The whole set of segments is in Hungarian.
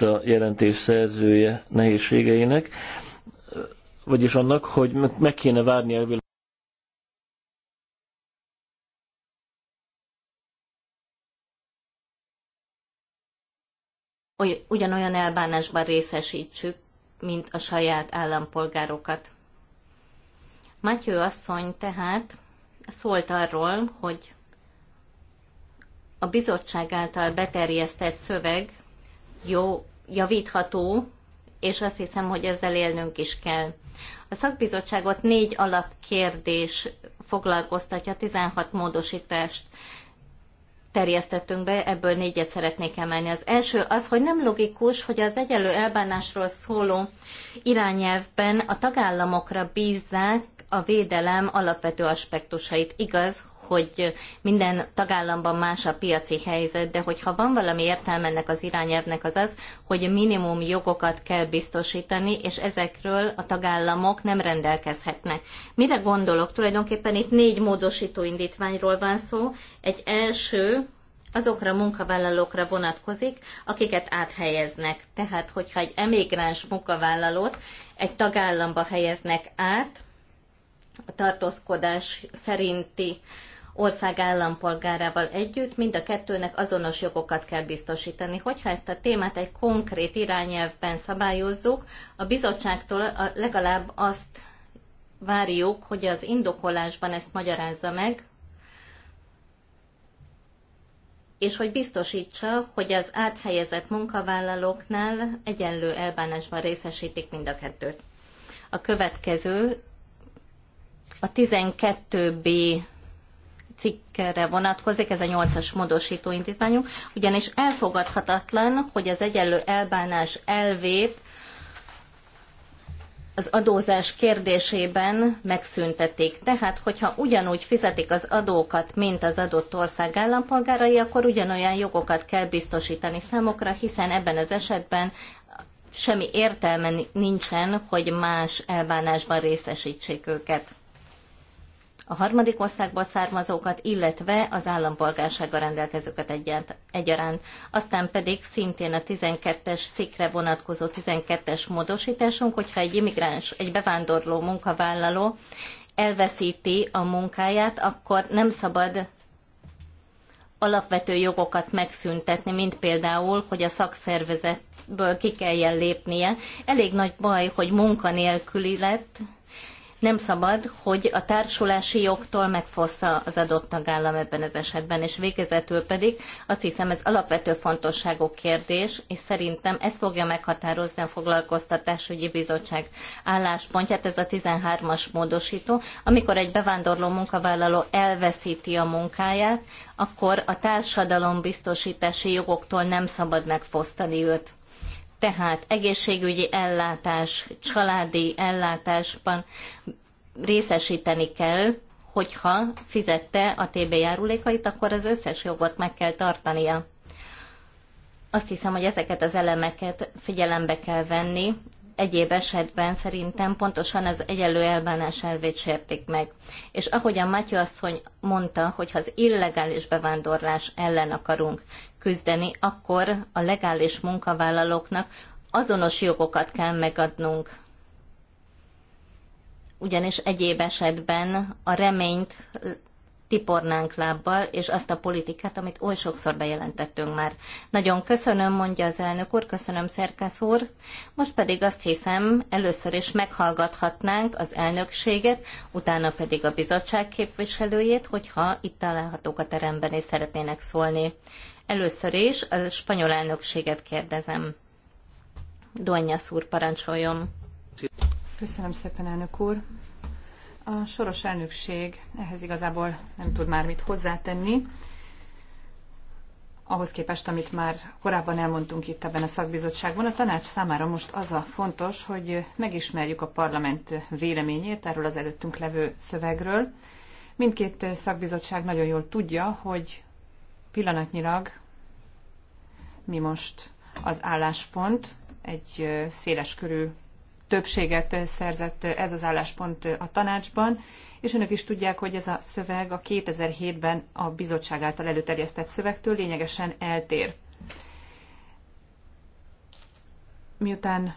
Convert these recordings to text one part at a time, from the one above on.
a jelentés szerzője nehézségeinek, vagyis annak, hogy meg kéne várni elvileg ugyanolyan elbánásban részesítsük, mint a saját állampolgárokat. Matyő asszony tehát szólt arról, hogy a bizottság által beterjesztett szöveg jó, javítható, és azt hiszem, hogy ezzel élnünk is kell. A szakbizottságot négy alapkérdés foglalkoztatja, 16 módosítást terjesztettünk be, ebből négyet szeretnék emelni. Az első az, hogy nem logikus, hogy az egyenlő elbánásról szóló irányelvben a tagállamokra bízzák a védelem alapvető aspektusait. Igaz, hogy minden tagállamban más a piaci helyzet, de hogyha van valami értelme ennek az irányelvnek, az az, hogy minimum jogokat kell biztosítani, és ezekről a tagállamok nem rendelkezhetnek. Mire gondolok? Tulajdonképpen itt négy módosító indítványról van szó. Egy első, azokra a munkavállalókra vonatkozik, akiket áthelyeznek. Tehát, hogyha egy emigráns munkavállalót egy tagállamba helyeznek át, a tartózkodás szerinti ország állampolgárával együtt mind a kettőnek azonos jogokat kell biztosítani. Hogyha ezt a témát egy konkrét irányelvben szabályozzuk, a bizottságtól legalább azt várjuk, hogy az indokolásban ezt magyarázza meg, és hogy biztosítsa, hogy az áthelyezett munkavállalóknál egyenlő elbánásban részesítik mind a kettőt. A következő a 12B cikkre vonatkozik, ez a 8-as módosító indítványunk, ugyanis elfogadhatatlan, hogy az egyenlő elbánás elvét az adózás kérdésében megszüntetik. Tehát, hogyha ugyanúgy fizetik az adókat, mint az adott ország állampolgárai, akkor ugyanolyan jogokat kell biztosítani számokra, hiszen ebben az esetben semmi értelme nincsen, hogy más elbánásban részesítsék őket a harmadik országból származókat, illetve az állampolgársággal rendelkezőket egyaránt. Aztán pedig szintén a 12-es cikkre vonatkozó 12-es módosításunk, hogyha egy immigráns, egy bevándorló munkavállaló elveszíti a munkáját, akkor nem szabad alapvető jogokat megszüntetni, mint például, hogy a szakszervezetből ki kelljen lépnie. Elég nagy baj, hogy munkanélküli lett, nem szabad, hogy a társulási jogtól megfossza az adott tagállam ebben az esetben. És végezetül pedig azt hiszem ez alapvető fontosságú kérdés, és szerintem ez fogja meghatározni a foglalkoztatásügyi bizottság álláspontját, ez a 13-as módosító, amikor egy bevándorló munkavállaló elveszíti a munkáját, akkor a társadalombiztosítási jogoktól nem szabad megfosztani őt tehát egészségügyi ellátás, családi ellátásban részesíteni kell, hogyha fizette a TB járulékait, akkor az összes jogot meg kell tartania. Azt hiszem, hogy ezeket az elemeket figyelembe kell venni, egyéb esetben szerintem pontosan az egyenlő elbánás elvét sérték meg. És ahogyan Matyó asszony mondta, hogy ha az illegális bevándorlás ellen akarunk küzdeni, akkor a legális munkavállalóknak azonos jogokat kell megadnunk. Ugyanis egyéb esetben a reményt tipornánk lábbal, és azt a politikát, amit oly sokszor bejelentettünk már. Nagyon köszönöm, mondja az elnök úr, köszönöm Szerkesz úr. Most pedig azt hiszem, először is meghallgathatnánk az elnökséget, utána pedig a bizottság képviselőjét, hogyha itt találhatók a teremben és szeretnének szólni. Először is a spanyol elnökséget kérdezem. Duanyász úr, parancsoljon. Köszönöm szépen, elnök úr. A soros elnökség ehhez igazából nem tud már mit hozzátenni, ahhoz képest, amit már korábban elmondtunk itt ebben a szakbizottságban. A tanács számára most az a fontos, hogy megismerjük a parlament véleményét erről az előttünk levő szövegről. Mindkét szakbizottság nagyon jól tudja, hogy pillanatnyilag mi most az álláspont, egy széles körű többséget szerzett ez az álláspont a tanácsban, és önök is tudják, hogy ez a szöveg a 2007-ben a bizottság által előterjesztett szövegtől lényegesen eltér. Miután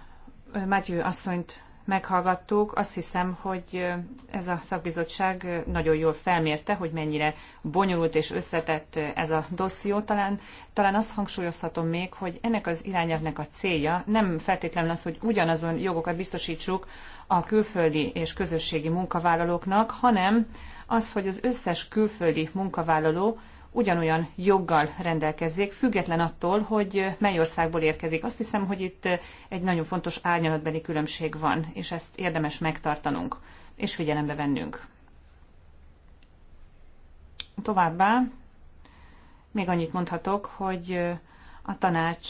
Matthew asszonyt meghallgattuk, azt hiszem, hogy ez a szakbizottság nagyon jól felmérte, hogy mennyire bonyolult és összetett ez a dosszió. Talán, talán azt hangsúlyozhatom még, hogy ennek az irányelvnek a célja nem feltétlenül az, hogy ugyanazon jogokat biztosítsuk a külföldi és közösségi munkavállalóknak, hanem az, hogy az összes külföldi munkavállaló ugyanolyan joggal rendelkezzék, független attól, hogy mely országból érkezik. Azt hiszem, hogy itt egy nagyon fontos árnyalatbeli különbség van, és ezt érdemes megtartanunk és figyelembe vennünk. Továbbá még annyit mondhatok, hogy a tanács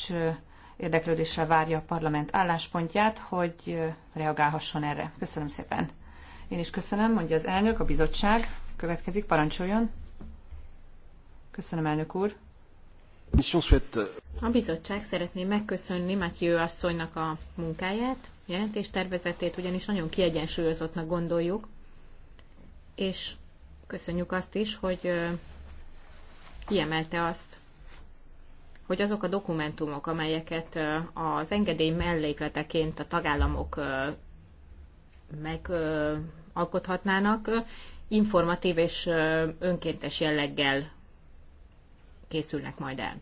érdeklődéssel várja a parlament álláspontját, hogy reagálhasson erre. Köszönöm szépen. Én is köszönöm, mondja az elnök, a bizottság. Következik, parancsoljon. Köszönöm, elnök úr. A bizottság szeretné megköszönni Matyő asszonynak a munkáját, jelentéstervezetét, ugyanis nagyon kiegyensúlyozottnak gondoljuk, és köszönjük azt is, hogy kiemelte azt, hogy azok a dokumentumok, amelyeket az engedély mellékleteként a tagállamok megalkothatnának, informatív és önkéntes jelleggel készülnek majd el.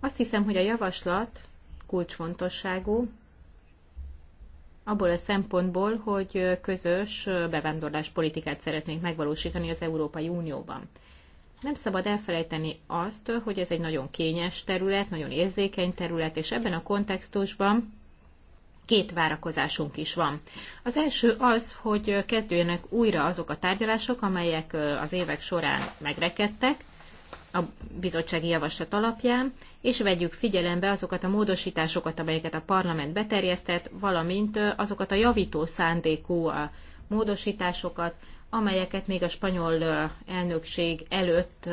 Azt hiszem, hogy a javaslat kulcsfontosságú, abból a szempontból, hogy közös bevándorlás politikát szeretnénk megvalósítani az Európai Unióban. Nem szabad elfelejteni azt, hogy ez egy nagyon kényes terület, nagyon érzékeny terület, és ebben a kontextusban két várakozásunk is van. Az első az, hogy kezdődjenek újra azok a tárgyalások, amelyek az évek során megrekedtek, a bizottsági javaslat alapján, és vegyük figyelembe azokat a módosításokat, amelyeket a parlament beterjesztett, valamint azokat a javító szándékú módosításokat, amelyeket még a spanyol elnökség előtt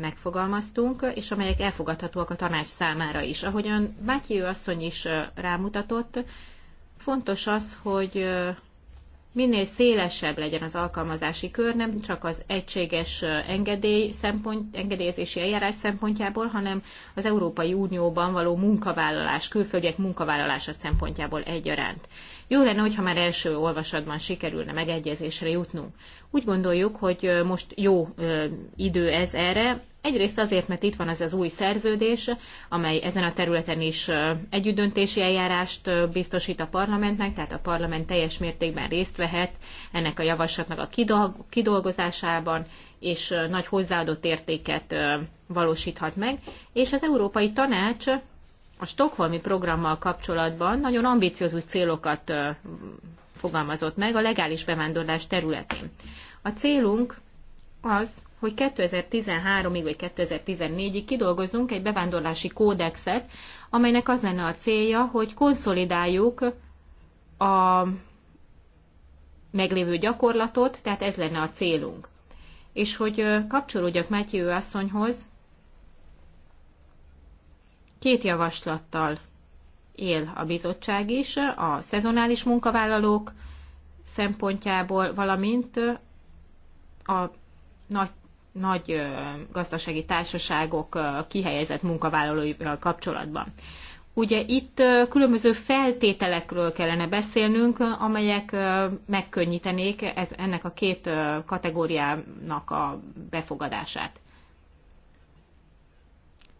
megfogalmaztunk, és amelyek elfogadhatóak a tanács számára is. Ahogyan Mátyi asszony is rámutatott, fontos az, hogy minél szélesebb legyen az alkalmazási kör, nem csak az egységes engedély szempont, engedélyezési eljárás szempontjából, hanem az Európai Unióban való munkavállalás, külföldiek munkavállalása szempontjából egyaránt. Jó lenne, hogyha már első olvasatban sikerülne megegyezésre jutnunk. Úgy gondoljuk, hogy most jó idő ez erre. Egyrészt azért, mert itt van ez az új szerződés, amely ezen a területen is együttdöntési eljárást biztosít a parlamentnek, tehát a parlament teljes mértékben részt vehet ennek a javaslatnak a kidolgozásában, és nagy hozzáadott értéket valósíthat meg, és az Európai Tanács a stokholmi programmal kapcsolatban nagyon ambiciózus célokat fogalmazott meg a legális bevándorlás területén. A célunk az, hogy 2013-ig vagy 2014-ig kidolgozzunk egy bevándorlási kódexet, amelynek az lenne a célja, hogy konszolidáljuk a meglévő gyakorlatot, tehát ez lenne a célunk. És hogy kapcsolódjak Matthew asszonyhoz, Két javaslattal él a bizottság is, a szezonális munkavállalók szempontjából, valamint a nagy, nagy gazdasági társaságok kihelyezett munkavállalóival kapcsolatban. Ugye itt különböző feltételekről kellene beszélnünk, amelyek megkönnyítenék ez, ennek a két kategóriának a befogadását.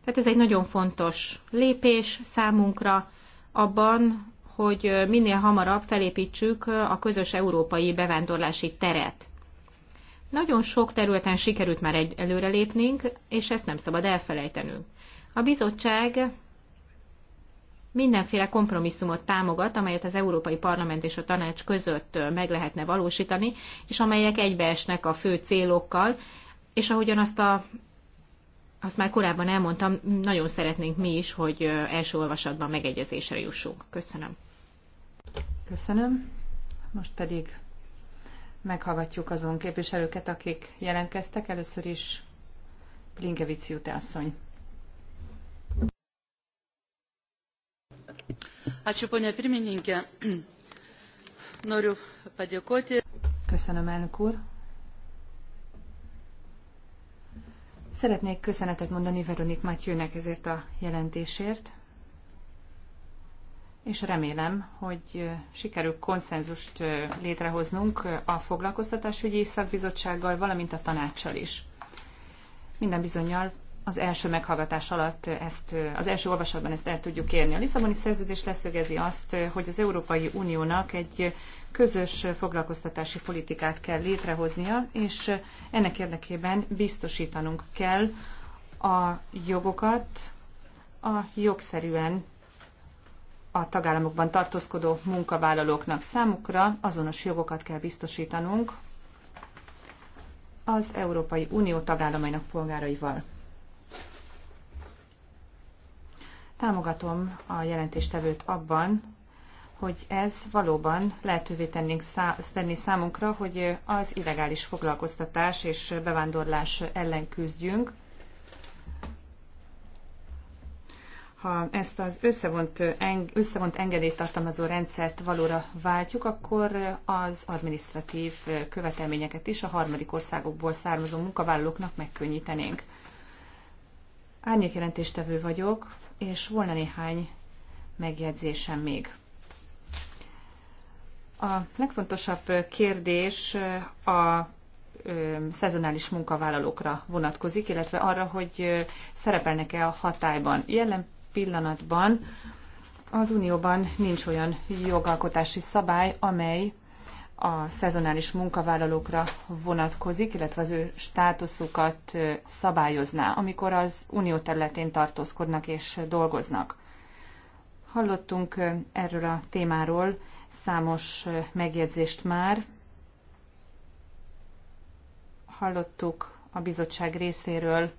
Tehát ez egy nagyon fontos lépés számunkra abban, hogy minél hamarabb felépítsük a közös európai bevándorlási teret. Nagyon sok területen sikerült már egy előrelépnünk, és ezt nem szabad elfelejtenünk. A bizottság mindenféle kompromisszumot támogat, amelyet az Európai Parlament és a Tanács között meg lehetne valósítani, és amelyek egybeesnek a fő célokkal, és ahogyan azt a azt már korábban elmondtam, nagyon szeretnénk mi is, hogy első olvasatban megegyezésre jussunk. Köszönöm. Köszönöm. Most pedig meghallgatjuk azon képviselőket, akik jelentkeztek. Először is Plinkevici utászony. Ačiū, Köszönöm, elnök úr. Szeretnék köszönetet mondani Veronik Matyőnek ezért a jelentésért, és remélem, hogy sikerül konszenzust létrehoznunk a foglalkoztatásügyi szakbizottsággal, valamint a tanácssal is. Minden bizonyal az első meghallgatás alatt ezt, az első olvasatban ezt el tudjuk érni. A Lisszaboni szerződés leszögezi azt, hogy az Európai Uniónak egy közös foglalkoztatási politikát kell létrehoznia, és ennek érdekében biztosítanunk kell a jogokat a jogszerűen a tagállamokban tartózkodó munkavállalóknak számukra azonos jogokat kell biztosítanunk az Európai Unió tagállamainak polgáraival. Támogatom a jelentéstevőt abban, hogy ez valóban lehetővé tennénk szá- tenni számunkra, hogy az illegális foglalkoztatás és bevándorlás ellen küzdjünk. Ha ezt az összevont, eng- összevont engedélytartalmazó rendszert valóra váltjuk, akkor az administratív követelményeket is a harmadik országokból származó munkavállalóknak megkönnyítenénk. jelentéstevő vagyok, és volna néhány megjegyzésem még. A legfontosabb kérdés a szezonális munkavállalókra vonatkozik, illetve arra, hogy szerepelnek-e a hatályban. Jelen pillanatban az Unióban nincs olyan jogalkotási szabály, amely a szezonális munkavállalókra vonatkozik, illetve az ő státuszukat szabályozná, amikor az unió területén tartózkodnak és dolgoznak. Hallottunk erről a témáról számos megjegyzést már. Hallottuk a bizottság részéről,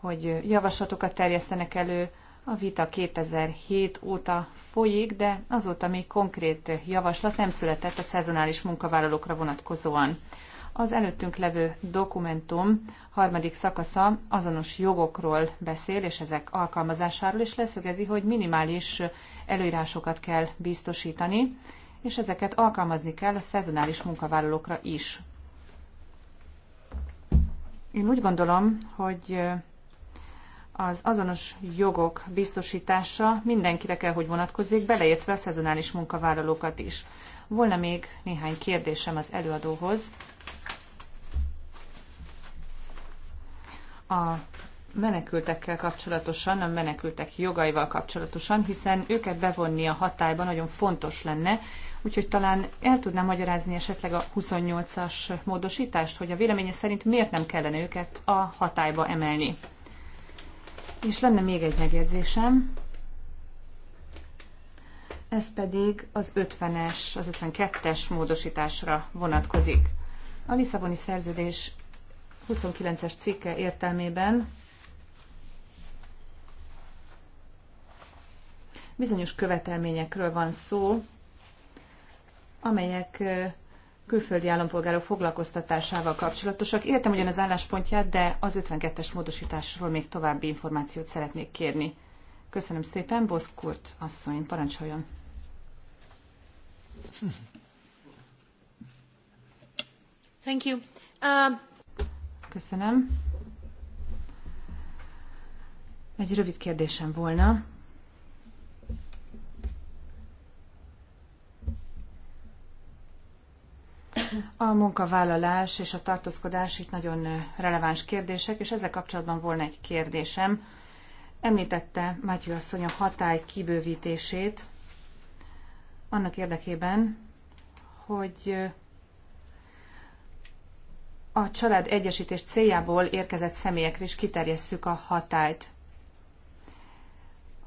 hogy javaslatokat terjesztenek elő, a vita 2007 óta folyik, de azóta még konkrét javaslat nem született a szezonális munkavállalókra vonatkozóan. Az előttünk levő dokumentum harmadik szakasza azonos jogokról beszél, és ezek alkalmazásáról is leszögezi, hogy minimális előírásokat kell biztosítani, és ezeket alkalmazni kell a szezonális munkavállalókra is. Én úgy gondolom, hogy az azonos jogok biztosítása mindenkire kell, hogy vonatkozzék, beleértve a szezonális munkavállalókat is. Volna még néhány kérdésem az előadóhoz. A menekültekkel kapcsolatosan, a menekültek jogaival kapcsolatosan, hiszen őket bevonni a hatályba nagyon fontos lenne, úgyhogy talán el tudná magyarázni esetleg a 28-as módosítást, hogy a véleménye szerint miért nem kellene őket a hatályba emelni. És lenne még egy megjegyzésem, ez pedig az 50-es, az 52-es módosításra vonatkozik. A Lisszaboni szerződés 29-es cikke értelmében bizonyos követelményekről van szó, amelyek külföldi állampolgárok foglalkoztatásával kapcsolatosak. Értem ugyan az álláspontját, de az 52-es módosításról még további információt szeretnék kérni. Köszönöm szépen, Boszkurt asszony, parancsoljon. Thank you. Uh... Köszönöm. Egy rövid kérdésem volna. A munkavállalás és a tartózkodás itt nagyon releváns kérdések, és ezzel kapcsolatban volna egy kérdésem. Említette Mátyú asszony a hatály kibővítését annak érdekében, hogy a család egyesítés céljából érkezett személyekre is kiterjesszük a hatályt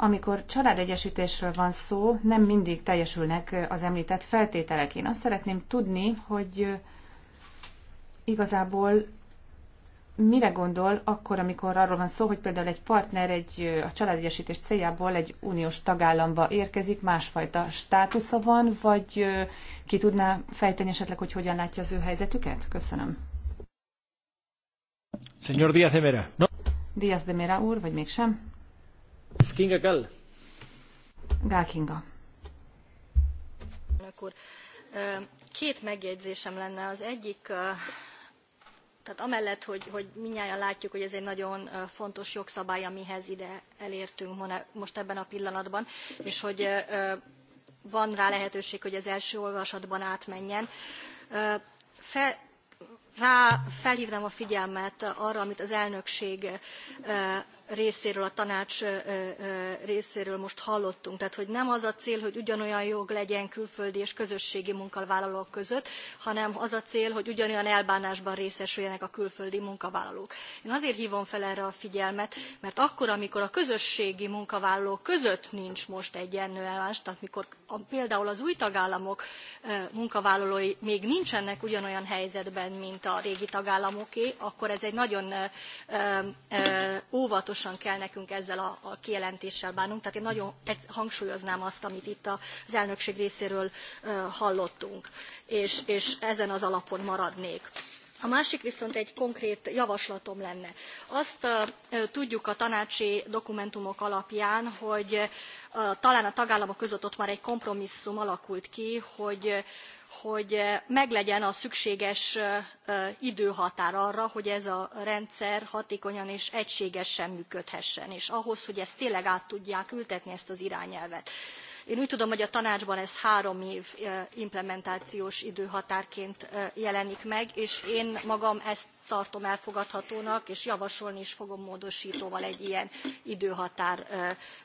amikor családegyesítésről van szó, nem mindig teljesülnek az említett feltételek. Én azt szeretném tudni, hogy igazából mire gondol akkor, amikor arról van szó, hogy például egy partner egy, a családegyesítés céljából egy uniós tagállamba érkezik, másfajta státusza van, vagy ki tudná fejteni esetleg, hogy hogyan látja az ő helyzetüket? Köszönöm. Señor Díaz de Mera. No. Díaz de Mera úr, vagy mégsem? Két megjegyzésem lenne. Az egyik tehát amellett, hogy, hogy minnyáján látjuk, hogy ez egy nagyon fontos jogszabály, amihez ide elértünk most ebben a pillanatban, és hogy van rá lehetőség, hogy az első olvasatban átmenjen. Fel, rá felhívnám a figyelmet arra, amit az elnökség részéről, a tanács részéről most hallottunk. Tehát, hogy nem az a cél, hogy ugyanolyan jog legyen külföldi és közösségi munkavállalók között, hanem az a cél, hogy ugyanolyan elbánásban részesüljenek a külföldi munkavállalók. Én azért hívom fel erre a figyelmet, mert akkor, amikor a közösségi munkavállalók között nincs most egyenlő elbánás, tehát mikor például az új tagállamok munkavállalói még nincsenek ugyanolyan helyzetben, mint a régi tagállamoké, akkor ez egy nagyon óvatos óvatosan kell nekünk ezzel a, a kijelentéssel bánnunk. Tehát én nagyon hangsúlyoznám azt, amit itt az elnökség részéről hallottunk, és, és ezen az alapon maradnék. A másik viszont egy konkrét javaslatom lenne. Azt tudjuk a tanácsi dokumentumok alapján, hogy talán a tagállamok között ott már egy kompromisszum alakult ki, hogy hogy eh, meglegyen a szükséges eh, eh, időhatár arra, hogy ez a rendszer hatékonyan és egységesen működhessen, és ahhoz, hogy ezt tényleg át tudják ültetni ezt az irányelvet. Én úgy tudom, hogy a tanácsban ez három év implementációs időhatárként jelenik meg, és én magam ezt tartom elfogadhatónak, és javasolni is fogom módosítóval egy ilyen időhatár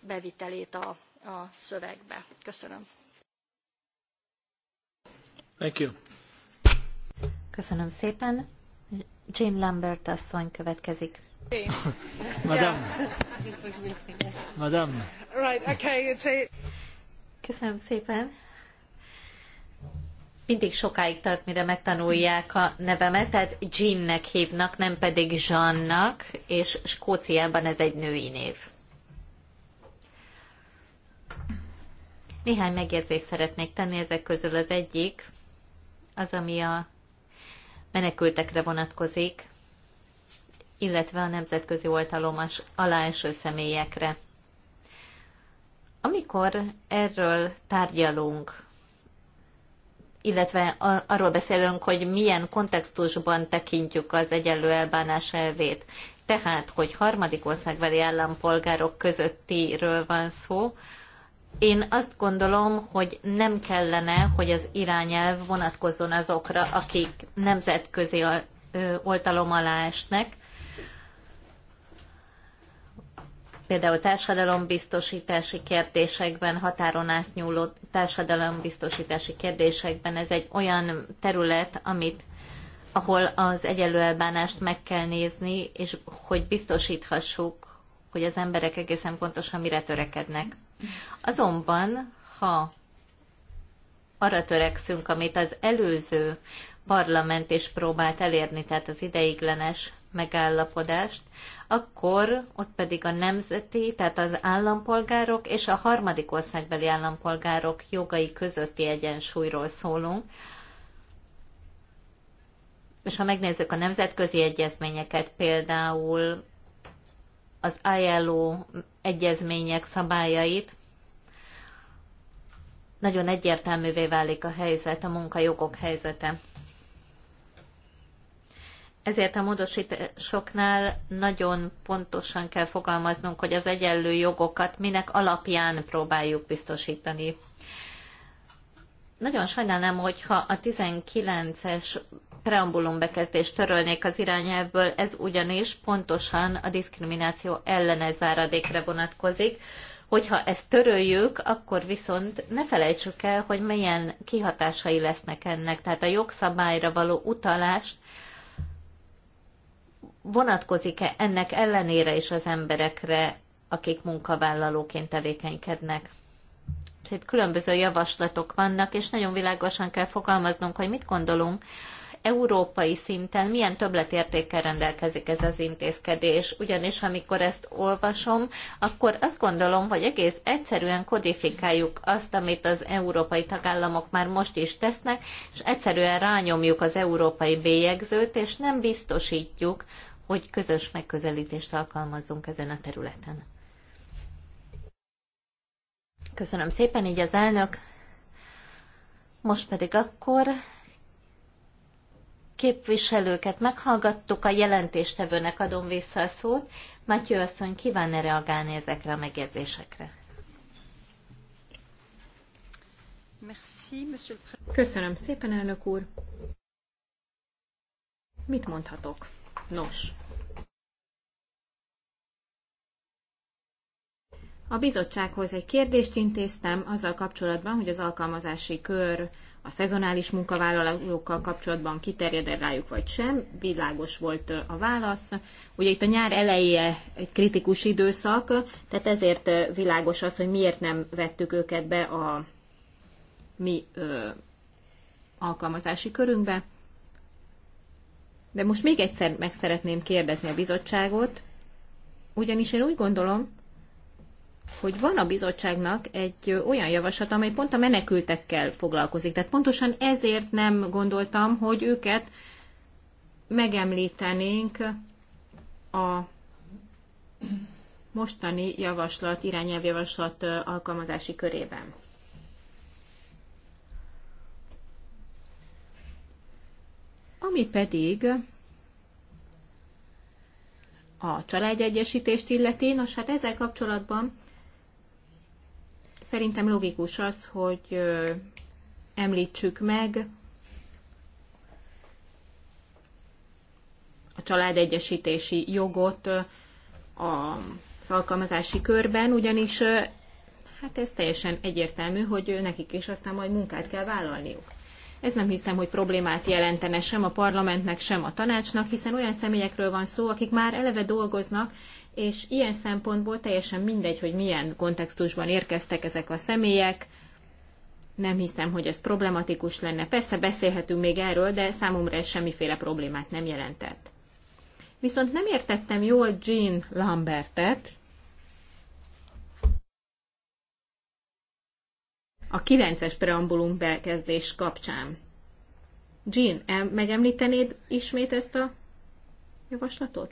bevitelét a, a szövegbe. Köszönöm. Thank you. Köszönöm szépen. Jane Lambert asszony következik. Madame. Madame. Right, okay, it's a... Köszönöm szépen. Mindig sokáig tart, mire megtanulják a nevemet, tehát nek hívnak, nem pedig Jeannak, és Skóciában ez egy női név. Néhány megjegyzést szeretnék tenni ezek közül az egyik az, ami a menekültekre vonatkozik, illetve a nemzetközi oltalom aláeső személyekre. Amikor erről tárgyalunk, illetve arról beszélünk, hogy milyen kontextusban tekintjük az egyenlő elbánás elvét, tehát, hogy harmadik országbeli állampolgárok közöttiről van szó, én azt gondolom, hogy nem kellene, hogy az irányelv vonatkozzon azokra, akik nemzetközi oltalom alá esnek, például társadalombiztosítási kérdésekben, határon átnyúló társadalombiztosítási kérdésekben ez egy olyan terület, amit ahol az egyenlő elbánást meg kell nézni, és hogy biztosíthassuk, hogy az emberek egészen pontosan mire törekednek. Azonban, ha arra törekszünk, amit az előző parlament is próbált elérni, tehát az ideiglenes megállapodást, akkor ott pedig a nemzeti, tehát az állampolgárok és a harmadik országbeli állampolgárok jogai közötti egyensúlyról szólunk. És ha megnézzük a nemzetközi egyezményeket, például az ILO egyezmények szabályait, nagyon egyértelművé válik a helyzet, a munkajogok helyzete. Ezért a módosításoknál nagyon pontosan kell fogalmaznunk, hogy az egyenlő jogokat minek alapján próbáljuk biztosítani. Nagyon sajnálom, hogyha a 19-es preambulum bekezdést törölnék az irányelvből, ez ugyanis pontosan a diszkrimináció ellenes záradékra vonatkozik. Hogyha ezt töröljük, akkor viszont ne felejtsük el, hogy milyen kihatásai lesznek ennek. Tehát a jogszabályra való utalás vonatkozik-e ennek ellenére is az emberekre, akik munkavállalóként tevékenykednek. Itt különböző javaslatok vannak, és nagyon világosan kell fogalmaznunk, hogy mit gondolunk európai szinten milyen többletértékkel rendelkezik ez az intézkedés. Ugyanis amikor ezt olvasom, akkor azt gondolom, hogy egész egyszerűen kodifikáljuk azt, amit az európai tagállamok már most is tesznek, és egyszerűen rányomjuk az európai bélyegzőt, és nem biztosítjuk, hogy közös megközelítést alkalmazzunk ezen a területen. Köszönöm szépen, így az elnök. Most pedig akkor képviselőket meghallgattuk, a jelentéstevőnek adom vissza a szót. Matyő asszony kíván-e reagálni ezekre a megjegyzésekre? Köszönöm szépen, elnök úr! Mit mondhatok? Nos, A bizottsághoz egy kérdést intéztem azzal kapcsolatban, hogy az alkalmazási kör a szezonális munkavállalókkal kapcsolatban kiterjed -e rájuk vagy sem. Világos volt a válasz. Ugye itt a nyár eleje egy kritikus időszak, tehát ezért világos az, hogy miért nem vettük őket be a mi ö, alkalmazási körünkbe. De most még egyszer meg szeretném kérdezni a bizottságot, ugyanis én úgy gondolom, hogy van a bizottságnak egy olyan javaslat, amely pont a menekültekkel foglalkozik. Tehát pontosan ezért nem gondoltam, hogy őket megemlítenénk a mostani javaslat, irányelvjavaslat alkalmazási körében. Ami pedig a családegyesítést illeti, nos hát ezzel kapcsolatban szerintem logikus az, hogy említsük meg a családegyesítési jogot az alkalmazási körben, ugyanis hát ez teljesen egyértelmű, hogy nekik is aztán majd munkát kell vállalniuk. Ez nem hiszem, hogy problémát jelentene sem a parlamentnek, sem a tanácsnak, hiszen olyan személyekről van szó, akik már eleve dolgoznak, és ilyen szempontból teljesen mindegy, hogy milyen kontextusban érkeztek ezek a személyek, nem hiszem, hogy ez problematikus lenne. Persze beszélhetünk még erről, de számomra ez semmiféle problémát nem jelentett. Viszont nem értettem jól Jean Lambertet, a 9-es preambulum bekezdés kapcsán. Jean, megemlítenéd ismét ezt a javaslatot?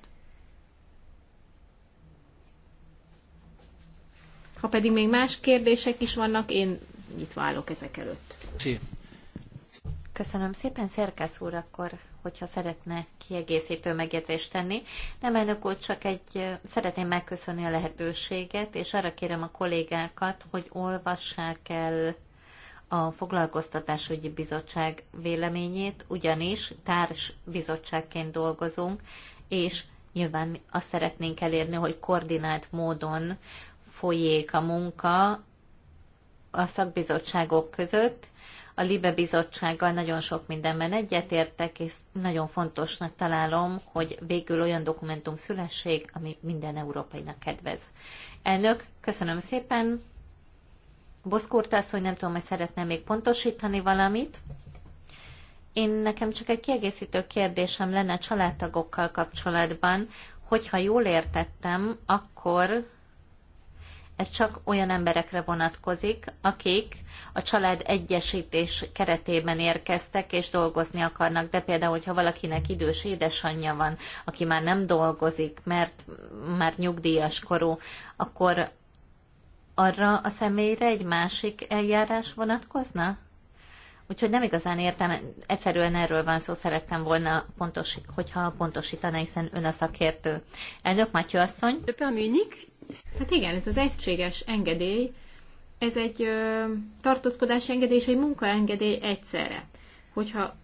Ha pedig még más kérdések is vannak, én nyitva állok ezek előtt. Köszönöm szépen, Szerkesz úr, akkor, hogyha szeretne kiegészítő megjegyzést tenni. Nem, elnök úr, csak egy, szeretném megköszönni a lehetőséget, és arra kérem a kollégákat, hogy olvassák el a Foglalkoztatásügyi Bizottság véleményét, ugyanis társ bizottságként dolgozunk, és nyilván azt szeretnénk elérni, hogy koordinált módon folyék a munka a szakbizottságok között. A LIBE bizottsággal nagyon sok mindenben egyetértek, és nagyon fontosnak találom, hogy végül olyan dokumentum szülesség, ami minden európainak kedvez. Elnök, köszönöm szépen. Boszkúrt azt, hogy nem tudom, hogy szeretne még pontosítani valamit. Én nekem csak egy kiegészítő kérdésem lenne családtagokkal kapcsolatban, hogyha jól értettem, akkor ez csak olyan emberekre vonatkozik, akik a család egyesítés keretében érkeztek és dolgozni akarnak. De például, hogyha valakinek idős édesanyja van, aki már nem dolgozik, mert már nyugdíjas korú, akkor arra a személyre egy másik eljárás vonatkozna? Úgyhogy nem igazán értem, egyszerűen erről van szó, szerettem volna, pontos, hogyha pontosítaná, hiszen ön a szakértő. Elnök Matyó asszony. Le Hát igen, ez az egységes engedély, ez egy ö, tartózkodási engedély és egy munkaengedély egyszerre. Hogyha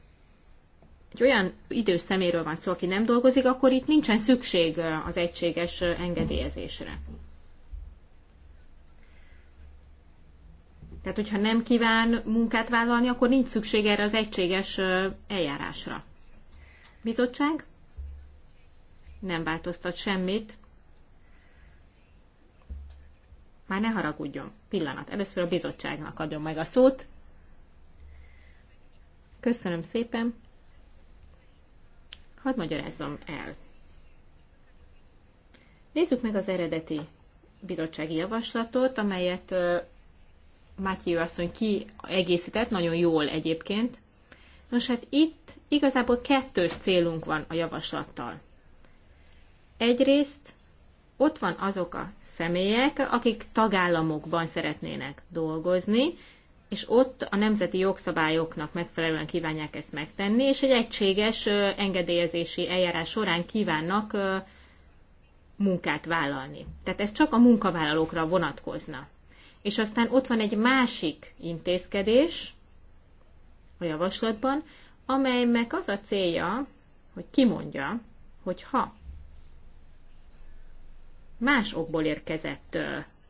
egy olyan idős szeméről van szó, aki nem dolgozik, akkor itt nincsen szükség az egységes engedélyezésre. Tehát, hogyha nem kíván munkát vállalni, akkor nincs szükség erre az egységes eljárásra. Bizottság? Nem változtat semmit már ne haragudjon. Pillanat. Először a bizottságnak adom meg a szót. Köszönöm szépen. Hadd magyarázzam el. Nézzük meg az eredeti bizottsági javaslatot, amelyet Mátyi asszony kiegészített, nagyon jól egyébként. Nos hát itt igazából kettős célunk van a javaslattal. Egyrészt ott van azok a személyek, akik tagállamokban szeretnének dolgozni, és ott a nemzeti jogszabályoknak megfelelően kívánják ezt megtenni, és egy egységes engedélyezési eljárás során kívánnak munkát vállalni. Tehát ez csak a munkavállalókra vonatkozna. És aztán ott van egy másik intézkedés a javaslatban, amelynek az a célja, hogy kimondja, hogy ha más okból érkezett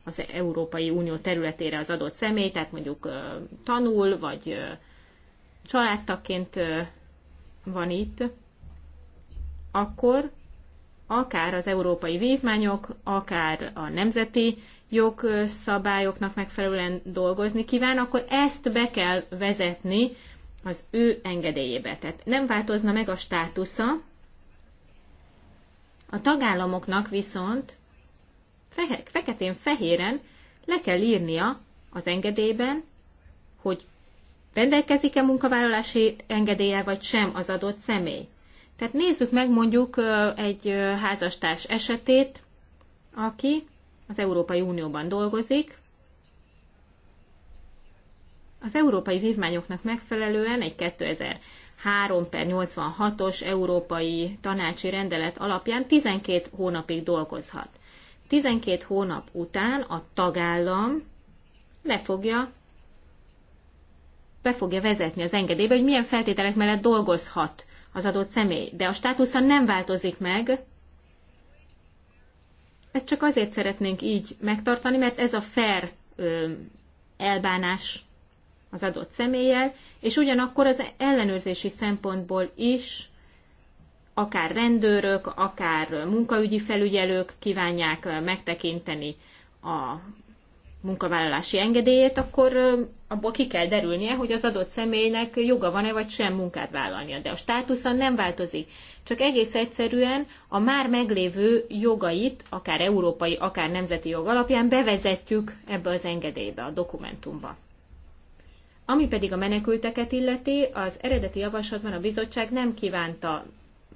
az Európai Unió területére az adott személy, tehát mondjuk tanul, vagy családtaként van itt, akkor akár az európai vívmányok, akár a nemzeti jogszabályoknak megfelelően dolgozni kíván, akkor ezt be kell vezetni az ő engedélyébe. Tehát nem változna meg a státusza. A tagállamoknak viszont fehe, feketén-fehéren le kell írnia az engedélyben, hogy rendelkezik-e munkavállalási engedélye vagy sem az adott személy. Tehát nézzük meg mondjuk egy házastárs esetét, aki az Európai Unióban dolgozik. Az európai vívmányoknak megfelelően egy 2003 per 86-os európai tanácsi rendelet alapján 12 hónapig dolgozhat. 12 hónap után a tagállam le fogja, be fogja vezetni az engedélybe, hogy milyen feltételek mellett dolgozhat az adott személy. De a státusza nem változik meg. Ezt csak azért szeretnénk így megtartani, mert ez a fair ö, elbánás az adott személlyel, és ugyanakkor az ellenőrzési szempontból is akár rendőrök, akár munkaügyi felügyelők kívánják megtekinteni a munkavállalási engedélyét, akkor abból ki kell derülnie, hogy az adott személynek joga van-e vagy sem munkát vállalnia. De a státusza nem változik, csak egész egyszerűen a már meglévő jogait, akár európai, akár nemzeti jog alapján bevezetjük ebbe az engedélybe, a dokumentumba. Ami pedig a menekülteket illeti, az eredeti javaslatban a bizottság nem kívánta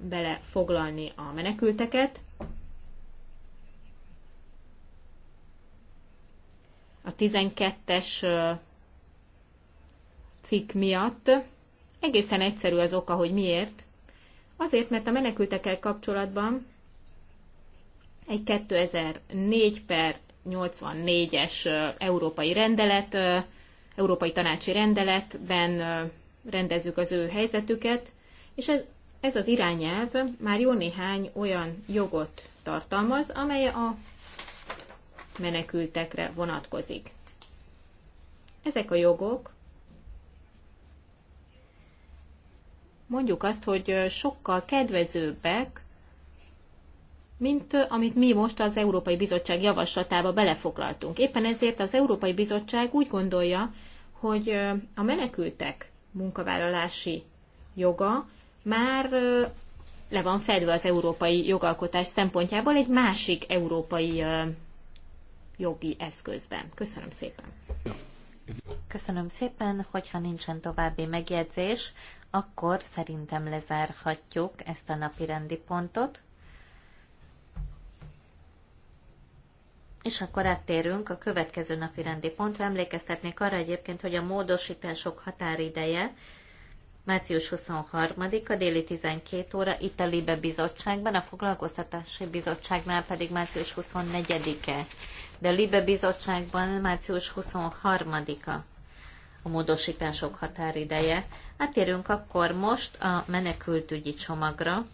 belefoglalni a menekülteket. A 12-es cikk miatt egészen egyszerű az oka, hogy miért. Azért, mert a menekültekkel kapcsolatban egy 2004 per 84-es európai rendelet, európai tanácsi rendeletben rendezzük az ő helyzetüket, és ez ez az irányelv már jó néhány olyan jogot tartalmaz, amely a menekültekre vonatkozik. Ezek a jogok mondjuk azt, hogy sokkal kedvezőbbek, mint amit mi most az Európai Bizottság javaslatába belefoglaltunk. Éppen ezért az Európai Bizottság úgy gondolja, hogy a menekültek munkavállalási joga már le van fedve az európai jogalkotás szempontjából egy másik európai jogi eszközben. Köszönöm szépen. Köszönöm szépen, hogyha nincsen további megjegyzés, akkor szerintem lezárhatjuk ezt a napi rendi pontot. És akkor áttérünk a következő napi rendi pontra. Emlékeztetnék arra egyébként, hogy a módosítások határideje március 23-a déli 12 óra itt a Libe Bizottságban, a Foglalkoztatási Bizottságnál pedig március 24-e, de a Libe Bizottságban március 23-a a módosítások határideje. Átérünk akkor most a menekültügyi csomagra.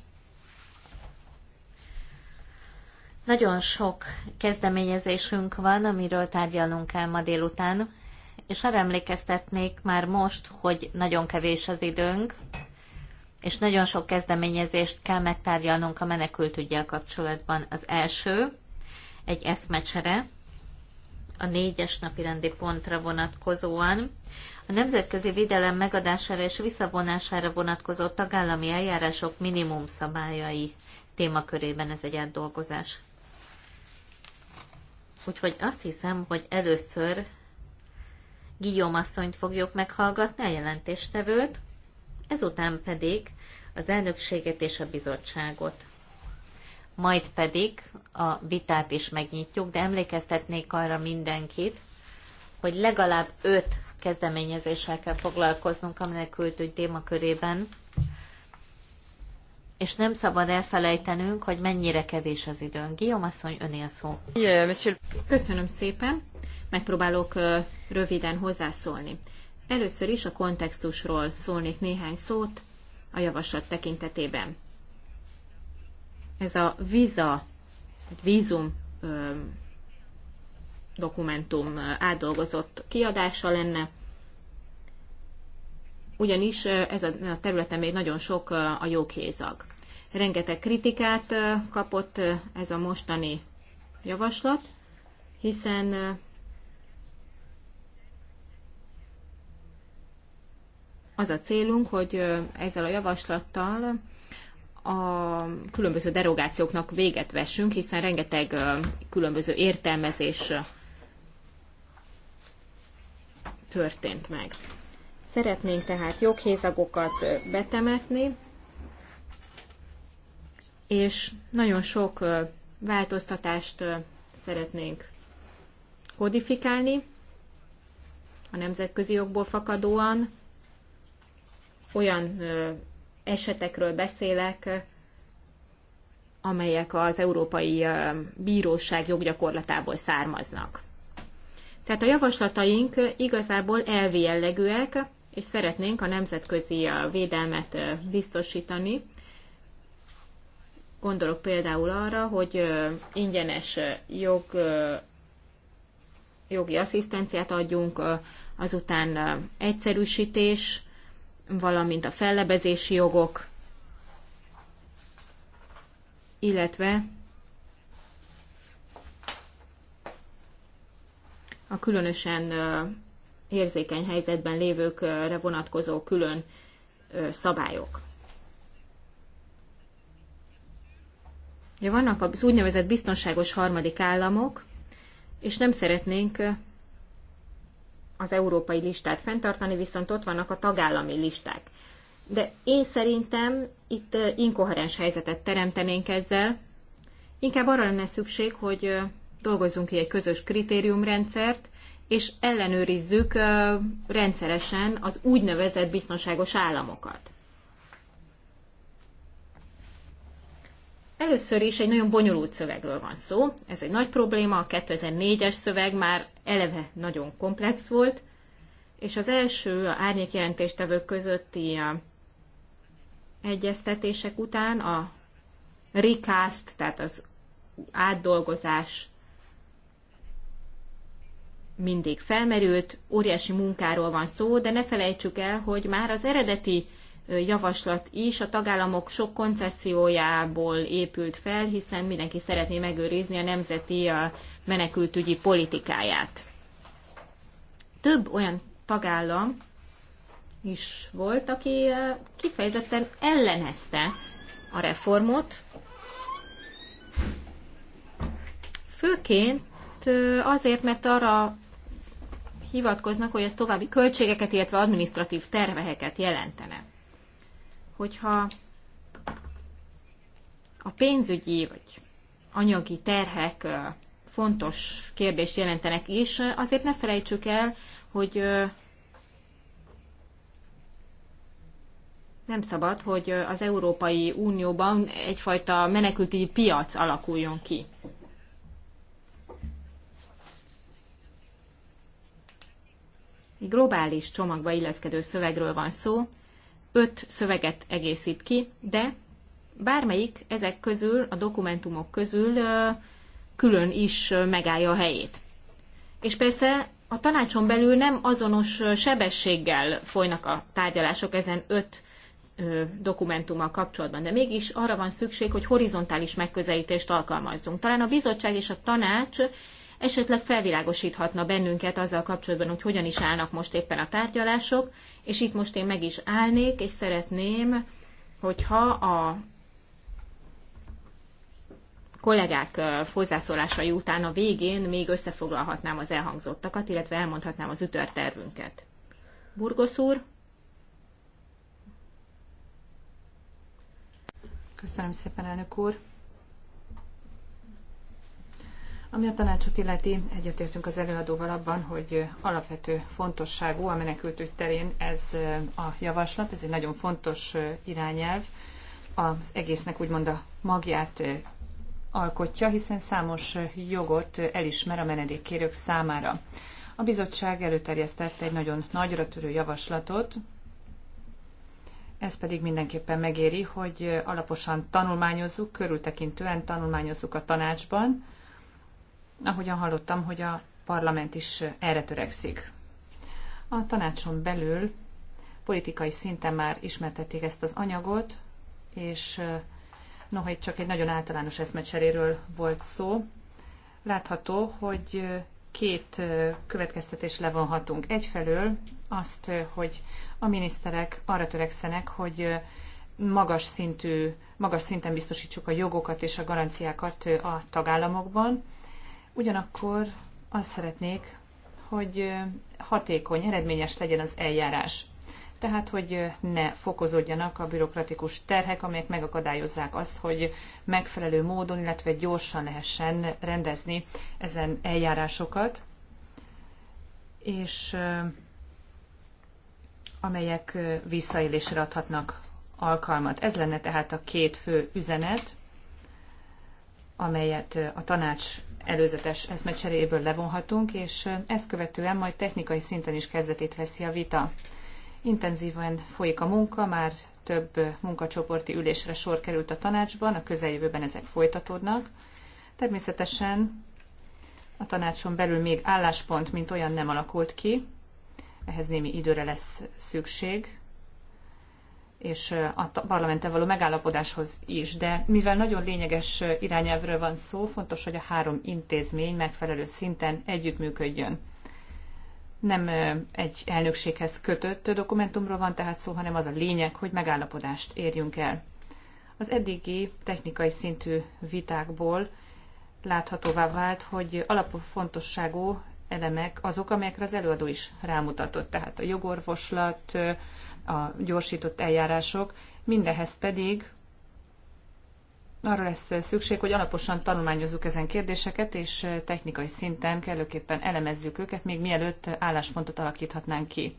Nagyon sok kezdeményezésünk van, amiről tárgyalunk el ma délután és arra emlékeztetnék már most, hogy nagyon kevés az időnk, és nagyon sok kezdeményezést kell megtárgyalnunk a menekültügyel kapcsolatban. Az első egy eszmecsere, a négyes napi rendi pontra vonatkozóan, a nemzetközi védelem megadására és visszavonására vonatkozó tagállami eljárások minimum szabályai témakörében ez egy átdolgozás. Úgyhogy azt hiszem, hogy először Guillaume asszonyt fogjuk meghallgatni, a jelentéstevőt, ezután pedig az elnökséget és a bizottságot. Majd pedig a vitát is megnyitjuk, de emlékeztetnék arra mindenkit, hogy legalább öt kezdeményezéssel kell foglalkoznunk a menekültügy témakörében, és nem szabad elfelejtenünk, hogy mennyire kevés az időn. Guillaume asszony, öné a szó. Köszönöm szépen megpróbálok röviden hozzászólni. Először is a kontextusról szólnék néhány szót a javaslat tekintetében. Ez a víza, egy vízum dokumentum átdolgozott kiadása lenne, ugyanis ez a területen még nagyon sok a jókézag. Rengeteg kritikát kapott ez a mostani javaslat, hiszen az a célunk, hogy ezzel a javaslattal a különböző derogációknak véget vessünk, hiszen rengeteg különböző értelmezés történt meg. Szeretnénk tehát joghézagokat betemetni, és nagyon sok változtatást szeretnénk kodifikálni a nemzetközi jogból fakadóan, olyan esetekről beszélek, amelyek az Európai Bíróság joggyakorlatából származnak. Tehát a javaslataink igazából elvi jellegűek, és szeretnénk a nemzetközi védelmet biztosítani. Gondolok például arra, hogy ingyenes jog, jogi asszisztenciát adjunk, azután egyszerűsítés, valamint a fellebezési jogok, illetve a különösen érzékeny helyzetben lévőkre vonatkozó külön szabályok. Ugye vannak az úgynevezett biztonságos harmadik államok, és nem szeretnénk az európai listát fenntartani, viszont ott vannak a tagállami listák. De én szerintem itt inkoherens helyzetet teremtenénk ezzel. Inkább arra lenne szükség, hogy dolgozzunk ki egy közös kritériumrendszert, és ellenőrizzük rendszeresen az úgynevezett biztonságos államokat. Először is egy nagyon bonyolult szövegről van szó. Ez egy nagy probléma, a 2004-es szöveg már eleve nagyon komplex volt, és az első a árnyékjelentéstevők közötti egyeztetések után a recast, tehát az átdolgozás mindig felmerült, óriási munkáról van szó, de ne felejtsük el, hogy már az eredeti javaslat is a tagállamok sok koncesziójából épült fel, hiszen mindenki szeretné megőrizni a nemzeti menekültügyi politikáját. Több olyan tagállam is volt, aki kifejezetten ellenezte a reformot, főként azért, mert arra hivatkoznak, hogy ez további költségeket, illetve administratív terveheket jelentene hogyha a pénzügyi vagy anyagi terhek fontos kérdést jelentenek is, azért ne felejtsük el, hogy nem szabad, hogy az Európai Unióban egyfajta menekülti piac alakuljon ki. Egy globális csomagba illeszkedő szövegről van szó, öt szöveget egészít ki, de bármelyik ezek közül, a dokumentumok közül külön is megállja a helyét. És persze a tanácson belül nem azonos sebességgel folynak a tárgyalások ezen öt dokumentummal kapcsolatban, de mégis arra van szükség, hogy horizontális megközelítést alkalmazzunk. Talán a bizottság és a tanács esetleg felvilágosíthatna bennünket azzal kapcsolatban, hogy hogyan is állnak most éppen a tárgyalások, és itt most én meg is állnék, és szeretném, hogyha a kollégák hozzászólásai után a végén még összefoglalhatnám az elhangzottakat, illetve elmondhatnám az ütörtervünket. Burgos úr? Köszönöm szépen, elnök úr. Ami a tanácsot illeti, egyetértünk az előadóval abban, hogy alapvető fontosságú a menekültügy terén ez a javaslat, ez egy nagyon fontos irányelv, az egésznek úgymond a magját alkotja, hiszen számos jogot elismer a menedékkérők számára. A bizottság előterjesztette egy nagyon nagyra törő javaslatot, ez pedig mindenképpen megéri, hogy alaposan tanulmányozzuk, körültekintően tanulmányozzuk a tanácsban, ahogyan hallottam, hogy a parlament is erre törekszik. A tanácson belül politikai szinten már ismertették ezt az anyagot, és noha itt csak egy nagyon általános eszmecseréről volt szó, látható, hogy két következtetés levonhatunk. Egyfelől azt, hogy a miniszterek arra törekszenek, hogy magas, szintű, magas szinten biztosítsuk a jogokat és a garanciákat a tagállamokban, Ugyanakkor azt szeretnék, hogy hatékony, eredményes legyen az eljárás. Tehát, hogy ne fokozódjanak a bürokratikus terhek, amelyek megakadályozzák azt, hogy megfelelő módon, illetve gyorsan lehessen rendezni ezen eljárásokat, és amelyek visszaélésre adhatnak alkalmat. Ez lenne tehát a két fő üzenet, amelyet a tanács előzetes eszmecseréből levonhatunk, és ezt követően majd technikai szinten is kezdetét veszi a vita. Intenzíven folyik a munka, már több munkacsoporti ülésre sor került a tanácsban, a közeljövőben ezek folytatódnak. Természetesen a tanácson belül még álláspont, mint olyan nem alakult ki, ehhez némi időre lesz szükség, és a parlamenttel való megállapodáshoz is. De mivel nagyon lényeges irányelvről van szó, fontos, hogy a három intézmény megfelelő szinten együttműködjön. Nem egy elnökséghez kötött dokumentumról van tehát szó, hanem az a lényeg, hogy megállapodást érjünk el. Az eddigi technikai szintű vitákból láthatóvá vált, hogy alapfontosságú elemek azok, amelyekre az előadó is rámutatott. Tehát a jogorvoslat, a gyorsított eljárások, mindehhez pedig arra lesz szükség, hogy alaposan tanulmányozzuk ezen kérdéseket, és technikai szinten kellőképpen elemezzük őket, még mielőtt álláspontot alakíthatnánk ki.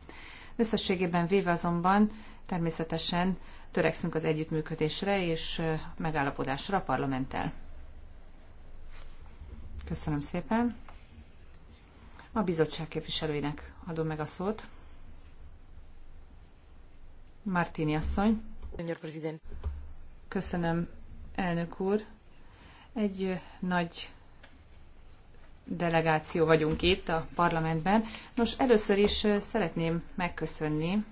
Összességében véve azonban természetesen törekszünk az együttműködésre és megállapodásra a parlamenttel. Köszönöm szépen. A bizottság képviselőinek adom meg a szót. Martini asszony. Köszönöm, elnök úr. Egy nagy delegáció vagyunk itt a parlamentben. Nos, először is szeretném megköszönni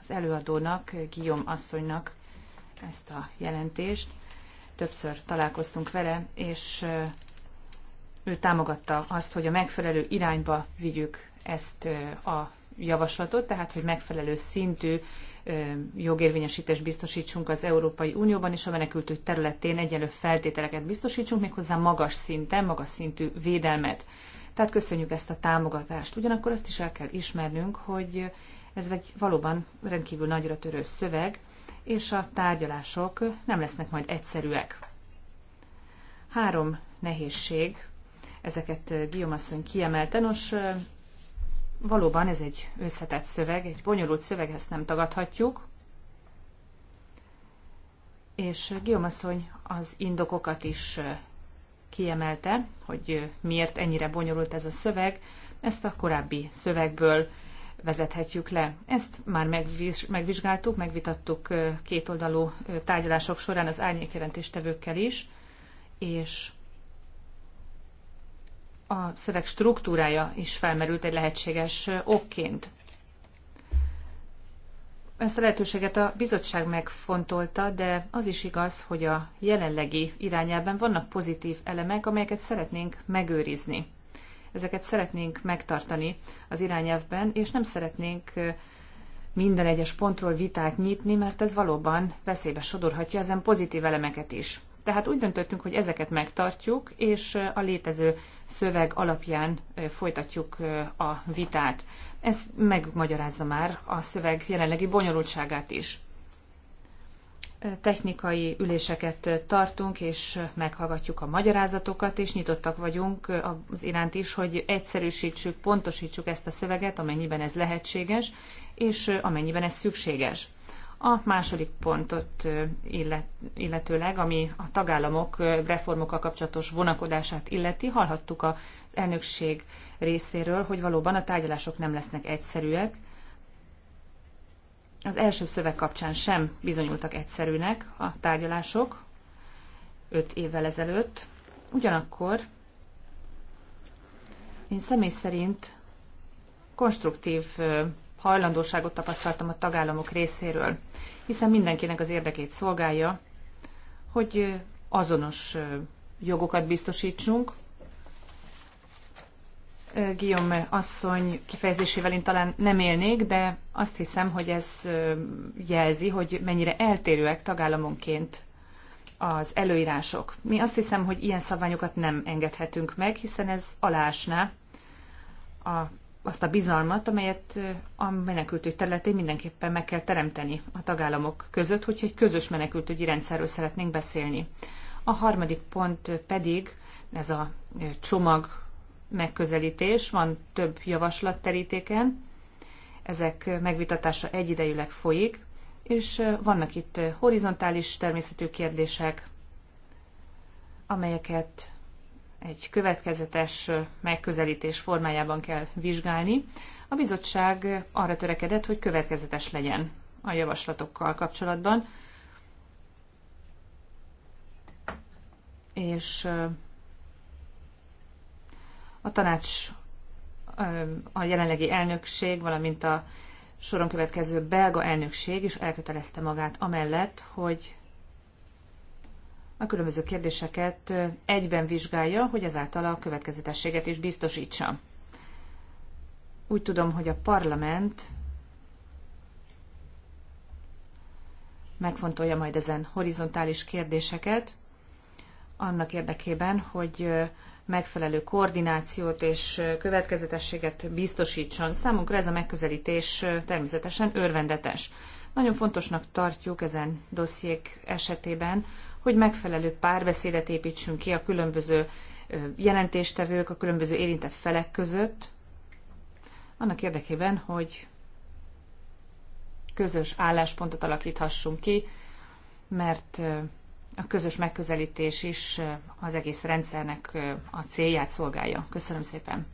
az előadónak, Guillaume asszonynak ezt a jelentést. Többször találkoztunk vele, és ő támogatta azt, hogy a megfelelő irányba vigyük ezt a javaslatot, tehát hogy megfelelő szintű jogérvényesítést biztosítsunk az Európai Unióban, és a menekültügy területén egyenlő feltételeket biztosítsunk, méghozzá magas szinten, magas szintű védelmet. Tehát köszönjük ezt a támogatást. Ugyanakkor azt is el kell ismernünk, hogy ez egy valóban rendkívül nagyra törő szöveg, és a tárgyalások nem lesznek majd egyszerűek. Három nehézség, ezeket Guillaume asszony kiemelte. Nos, Valóban ez egy összetett szöveg, egy bonyolult szöveg, ezt nem tagadhatjuk. És Guillaume asszony az indokokat is kiemelte, hogy miért ennyire bonyolult ez a szöveg, ezt a korábbi szövegből vezethetjük le. Ezt már megvizsgáltuk, megvitattuk kétoldalú tárgyalások során az árnyékjelentéstevőkkel is, és a szöveg struktúrája is felmerült egy lehetséges okként. Ezt a lehetőséget a bizottság megfontolta, de az is igaz, hogy a jelenlegi irányában vannak pozitív elemek, amelyeket szeretnénk megőrizni. Ezeket szeretnénk megtartani az irányelvben, és nem szeretnénk minden egyes pontról vitát nyitni, mert ez valóban veszélybe sodorhatja ezen pozitív elemeket is. Tehát úgy döntöttünk, hogy ezeket megtartjuk, és a létező szöveg alapján folytatjuk a vitát. Ez megmagyarázza már a szöveg jelenlegi bonyolultságát is. Technikai üléseket tartunk, és meghallgatjuk a magyarázatokat, és nyitottak vagyunk az iránt is, hogy egyszerűsítsük, pontosítsuk ezt a szöveget, amennyiben ez lehetséges, és amennyiben ez szükséges a második pontot illet, illetőleg, ami a tagállamok reformokkal kapcsolatos vonakodását illeti, hallhattuk az elnökség részéről, hogy valóban a tárgyalások nem lesznek egyszerűek. Az első szöveg kapcsán sem bizonyultak egyszerűnek a tárgyalások öt évvel ezelőtt. Ugyanakkor én személy szerint konstruktív hajlandóságot tapasztaltam a tagállamok részéről, hiszen mindenkinek az érdekét szolgálja, hogy azonos jogokat biztosítsunk. Guillaume asszony kifejezésével én talán nem élnék, de azt hiszem, hogy ez jelzi, hogy mennyire eltérőek tagállamonként az előírások. Mi azt hiszem, hogy ilyen szabványokat nem engedhetünk meg, hiszen ez alásná a azt a bizalmat, amelyet a menekültügy területén mindenképpen meg kell teremteni a tagállamok között, hogyha egy közös menekültügyi rendszerről szeretnénk beszélni. A harmadik pont pedig ez a csomag megközelítés, van több javaslat terítéken, ezek megvitatása egyidejűleg folyik, és vannak itt horizontális természetű kérdések, amelyeket egy következetes megközelítés formájában kell vizsgálni. A bizottság arra törekedett, hogy következetes legyen a javaslatokkal kapcsolatban, és a tanács, a jelenlegi elnökség, valamint a soron következő belga elnökség is elkötelezte magát amellett, hogy a különböző kérdéseket egyben vizsgálja, hogy ezáltal a következetességet is biztosítsa. Úgy tudom, hogy a parlament megfontolja majd ezen horizontális kérdéseket, annak érdekében, hogy megfelelő koordinációt és következetességet biztosítson. Számunkra ez a megközelítés természetesen örvendetes. Nagyon fontosnak tartjuk ezen dossziék esetében, hogy megfelelő párbeszédet építsünk ki a különböző jelentéstevők, a különböző érintett felek között, annak érdekében, hogy közös álláspontot alakíthassunk ki, mert a közös megközelítés is az egész rendszernek a célját szolgálja. Köszönöm szépen.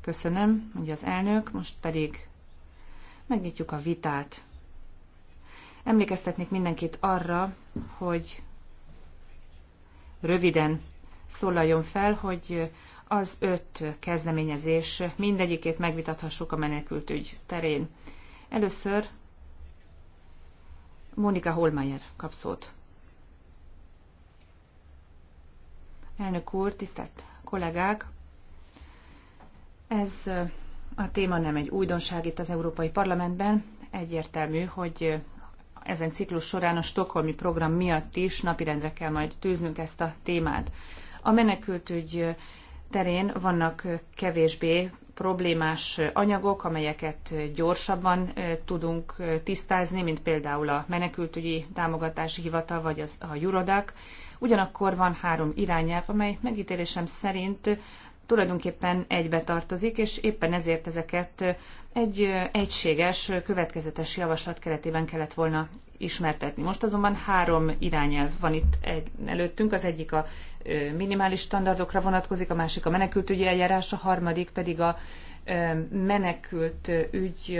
Köszönöm, ugye az elnök, most pedig megnyitjuk a vitát. Emlékeztetnék mindenkit arra, hogy röviden szólaljon fel, hogy az öt kezdeményezés mindegyikét megvitathassuk a menekültügy terén. Először Mónika Holmeyer kap szót. Elnök úr, tisztelt kollégák! Ez a téma nem egy újdonság itt az Európai Parlamentben. Egyértelmű, hogy ezen ciklus során a stokholmi program miatt is napirendre kell majd tűznünk ezt a témát. A menekültügy terén vannak kevésbé problémás anyagok, amelyeket gyorsabban tudunk tisztázni, mint például a menekültügyi támogatási hivatal vagy az, a Jurodak. Ugyanakkor van három irányelv, amely megítélésem szerint tulajdonképpen egybe tartozik, és éppen ezért ezeket egy egységes, következetes javaslat keretében kellett volna ismertetni. Most azonban három irányelv van itt előttünk, az egyik a minimális standardokra vonatkozik, a másik a menekültügyi eljárás, a harmadik pedig a menekült ügy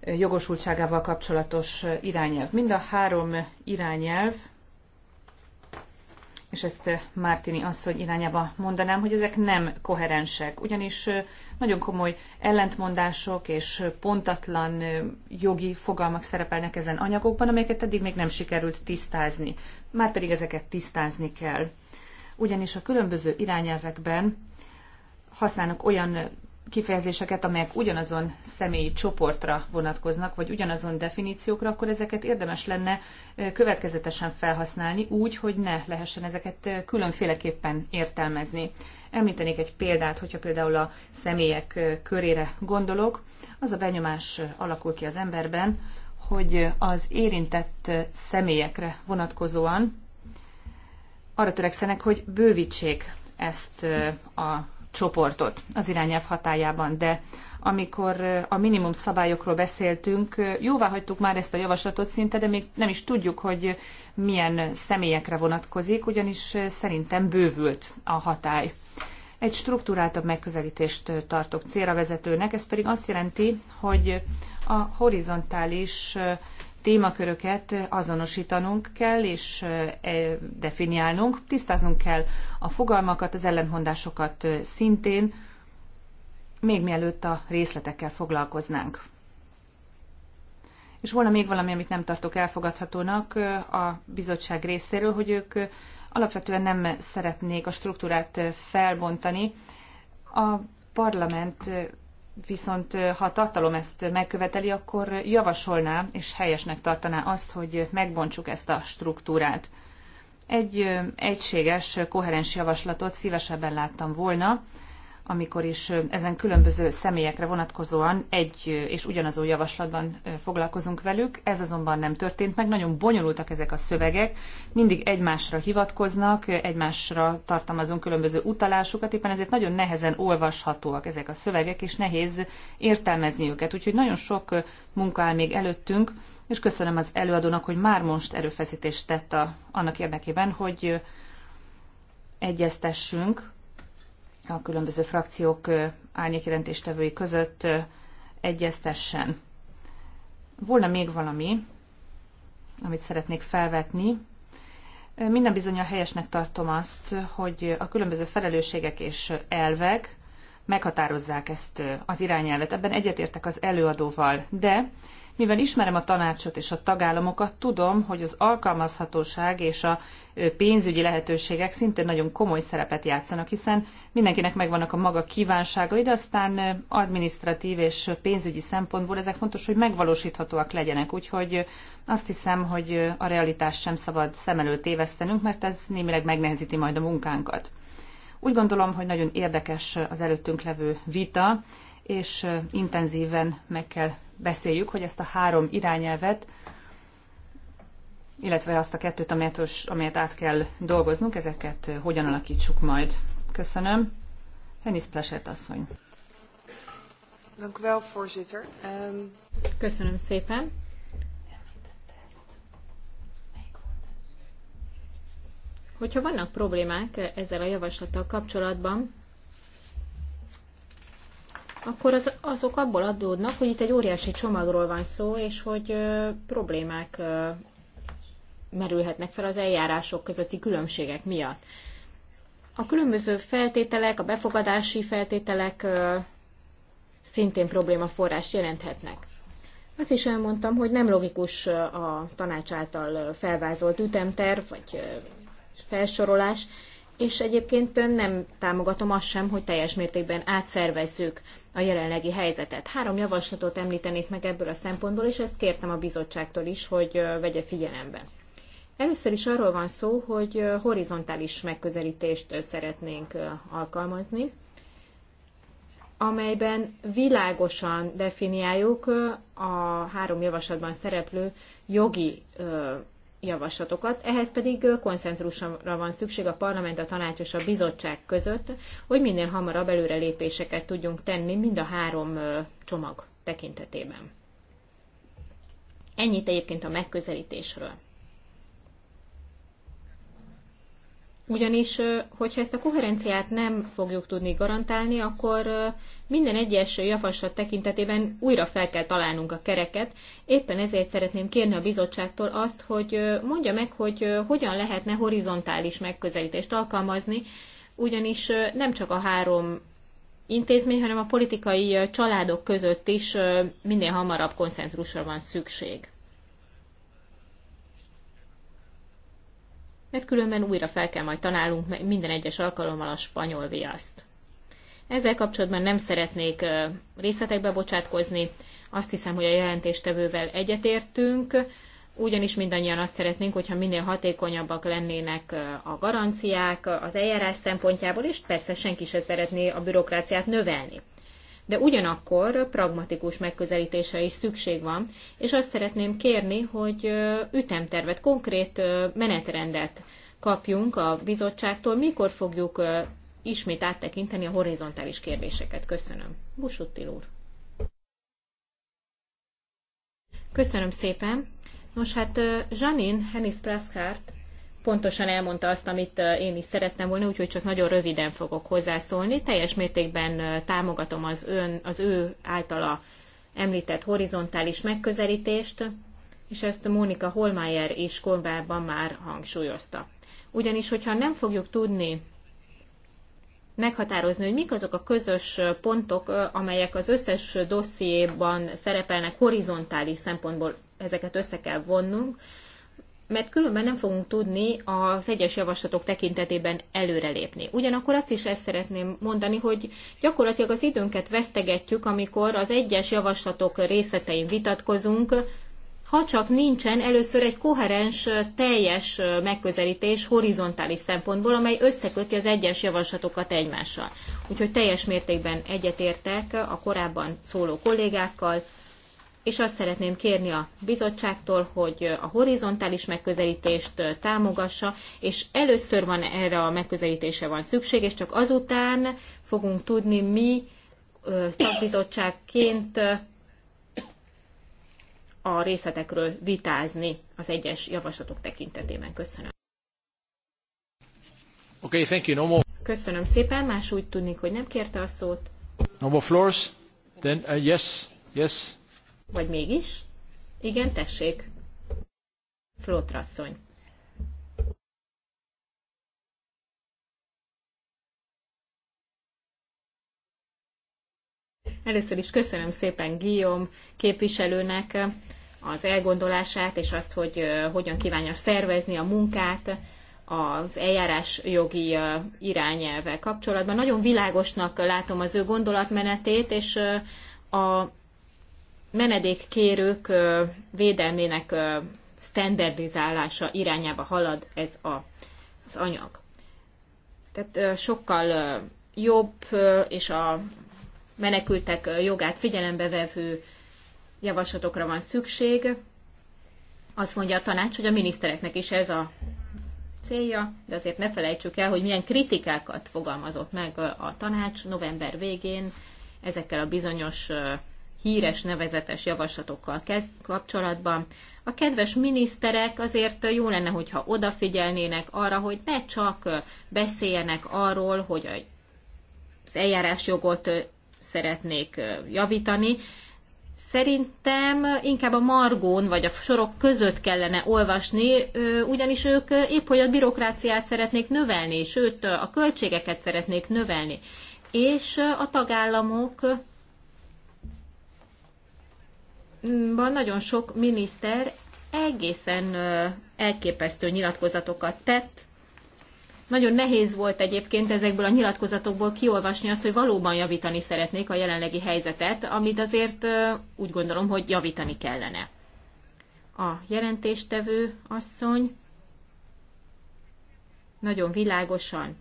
jogosultságával kapcsolatos irányelv. Mind a három irányelv és ezt eh, Mártini asszony irányába mondanám, hogy ezek nem koherensek, ugyanis eh, nagyon komoly ellentmondások és pontatlan eh, jogi fogalmak szerepelnek ezen anyagokban, amelyeket eddig még nem sikerült tisztázni. Márpedig ezeket tisztázni kell. Ugyanis a különböző irányelvekben használnak olyan kifejezéseket, amelyek ugyanazon személyi csoportra vonatkoznak, vagy ugyanazon definíciókra, akkor ezeket érdemes lenne következetesen felhasználni, úgy, hogy ne lehessen ezeket különféleképpen értelmezni. Említenék egy példát, hogyha például a személyek körére gondolok, az a benyomás alakul ki az emberben, hogy az érintett személyekre vonatkozóan arra törekszenek, hogy bővítsék ezt a csoportot az irányelv hatájában, de amikor a minimum szabályokról beszéltünk, jóvá hagytuk már ezt a javaslatot szinte, de még nem is tudjuk, hogy milyen személyekre vonatkozik, ugyanis szerintem bővült a hatály. Egy struktúráltabb megközelítést tartok célra vezetőnek, ez pedig azt jelenti, hogy a horizontális témaköröket azonosítanunk kell és e, definiálnunk, tisztáznunk kell a fogalmakat, az ellentmondásokat szintén, még mielőtt a részletekkel foglalkoznánk. És volna még valami, amit nem tartok elfogadhatónak a bizottság részéről, hogy ők alapvetően nem szeretnék a struktúrát felbontani. A parlament viszont ha a tartalom ezt megköveteli, akkor javasolná és helyesnek tartaná azt, hogy megbontsuk ezt a struktúrát. Egy egységes, koherens javaslatot szívesebben láttam volna, amikor is ezen különböző személyekre vonatkozóan egy és ugyanazó javaslatban foglalkozunk velük. Ez azonban nem történt meg, nagyon bonyolultak ezek a szövegek, mindig egymásra hivatkoznak, egymásra tartalmazunk különböző utalásokat, éppen ezért nagyon nehezen olvashatóak ezek a szövegek, és nehéz értelmezni őket. Úgyhogy nagyon sok munka áll még előttünk, és köszönöm az előadónak, hogy már most erőfeszítést tett a, annak érdekében, hogy egyeztessünk a különböző frakciók árnyékjelentéstevői között egyeztessen. Volna még valami, amit szeretnék felvetni. Minden bizony a helyesnek tartom azt, hogy a különböző felelősségek és elvek meghatározzák ezt az irányelvet. Ebben egyetértek az előadóval, de mivel ismerem a tanácsot és a tagállamokat, tudom, hogy az alkalmazhatóság és a pénzügyi lehetőségek szintén nagyon komoly szerepet játszanak, hiszen mindenkinek megvannak a maga kívánságai, de aztán administratív és pénzügyi szempontból ezek fontos, hogy megvalósíthatóak legyenek. Úgyhogy azt hiszem, hogy a realitást sem szabad szem előtt tévesztenünk, mert ez némileg megnehezíti majd a munkánkat. Úgy gondolom, hogy nagyon érdekes az előttünk levő vita, és intenzíven meg kell beszéljük, hogy ezt a három irányelvet, illetve azt a kettőt, amelyet, amelyet át kell dolgoznunk, ezeket hogyan alakítsuk majd. Köszönöm. Henis Plesert asszony. Ehm, Köszönöm szépen. Hogyha vannak problémák ezzel a javaslattal kapcsolatban, akkor az, azok abból adódnak, hogy itt egy óriási csomagról van szó, és hogy ö, problémák ö, merülhetnek fel az eljárások közötti különbségek miatt. A különböző feltételek, a befogadási feltételek ö, szintén problémaforrás jelenthetnek. Azt is elmondtam, hogy nem logikus a tanács által felvázolt ütemterv vagy felsorolás, és egyébként nem támogatom azt sem, hogy teljes mértékben átszervezzük a jelenlegi helyzetet. Három javaslatot említenék meg ebből a szempontból, és ezt kértem a bizottságtól is, hogy vegye figyelembe. Először is arról van szó, hogy horizontális megközelítést szeretnénk alkalmazni, amelyben világosan definiáljuk a három javaslatban szereplő jogi javaslatokat, ehhez pedig konszenzusra van szükség a parlament, a tanács és a bizottság között, hogy minél hamarabb előrelépéseket tudjunk tenni mind a három csomag tekintetében. Ennyit egyébként a megközelítésről. Ugyanis, hogyha ezt a koherenciát nem fogjuk tudni garantálni, akkor minden egyes javaslat tekintetében újra fel kell találnunk a kereket. Éppen ezért szeretném kérni a bizottságtól azt, hogy mondja meg, hogy hogyan lehetne horizontális megközelítést alkalmazni, ugyanis nem csak a három intézmény, hanem a politikai családok között is minél hamarabb konszenzusra van szükség. mert különben újra fel kell majd tanálunk minden egyes alkalommal a spanyol viaszt. Ezzel kapcsolatban nem szeretnék részletekbe bocsátkozni, azt hiszem, hogy a jelentéstevővel egyetértünk, ugyanis mindannyian azt szeretnénk, hogyha minél hatékonyabbak lennének a garanciák az eljárás szempontjából, és persze senki se szeretné a bürokráciát növelni de ugyanakkor pragmatikus megközelítése is szükség van, és azt szeretném kérni, hogy ütemtervet, konkrét menetrendet kapjunk a bizottságtól, mikor fogjuk ismét áttekinteni a horizontális kérdéseket. Köszönöm. Busuttil úr. Köszönöm szépen. Nos hát Janin Hennis Praskart pontosan elmondta azt, amit én is szerettem volna, úgyhogy csak nagyon röviden fogok hozzászólni. Teljes mértékben támogatom az, ön, az ő általa említett horizontális megközelítést, és ezt Mónika Holmeyer is korábban már hangsúlyozta. Ugyanis, hogyha nem fogjuk tudni meghatározni, hogy mik azok a közös pontok, amelyek az összes dossziéban szerepelnek horizontális szempontból, ezeket össze kell vonnunk, mert különben nem fogunk tudni az egyes javaslatok tekintetében előrelépni. Ugyanakkor azt is ezt szeretném mondani, hogy gyakorlatilag az időnket vesztegetjük, amikor az egyes javaslatok részletein vitatkozunk, ha csak nincsen először egy koherens, teljes megközelítés horizontális szempontból, amely összeköti az egyes javaslatokat egymással. Úgyhogy teljes mértékben egyetértek a korábban szóló kollégákkal, és azt szeretném kérni a bizottságtól, hogy a horizontális megközelítést támogassa, és először van erre a megközelítése van szükség, és csak azután fogunk tudni mi szakbizottságként a részletekről vitázni az egyes javaslatok tekintetében. Köszönöm. Okay, thank you. No more. Köszönöm szépen, más úgy tűnik, hogy nem kérte a szót. No more floors? Then, uh, yes, yes. Vagy mégis? Igen, tessék. Flótrasszony. Először is köszönöm szépen Guillaume képviselőnek az elgondolását, és azt, hogy hogyan kívánja szervezni a munkát az eljárás jogi irányelvvel kapcsolatban. Nagyon világosnak látom az ő gondolatmenetét, és a menedékkérők védelmének standardizálása irányába halad ez a, az anyag. Tehát sokkal jobb és a menekültek jogát figyelembe vevő javaslatokra van szükség. Azt mondja a tanács, hogy a minisztereknek is ez a célja, de azért ne felejtsük el, hogy milyen kritikákat fogalmazott meg a tanács november végén ezekkel a bizonyos híres nevezetes javaslatokkal kapcsolatban. A kedves miniszterek azért jó lenne, hogyha odafigyelnének arra, hogy ne csak beszéljenek arról, hogy az eljárásjogot szeretnék javítani, Szerintem inkább a margón vagy a sorok között kellene olvasni, ugyanis ők épp hogy a bürokráciát szeretnék növelni, sőt a költségeket szeretnék növelni. És a tagállamok Ban hm, nagyon sok miniszter egészen elképesztő nyilatkozatokat tett. Nagyon nehéz volt egyébként ezekből a nyilatkozatokból kiolvasni azt, hogy valóban javítani szeretnék a jelenlegi helyzetet, amit azért úgy gondolom, hogy javítani kellene. A jelentéstevő asszony nagyon világosan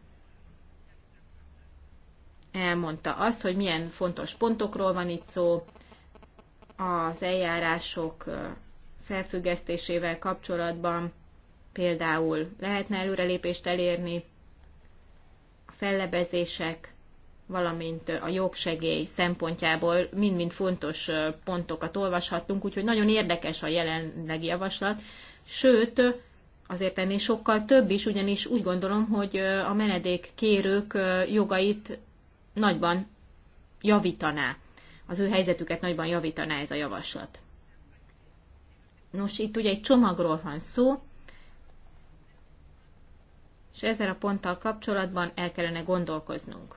elmondta azt, hogy milyen fontos pontokról van itt szó, az eljárások felfüggesztésével kapcsolatban például lehetne előrelépést elérni, a fellebezések, valamint a jogsegély szempontjából mind-mind fontos pontokat olvashattunk, úgyhogy nagyon érdekes a jelenlegi javaslat, sőt, azért ennél sokkal több is, ugyanis úgy gondolom, hogy a menedék kérők jogait nagyban javítaná az ő helyzetüket nagyban javítaná ez a javaslat. Nos, itt ugye egy csomagról van szó, és ezzel a ponttal kapcsolatban el kellene gondolkoznunk.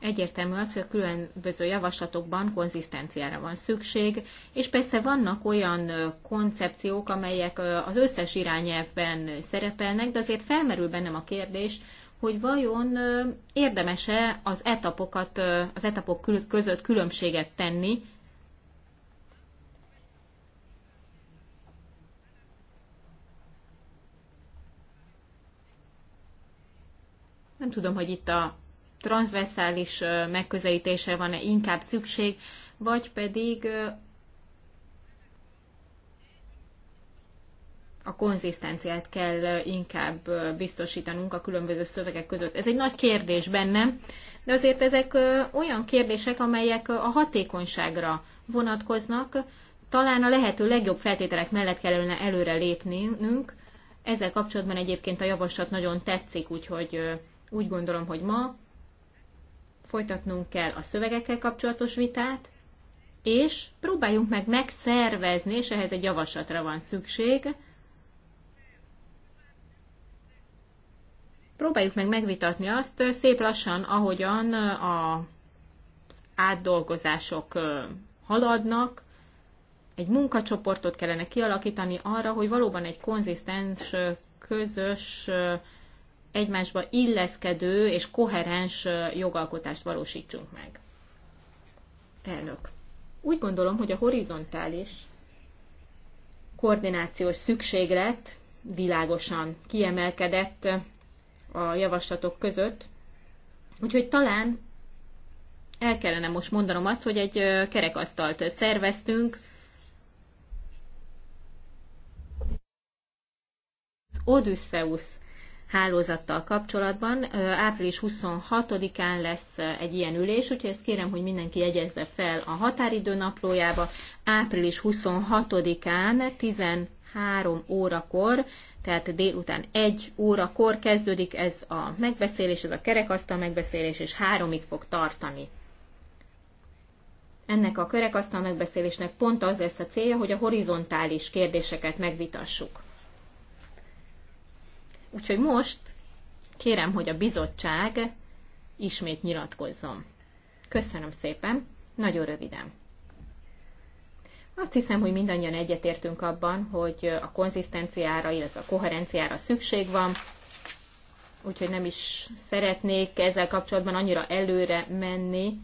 Egyértelmű az, hogy a különböző javaslatokban konzisztenciára van szükség, és persze vannak olyan koncepciók, amelyek az összes irányelvben szerepelnek, de azért felmerül bennem a kérdés, hogy vajon érdemese az etapokat, az etapok között különbséget tenni, Nem tudom, hogy itt a transzverszális megközelítése van-e inkább szükség, vagy pedig a konzisztenciát kell inkább biztosítanunk a különböző szövegek között. Ez egy nagy kérdés bennem, de azért ezek olyan kérdések, amelyek a hatékonyságra vonatkoznak. Talán a lehető legjobb feltételek mellett kellene előre lépnünk. Ezzel kapcsolatban egyébként a javaslat nagyon tetszik, úgyhogy úgy gondolom, hogy ma folytatnunk kell a szövegekkel kapcsolatos vitát, és próbáljunk meg megszervezni, és ehhez egy javaslatra van szükség, Próbáljuk meg megvitatni azt szép lassan, ahogyan a átdolgozások haladnak, egy munkacsoportot kellene kialakítani arra, hogy valóban egy konzisztens, közös, egymásba illeszkedő és koherens jogalkotást valósítsunk meg. Elnök. Úgy gondolom, hogy a horizontális koordinációs szükséglet világosan kiemelkedett a javaslatok között. Úgyhogy talán el kellene most mondanom azt, hogy egy kerekasztalt szerveztünk. Az Odysseus hálózattal kapcsolatban. Április 26-án lesz egy ilyen ülés, úgyhogy ezt kérem, hogy mindenki jegyezze fel a határidő naplójába. Április 26-án 13 órakor tehát délután egy órakor kezdődik ez a megbeszélés, ez a kerekasztal megbeszélés, és háromig fog tartani. Ennek a kerekasztal megbeszélésnek pont az lesz a célja, hogy a horizontális kérdéseket megvitassuk. Úgyhogy most kérem, hogy a bizottság ismét nyilatkozzon. Köszönöm szépen, nagyon röviden. Azt hiszem, hogy mindannyian egyetértünk abban, hogy a konzisztenciára, illetve a koherenciára szükség van, úgyhogy nem is szeretnék ezzel kapcsolatban annyira előre menni,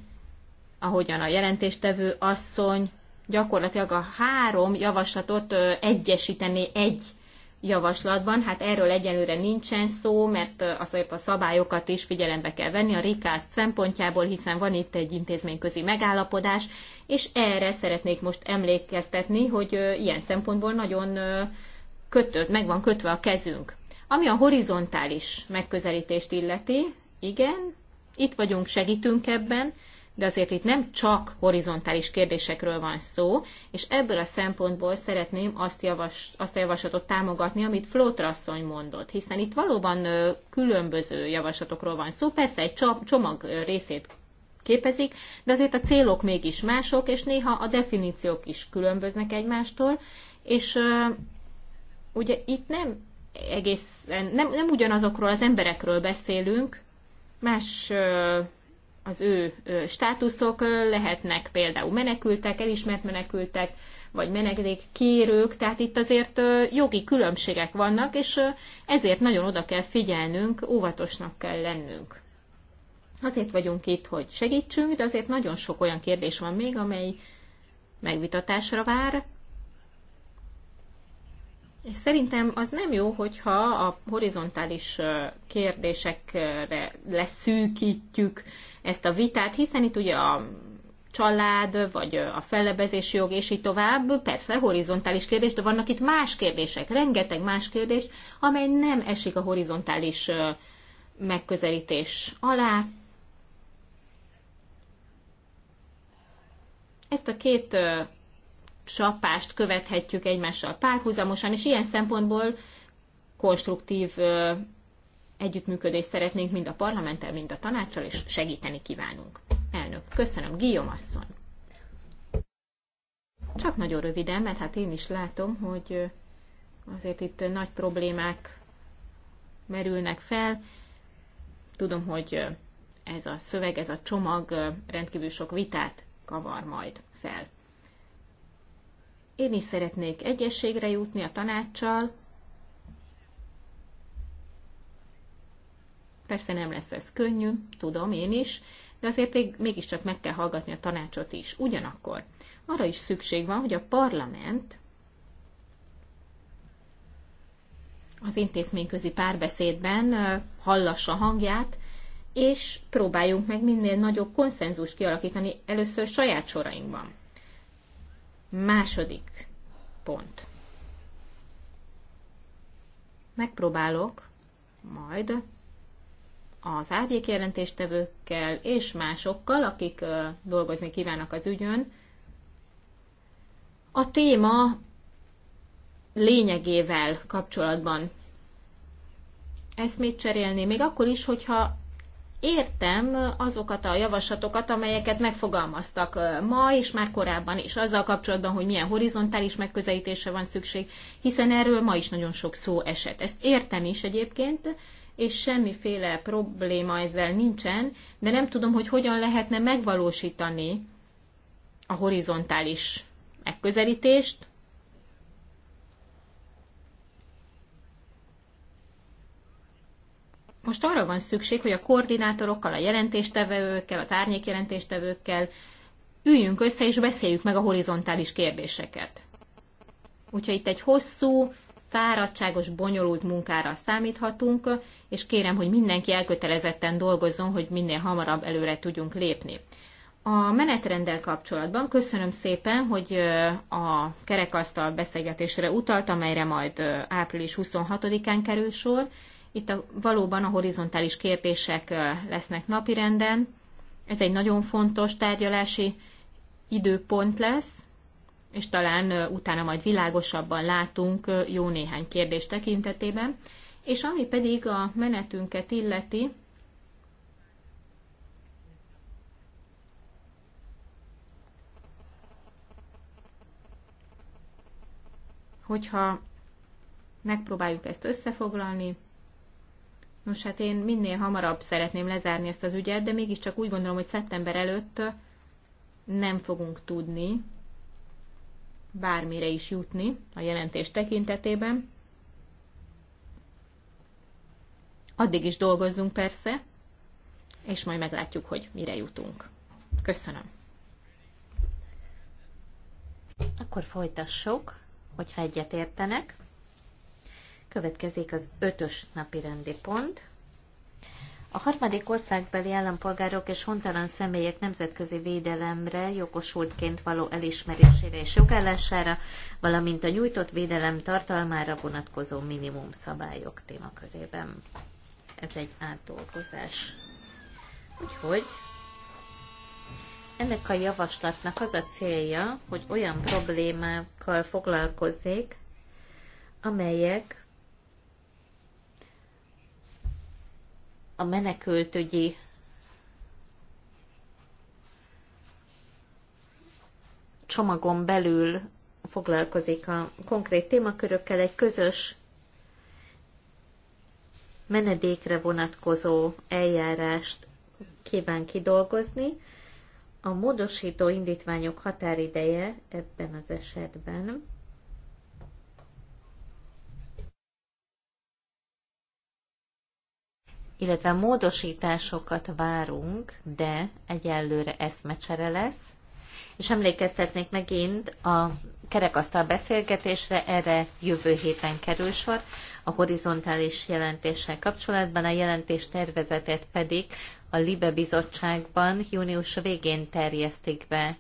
ahogyan a jelentéstevő asszony gyakorlatilag a három javaslatot egyesíteni egy javaslatban. Hát erről egyelőre nincsen szó, mert azért a szabályokat is figyelembe kell venni a Rikász szempontjából, hiszen van itt egy intézményközi megállapodás, és erre szeretnék most emlékeztetni, hogy ilyen szempontból nagyon kötött, meg van kötve a kezünk. Ami a horizontális megközelítést illeti, igen, itt vagyunk, segítünk ebben, de azért itt nem csak horizontális kérdésekről van szó, és ebből a szempontból szeretném azt, javas, azt a javaslatot támogatni, amit Flótrasszony mondott, hiszen itt valóban különböző javaslatokról van szó, persze egy csomag részét képezik, de azért a célok mégis mások, és néha a definíciók is különböznek egymástól, és ugye itt nem egészen, nem, nem ugyanazokról az emberekről beszélünk, más az ő státuszok lehetnek például menekültek, elismert menekültek, vagy menedékkérők, tehát itt azért jogi különbségek vannak, és ezért nagyon oda kell figyelnünk, óvatosnak kell lennünk. Azért vagyunk itt, hogy segítsünk, de azért nagyon sok olyan kérdés van még, amely megvitatásra vár. És szerintem az nem jó, hogyha a horizontális kérdésekre leszűkítjük ezt a vitát, hiszen itt ugye a család, vagy a fellebezési jog, és így tovább. Persze horizontális kérdés, de vannak itt más kérdések, rengeteg más kérdés, amely nem esik a horizontális megközelítés alá. Ezt a két csapást követhetjük egymással párhuzamosan, és ilyen szempontból konstruktív együttműködést szeretnénk mind a parlamenttel, mind a tanácssal, és segíteni kívánunk. Elnök, köszönöm, Guillaume asszony. Csak nagyon röviden, mert hát én is látom, hogy azért itt nagy problémák merülnek fel. Tudom, hogy ez a szöveg, ez a csomag rendkívül sok vitát kavar majd fel. Én is szeretnék egyességre jutni a tanácssal, Persze nem lesz ez könnyű, tudom én is, de azért mégiscsak meg kell hallgatni a tanácsot is. Ugyanakkor arra is szükség van, hogy a parlament az intézményközi párbeszédben hallassa hangját, és próbáljunk meg minél nagyobb konszenzus kialakítani először saját sorainkban. Második pont. Megpróbálok majd az árnyékjelentéstevőkkel és másokkal, akik dolgozni kívánnak az ügyön. A téma lényegével kapcsolatban eszmét cserélni, még akkor is, hogyha értem azokat a javaslatokat, amelyeket megfogalmaztak ma és már korábban is, azzal kapcsolatban, hogy milyen horizontális megközelítésre van szükség, hiszen erről ma is nagyon sok szó esett. Ezt értem is egyébként, és semmiféle probléma ezzel nincsen, de nem tudom, hogy hogyan lehetne megvalósítani a horizontális megközelítést, Most arra van szükség, hogy a koordinátorokkal, a jelentéstevőkkel, az árnyékjelentéstevőkkel jelentéstevőkkel üljünk össze és beszéljük meg a horizontális kérdéseket. Úgyhogy itt egy hosszú fáradtságos, bonyolult munkára számíthatunk, és kérem, hogy mindenki elkötelezetten dolgozzon, hogy minél hamarabb előre tudjunk lépni. A menetrenddel kapcsolatban köszönöm szépen, hogy a kerekasztal beszélgetésre utalt, amelyre majd április 26-án kerül sor. Itt a, valóban a horizontális kérdések lesznek napirenden. Ez egy nagyon fontos tárgyalási időpont lesz, és talán utána majd világosabban látunk jó néhány kérdés tekintetében. És ami pedig a menetünket illeti, hogyha megpróbáljuk ezt összefoglalni, Nos, hát én minél hamarabb szeretném lezárni ezt az ügyet, de mégiscsak úgy gondolom, hogy szeptember előtt nem fogunk tudni bármire is jutni a jelentés tekintetében. Addig is dolgozzunk persze, és majd meglátjuk, hogy mire jutunk. Köszönöm. Akkor folytassuk, hogyha egyet értenek. Következik az ötös napi rendi pont. A harmadik országbeli állampolgárok és hontalan személyek nemzetközi védelemre, jogosultként való elismerésére és jogállására, valamint a nyújtott védelem tartalmára vonatkozó minimum szabályok témakörében. Ez egy átdolgozás. Úgyhogy ennek a javaslatnak az a célja, hogy olyan problémákkal foglalkozzék, amelyek a menekültügyi csomagon belül foglalkozik a konkrét témakörökkel egy közös menedékre vonatkozó eljárást kíván kidolgozni. A módosító indítványok határideje ebben az esetben illetve módosításokat várunk, de egyelőre eszmecsere lesz. És emlékeztetnék megint a kerekasztal beszélgetésre, erre jövő héten kerül sor, a horizontális jelentéssel kapcsolatban, a jelentés tervezetet pedig a LIBE bizottságban június végén terjesztik be.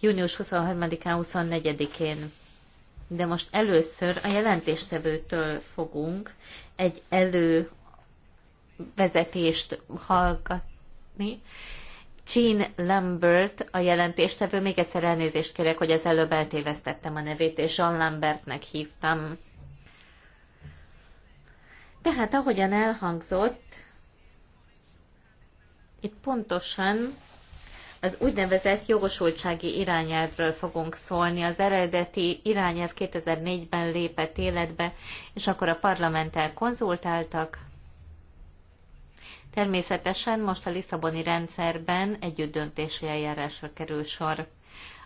Június 23-án, 24-én de most először a jelentéstevőtől fogunk egy elővezetést hallgatni. Jean Lambert a jelentéstevő, még egyszer elnézést kérek, hogy az előbb eltévesztettem a nevét, és Jean Lambertnek hívtam. Tehát ahogyan elhangzott, itt pontosan az úgynevezett jogosultsági irányelvről fogunk szólni. Az eredeti irányelv 2004-ben lépett életbe, és akkor a parlamenttel konzultáltak. Természetesen most a Lisszaboni rendszerben együtt döntési eljárásra kerül sor.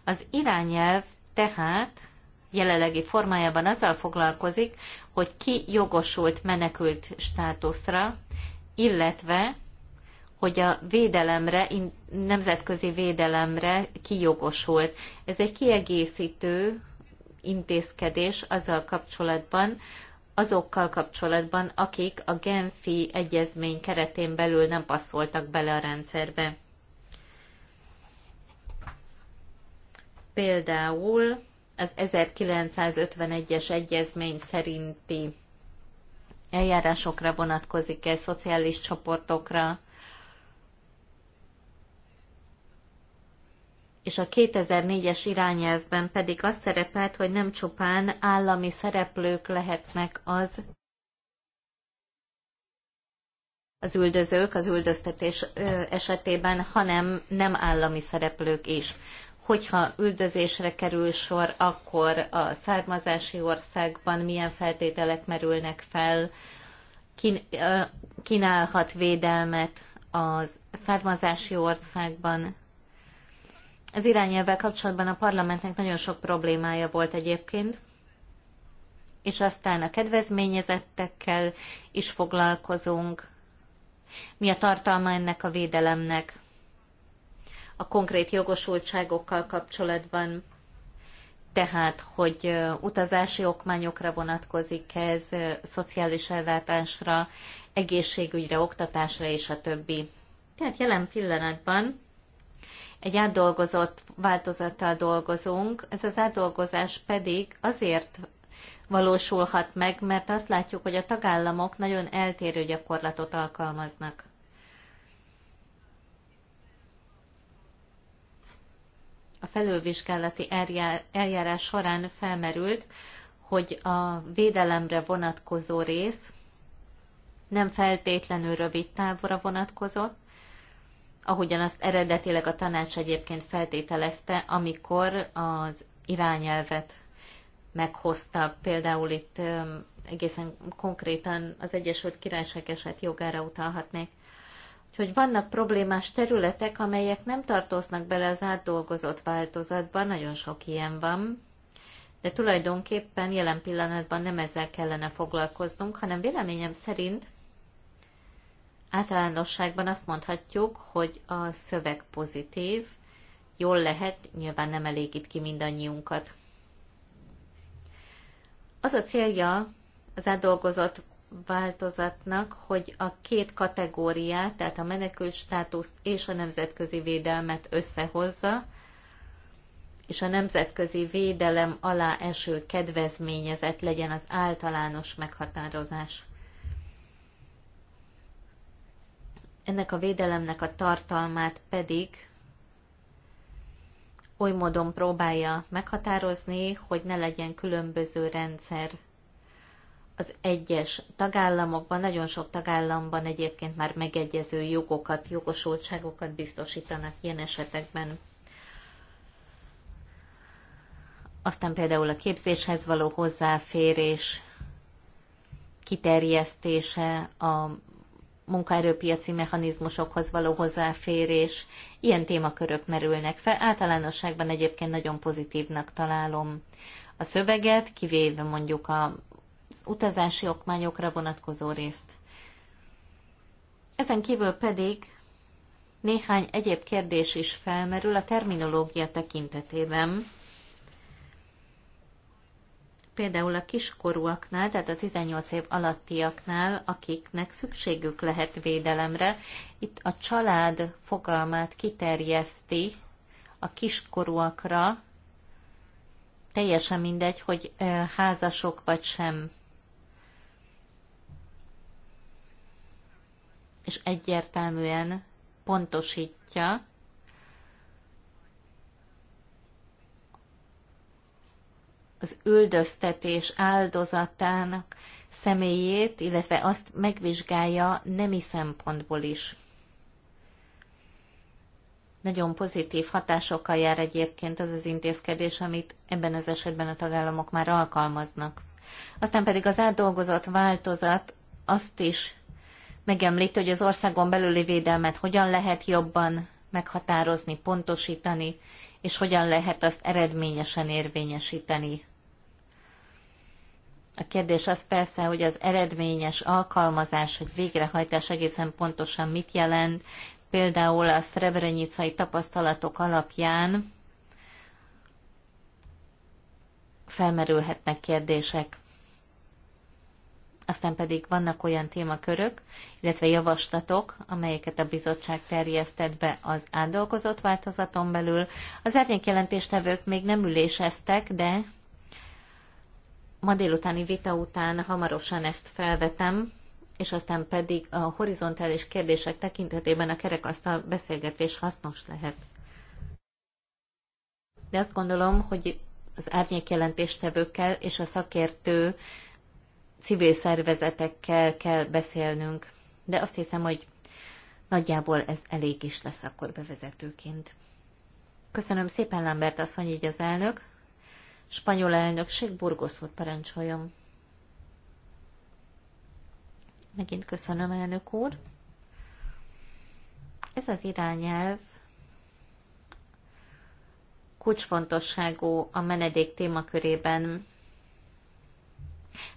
Az irányelv tehát jelenlegi formájában azzal foglalkozik, hogy ki jogosult menekült státuszra, illetve hogy a védelemre, nemzetközi védelemre kijogosult. Ez egy kiegészítő intézkedés azzal kapcsolatban, azokkal kapcsolatban, akik a Genfi egyezmény keretén belül nem passzoltak bele a rendszerbe. Például az 1951-es egyezmény szerinti eljárásokra vonatkozik ez, szociális csoportokra, és a 2004-es irányelvben pedig az szerepelt, hogy nem csupán állami szereplők lehetnek az, az üldözők az üldöztetés esetében, hanem nem állami szereplők is. Hogyha üldözésre kerül sor, akkor a származási országban milyen feltételek merülnek fel, kínálhat védelmet a származási országban az irányelvvel kapcsolatban a parlamentnek nagyon sok problémája volt egyébként, és aztán a kedvezményezettekkel is foglalkozunk. Mi a tartalma ennek a védelemnek? A konkrét jogosultságokkal kapcsolatban tehát, hogy utazási okmányokra vonatkozik ez, szociális ellátásra, egészségügyre, oktatásra és a többi. Tehát jelen pillanatban egy átdolgozott változattal dolgozunk, ez az átdolgozás pedig azért valósulhat meg, mert azt látjuk, hogy a tagállamok nagyon eltérő gyakorlatot alkalmaznak. A felülvizsgálati eljárás során felmerült, hogy a védelemre vonatkozó rész nem feltétlenül rövid távra vonatkozott, ahogyan azt eredetileg a tanács egyébként feltételezte, amikor az irányelvet meghozta. Például itt egészen konkrétan az Egyesült Királyság eset jogára utalhatnék. Úgyhogy vannak problémás területek, amelyek nem tartoznak bele az átdolgozott változatba, nagyon sok ilyen van, de tulajdonképpen jelen pillanatban nem ezzel kellene foglalkoznunk, hanem véleményem szerint Általánosságban azt mondhatjuk, hogy a szöveg pozitív, jól lehet, nyilván nem elégít ki mindannyiunkat. Az a célja az átdolgozott változatnak, hogy a két kategóriát, tehát a menekült státuszt és a nemzetközi védelmet összehozza, és a nemzetközi védelem alá eső kedvezményezett legyen az általános meghatározás. ennek a védelemnek a tartalmát pedig oly módon próbálja meghatározni, hogy ne legyen különböző rendszer az egyes tagállamokban, nagyon sok tagállamban egyébként már megegyező jogokat, jogosultságokat biztosítanak ilyen esetekben. Aztán például a képzéshez való hozzáférés, kiterjesztése a munkaerőpiaci mechanizmusokhoz való hozzáférés, ilyen témakörök merülnek fel. Általánosságban egyébként nagyon pozitívnak találom a szöveget, kivéve mondjuk az utazási okmányokra vonatkozó részt. Ezen kívül pedig néhány egyéb kérdés is felmerül a terminológia tekintetében például a kiskorúaknál, tehát a 18 év alattiaknál, akiknek szükségük lehet védelemre. Itt a család fogalmát kiterjeszti a kiskorúakra, teljesen mindegy, hogy házasok vagy sem. És egyértelműen pontosítja, az üldöztetés áldozatának személyét, illetve azt megvizsgálja nemi szempontból is. Nagyon pozitív hatásokkal jár egyébként az az intézkedés, amit ebben az esetben a tagállamok már alkalmaznak. Aztán pedig az átdolgozott változat azt is megemlít, hogy az országon belüli védelmet hogyan lehet jobban meghatározni, pontosítani, és hogyan lehet azt eredményesen érvényesíteni. A kérdés az persze, hogy az eredményes alkalmazás, hogy végrehajtás egészen pontosan mit jelent, például a szrebrenicai tapasztalatok alapján felmerülhetnek kérdések. Aztán pedig vannak olyan témakörök, illetve javaslatok, amelyeket a bizottság terjesztett be az átdolgozott változaton belül. Az árnyék jelentéstevők még nem üléseztek, de ma délutáni vita után hamarosan ezt felvetem, és aztán pedig a horizontális kérdések tekintetében a kerekasztal beszélgetés hasznos lehet. De azt gondolom, hogy az árnyékjelentéstevőkkel és a szakértő civil szervezetekkel kell beszélnünk. De azt hiszem, hogy nagyjából ez elég is lesz akkor bevezetőként. Köszönöm szépen, Lambert asszony, így az elnök spanyol elnökség. burgoszot parancsoljon. Megint köszönöm, elnök úr. Ez az irányelv kulcsfontosságú a menedék témakörében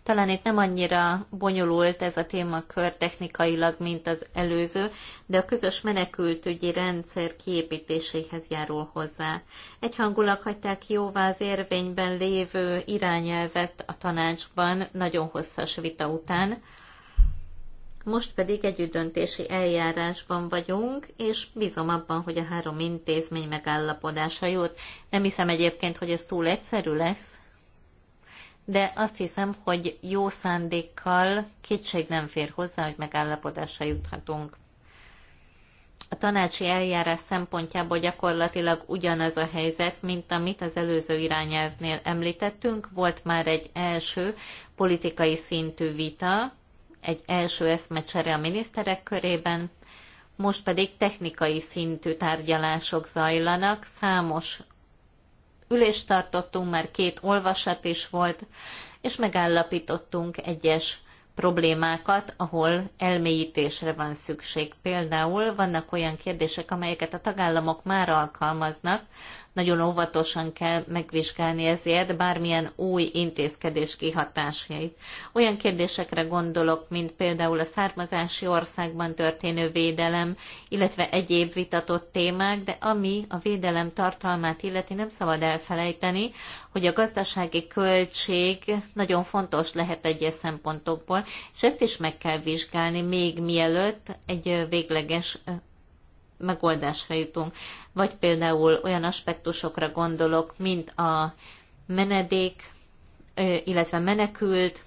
talán itt nem annyira bonyolult ez a témakör technikailag, mint az előző, de a közös menekültügyi rendszer kiépítéséhez járul hozzá. Egyhangulag hagyták jóvá az érvényben lévő irányelvet a tanácsban nagyon hosszas vita után, most pedig együttdöntési eljárásban vagyunk, és bízom abban, hogy a három intézmény megállapodása jut. Nem hiszem egyébként, hogy ez túl egyszerű lesz, de azt hiszem, hogy jó szándékkal kétség nem fér hozzá, hogy megállapodásra juthatunk. A tanácsi eljárás szempontjából gyakorlatilag ugyanaz a helyzet, mint amit az előző irányelvnél említettünk. Volt már egy első politikai szintű vita, egy első eszmecsere a miniszterek körében, most pedig technikai szintű tárgyalások zajlanak, számos ülést tartottunk, mert két olvasat is volt, és megállapítottunk egyes problémákat, ahol elmélyítésre van szükség. Például vannak olyan kérdések, amelyeket a tagállamok már alkalmaznak, nagyon óvatosan kell megvizsgálni ezért bármilyen új intézkedés kihatásait. Olyan kérdésekre gondolok, mint például a származási országban történő védelem, illetve egyéb vitatott témák, de ami a védelem tartalmát illeti, nem szabad elfelejteni, hogy a gazdasági költség nagyon fontos lehet egyes szempontokból, és ezt is meg kell vizsgálni még mielőtt egy végleges megoldásra jutunk. Vagy például olyan aspektusokra gondolok, mint a menedék, illetve menekült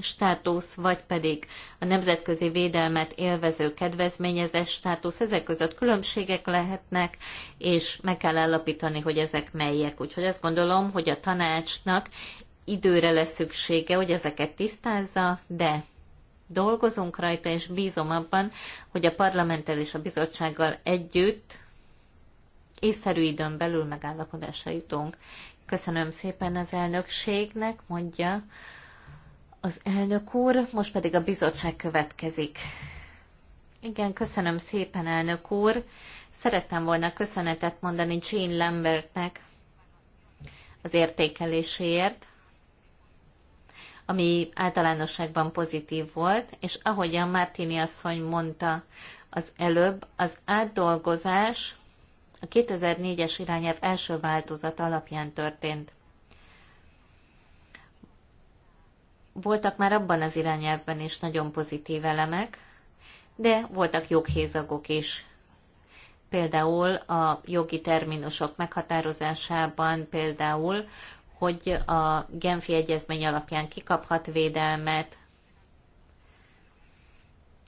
státusz, vagy pedig a nemzetközi védelmet élvező kedvezményezes státusz. Ezek között különbségek lehetnek, és meg kell állapítani, hogy ezek melyek. Úgyhogy azt gondolom, hogy a tanácsnak időre lesz szüksége, hogy ezeket tisztázza, de dolgozunk rajta, és bízom abban, hogy a parlamenttel és a bizottsággal együtt észszerű időn belül megállapodásra jutunk. Köszönöm szépen az elnökségnek, mondja az elnök úr, most pedig a bizottság következik. Igen, köszönöm szépen, elnök úr. Szerettem volna köszönetet mondani Jean Lambertnek az értékeléséért, ami általánosságban pozitív volt, és a Martini asszony mondta az előbb, az átdolgozás a 2004-es irányelv első változat alapján történt. Voltak már abban az irányelvben is nagyon pozitív elemek, de voltak joghézagok is. Például a jogi terminusok meghatározásában, például hogy a Genfi Egyezmény alapján kikaphat védelmet,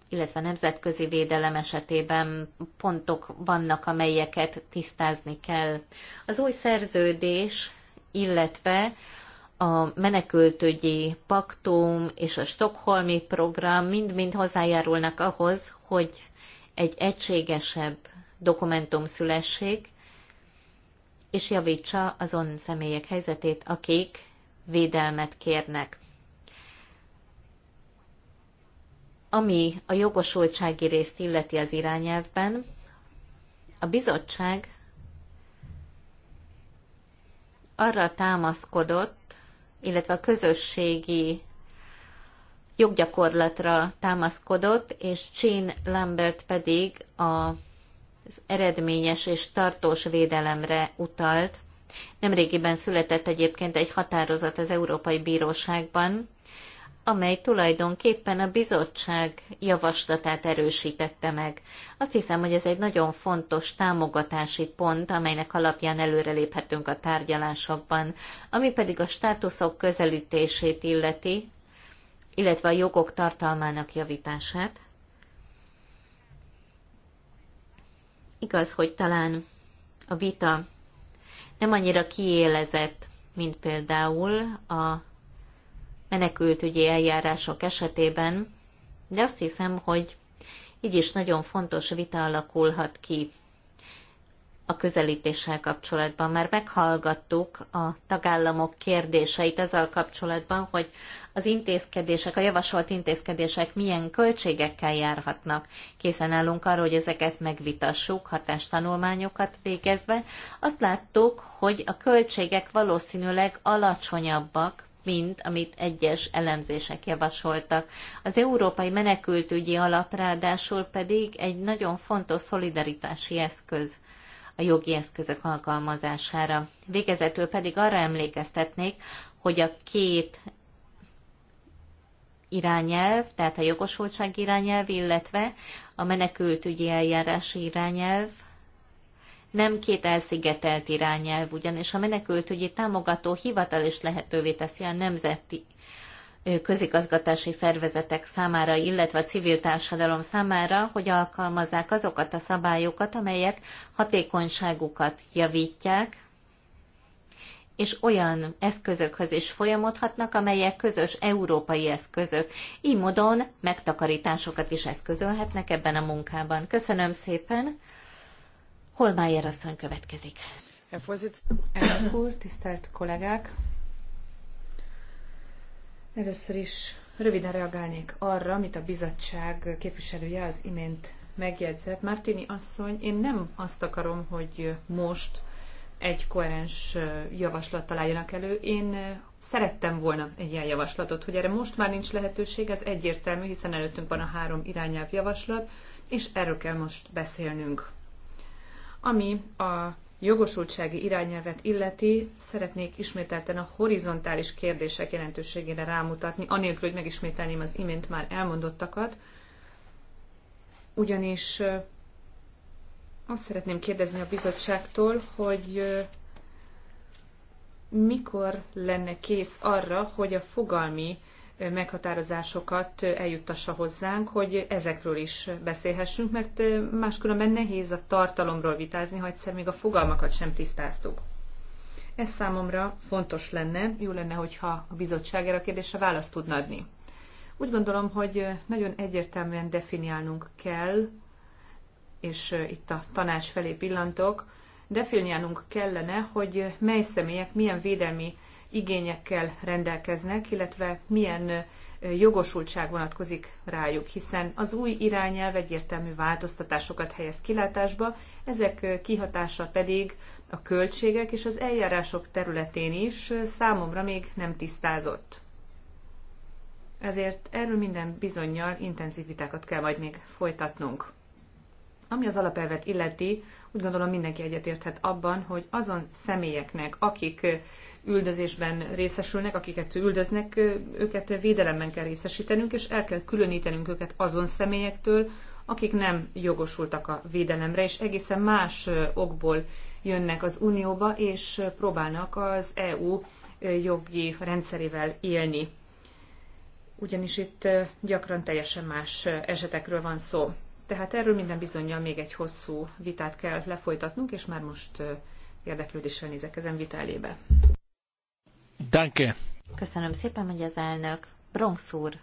illetve nemzetközi védelem esetében pontok vannak, amelyeket tisztázni kell. Az új szerződés, illetve a menekültügyi paktum és a stokholmi program mind-mind hozzájárulnak ahhoz, hogy egy egységesebb dokumentum szülesség, és javítsa azon személyek helyzetét, akik védelmet kérnek. Ami a jogosultsági részt illeti az irányelvben, a bizottság arra támaszkodott, illetve a közösségi joggyakorlatra támaszkodott, és Jean Lambert pedig a eredményes és tartós védelemre utalt. Nemrégiben született egyébként egy határozat az Európai Bíróságban, amely tulajdonképpen a bizottság javaslatát erősítette meg. Azt hiszem, hogy ez egy nagyon fontos támogatási pont, amelynek alapján előreléphetünk a tárgyalásokban, ami pedig a státuszok közelítését illeti, illetve a jogok tartalmának javítását. Igaz, hogy talán a vita nem annyira kiélezett, mint például a menekültügyi eljárások esetében, de azt hiszem, hogy így is nagyon fontos vita alakulhat ki a közelítéssel kapcsolatban. Már meghallgattuk a tagállamok kérdéseit ezzel kapcsolatban, hogy az intézkedések, a javasolt intézkedések milyen költségekkel járhatnak. Készen állunk arra, hogy ezeket megvitassuk, hatástanulmányokat végezve. Azt láttuk, hogy a költségek valószínűleg alacsonyabbak, mint amit egyes elemzések javasoltak. Az Európai Menekültügyi Alap ráadásul pedig egy nagyon fontos szolidaritási eszköz a jogi eszközök alkalmazására. Végezetül pedig arra emlékeztetnék, hogy a két irányelv, tehát a jogosultság irányelv, illetve a menekültügyi eljárási irányelv, nem két elszigetelt irányelv, ugyanis a menekültügyi támogató hivatal is lehetővé teszi a nemzeti közigazgatási szervezetek számára, illetve a civil társadalom számára, hogy alkalmazzák azokat a szabályokat, amelyek hatékonyságukat javítják, és olyan eszközökhöz is folyamodhatnak, amelyek közös európai eszközök. Így módon megtakarításokat is eszközölhetnek ebben a munkában. Köszönöm szépen. Holmájer asszony következik. Elnök úr, tisztelt kollégák! Először is röviden reagálnék arra, amit a bizottság képviselője az imént megjegyzett. Martini asszony, én nem azt akarom, hogy most egy koherens javaslat találjanak elő. Én szerettem volna egy ilyen javaslatot, hogy erre most már nincs lehetőség, ez egyértelmű, hiszen előttünk van a három irányelv javaslat, és erről kell most beszélnünk. Ami a jogosultsági irányelvet illeti, szeretnék ismételten a horizontális kérdések jelentőségére rámutatni, anélkül, hogy megismételném az imént már elmondottakat, ugyanis azt szeretném kérdezni a bizottságtól, hogy mikor lenne kész arra, hogy a fogalmi meghatározásokat eljuttassa hozzánk, hogy ezekről is beszélhessünk, mert máskülönben nehéz a tartalomról vitázni, ha egyszer még a fogalmakat sem tisztáztuk. Ez számomra fontos lenne, jó lenne, hogyha a bizottság erre a kérdésre választ tudna adni. Úgy gondolom, hogy nagyon egyértelműen definiálnunk kell, és itt a tanács felé pillantok, definiálnunk kellene, hogy mely személyek milyen védelmi igényekkel rendelkeznek, illetve milyen jogosultság vonatkozik rájuk, hiszen az új irányelv egyértelmű változtatásokat helyez kilátásba, ezek kihatása pedig a költségek és az eljárások területén is számomra még nem tisztázott. Ezért erről minden bizonyal intenzivitákat kell majd még folytatnunk. Ami az alapelvet illeti, úgy gondolom mindenki egyetérthet abban, hogy azon személyeknek, akik üldözésben részesülnek, akiket üldöznek, őket védelemben kell részesítenünk, és el kell különítenünk őket azon személyektől, akik nem jogosultak a védelemre, és egészen más okból jönnek az Unióba, és próbálnak az EU jogi rendszerével élni. Ugyanis itt gyakran teljesen más esetekről van szó. Tehát erről minden bizonyal még egy hosszú vitát kell lefolytatnunk, és már most érdeklődéssel nézek ezen vitálébe. Danke. Köszönöm szépen, hogy az elnök. Bronx úr,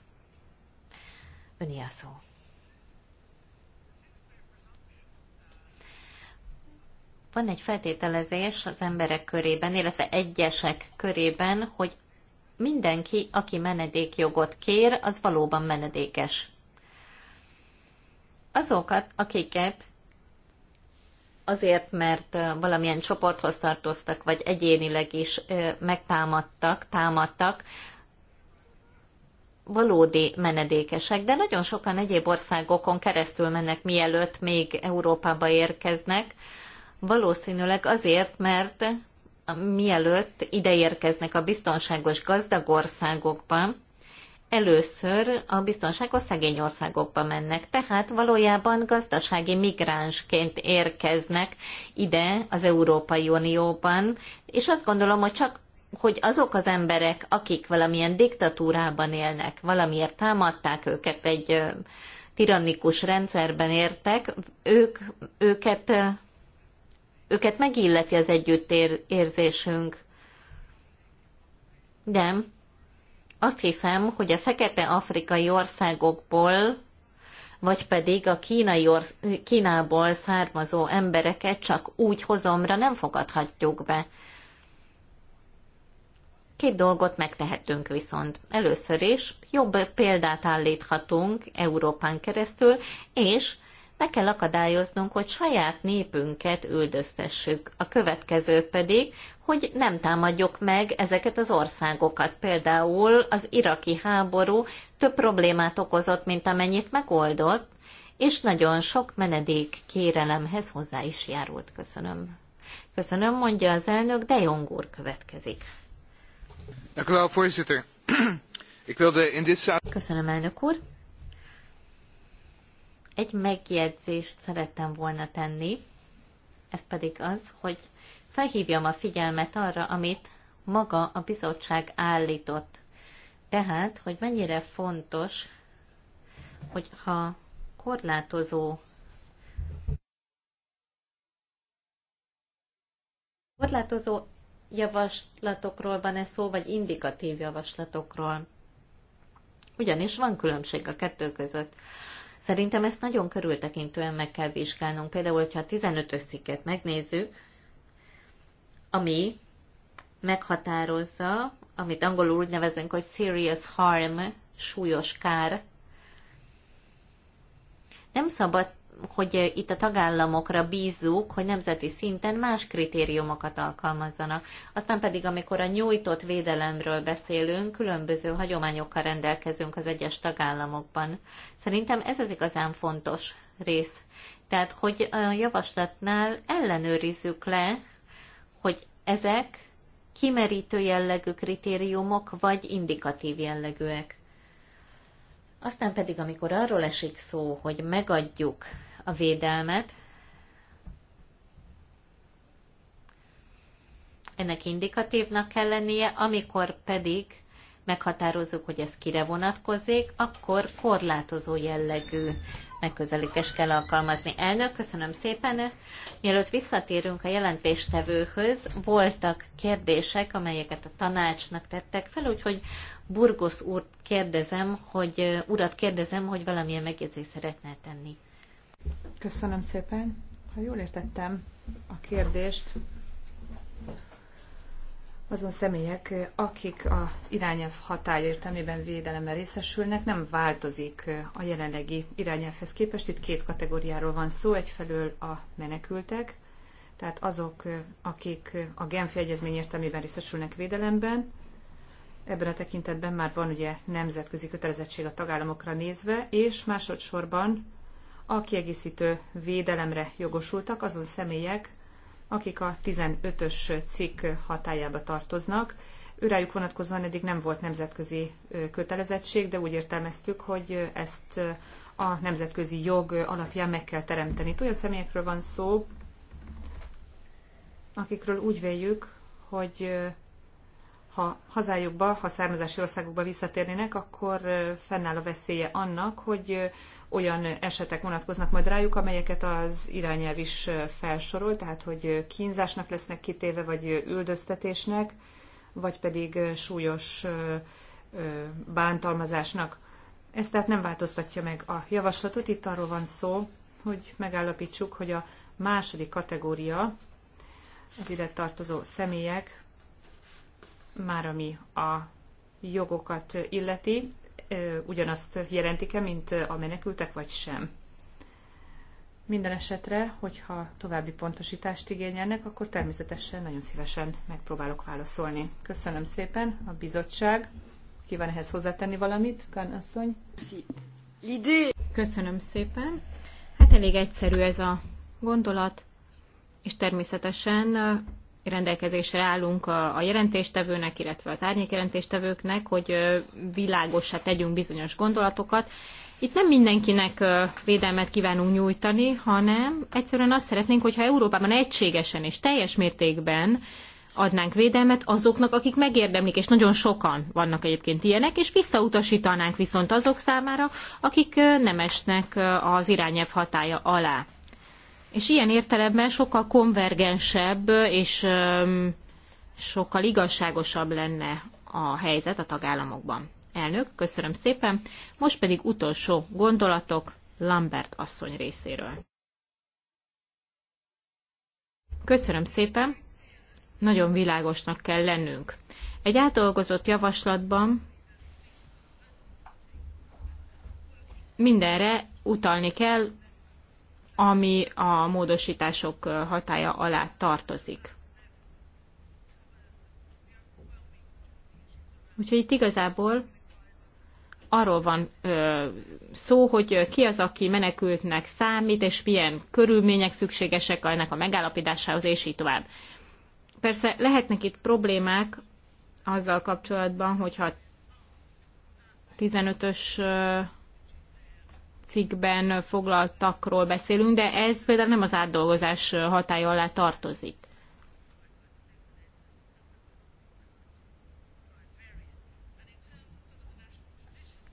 öni a szó. Van egy feltételezés az emberek körében, illetve egyesek körében, hogy mindenki, aki menedékjogot kér, az valóban menedékes. Azokat, akiket azért, mert valamilyen csoporthoz tartoztak, vagy egyénileg is megtámadtak, támadtak, valódi menedékesek, de nagyon sokan egyéb országokon keresztül mennek, mielőtt még Európába érkeznek, valószínűleg azért, mert mielőtt ide érkeznek a biztonságos gazdag országokban, először a biztonságos szegény országokba mennek, tehát valójában gazdasági migránsként érkeznek ide az Európai Unióban, és azt gondolom, hogy csak hogy azok az emberek, akik valamilyen diktatúrában élnek, valamiért támadták őket, egy tirannikus rendszerben értek, ők, őket, őket megilleti az együttérzésünk. De azt hiszem, hogy a fekete afrikai országokból, vagy pedig a kínai orsz- Kínából származó embereket csak úgy hozomra nem fogadhatjuk be. Két dolgot megtehetünk viszont. Először is jobb példát állíthatunk Európán keresztül, és meg kell akadályoznunk, hogy saját népünket üldöztessük. A következő pedig, hogy nem támadjuk meg ezeket az országokat. Például az iraki háború több problémát okozott, mint amennyit megoldott, és nagyon sok menedék kérelemhez hozzá is járult. Köszönöm. Köszönöm, mondja az elnök, de Jong úr következik. Köszönöm, elnök úr. Egy megjegyzést szerettem volna tenni, ez pedig az, hogy felhívjam a figyelmet arra, amit maga a bizottság állított. Tehát, hogy mennyire fontos, hogyha korlátozó korlátozó javaslatokról van-e szó, vagy indikatív javaslatokról. Ugyanis van különbség a kettő között. Szerintem ezt nagyon körültekintően meg kell vizsgálnunk. Például, hogyha a 15-ös cikket megnézzük, ami meghatározza, amit angolul úgy nevezünk, hogy serious harm, súlyos kár, nem szabad hogy eh, itt a tagállamokra bízzuk, hogy nemzeti szinten más kritériumokat alkalmazzanak. Aztán pedig, amikor a nyújtott védelemről beszélünk, különböző hagyományokkal rendelkezünk az egyes tagállamokban. Szerintem ez az igazán fontos rész. Tehát, hogy a javaslatnál ellenőrizzük le, hogy ezek kimerítő jellegű kritériumok, vagy indikatív jellegűek. Aztán pedig, amikor arról esik szó, hogy megadjuk a védelmet, ennek indikatívnak kell lennie, amikor pedig meghatározzuk, hogy ez kire vonatkozik, akkor korlátozó jellegű megközelítés kell alkalmazni. Elnök, köszönöm szépen. Mielőtt visszatérünk a jelentéstevőhöz, voltak kérdések, amelyeket a tanácsnak tettek fel, úgyhogy Burgos úr kérdezem, hogy, urat kérdezem, hogy valamilyen megjegyzést szeretne tenni. Köszönöm szépen. Ha jól értettem a kérdést, azon személyek, akik az irányelv hatály értelmében védelemmel részesülnek, nem változik a jelenlegi irányelvhez képest. Itt két kategóriáról van szó, egyfelől a menekültek, tehát azok, akik a Genfi Egyezmény értelmében részesülnek védelemben, Ebben a tekintetben már van ugye nemzetközi kötelezettség a tagállamokra nézve, és másodszorban a kiegészítő védelemre jogosultak azon személyek, akik a 15-ös cikk hatájába tartoznak. Őrájuk vonatkozóan eddig nem volt nemzetközi kötelezettség, de úgy értelmeztük, hogy ezt a nemzetközi jog alapján meg kell teremteni. Itt olyan személyekről van szó, akikről úgy véljük, hogy ha hazájukba, ha származási országukba visszatérnének, akkor fennáll a veszélye annak, hogy olyan esetek vonatkoznak majd rájuk, amelyeket az irányelv is felsorol, tehát hogy kínzásnak lesznek kitéve, vagy üldöztetésnek, vagy pedig súlyos bántalmazásnak. Ez tehát nem változtatja meg a javaslatot. Itt arról van szó, hogy megállapítsuk, hogy a második kategória az ide tartozó személyek már ami a jogokat illeti, ugyanazt jelentik-e, mint a menekültek, vagy sem. Minden esetre, hogyha további pontosítást igényelnek, akkor természetesen nagyon szívesen megpróbálok válaszolni. Köszönöm szépen a bizottság. van ehhez hozzátenni valamit, Kán asszony? Köszönöm szépen. Hát elég egyszerű ez a gondolat, és természetesen rendelkezésre állunk a, a jelentéstevőnek, illetve az árnyék jelentéstevőknek, hogy világossá tegyünk bizonyos gondolatokat. Itt nem mindenkinek védelmet kívánunk nyújtani, hanem egyszerűen azt szeretnénk, hogyha Európában egységesen és teljes mértékben adnánk védelmet azoknak, akik megérdemlik, és nagyon sokan vannak egyébként ilyenek, és visszautasítanánk viszont azok számára, akik nem esnek az irányelv hatája alá és ilyen értelemben sokkal konvergensebb és sokkal igazságosabb lenne a helyzet a tagállamokban. Elnök, köszönöm szépen. Most pedig utolsó gondolatok Lambert asszony részéről. Köszönöm szépen. Nagyon világosnak kell lennünk. Egy átdolgozott javaslatban mindenre utalni kell, ami a módosítások hatája alá tartozik. Úgyhogy itt igazából arról van ö, szó, hogy ki az, aki menekültnek számít, és milyen körülmények szükségesek ennek a megállapításához, és így tovább. Persze lehetnek itt problémák azzal kapcsolatban, hogyha 15-ös cikkben foglaltakról beszélünk, de ez például nem az átdolgozás hatája alá tartozik.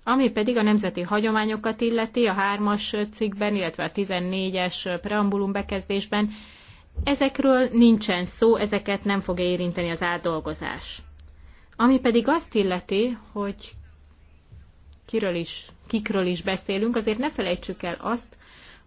Ami pedig a nemzeti hagyományokat illeti, a 3-as cikkben, illetve a 14-es preambulum bekezdésben, ezekről nincsen szó, ezeket nem fogja érinteni az átdolgozás. Ami pedig azt illeti, hogy kiről is kikről is beszélünk, azért ne felejtsük el azt,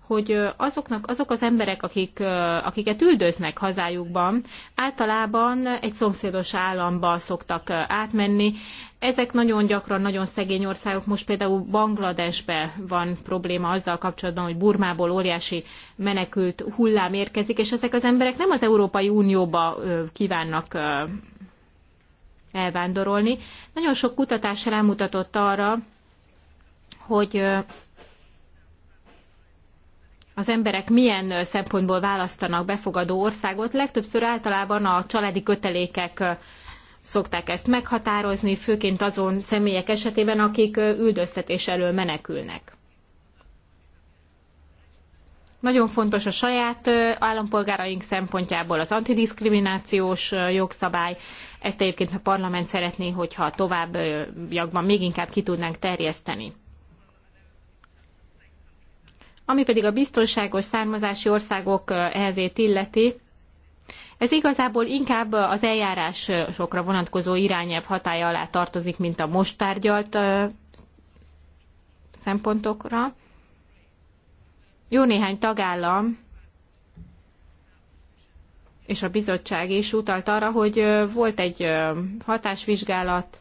hogy azoknak, azok az emberek, akik, akiket üldöznek hazájukban, általában egy szomszédos államba szoktak átmenni. Ezek nagyon gyakran nagyon szegény országok, most például Bangladesbe van probléma azzal kapcsolatban, hogy Burmából óriási menekült hullám érkezik, és ezek az emberek nem az Európai Unióba kívánnak elvándorolni. Nagyon sok kutatás rámutatott arra, hogy az emberek milyen szempontból választanak befogadó országot. Legtöbbször általában a családi kötelékek szokták ezt meghatározni, főként azon személyek esetében, akik üldöztetés elől menekülnek. Nagyon fontos a saját állampolgáraink szempontjából az antidiszkriminációs jogszabály. Ezt egyébként a parlament szeretné, hogyha továbbiakban még inkább ki tudnánk terjeszteni. Ami pedig a biztonságos származási országok elvét illeti, ez igazából inkább az eljárásokra vonatkozó irányelv hatája alá tartozik, mint a most tárgyalt szempontokra. Jó néhány tagállam és a bizottság is utalt arra, hogy volt egy hatásvizsgálat,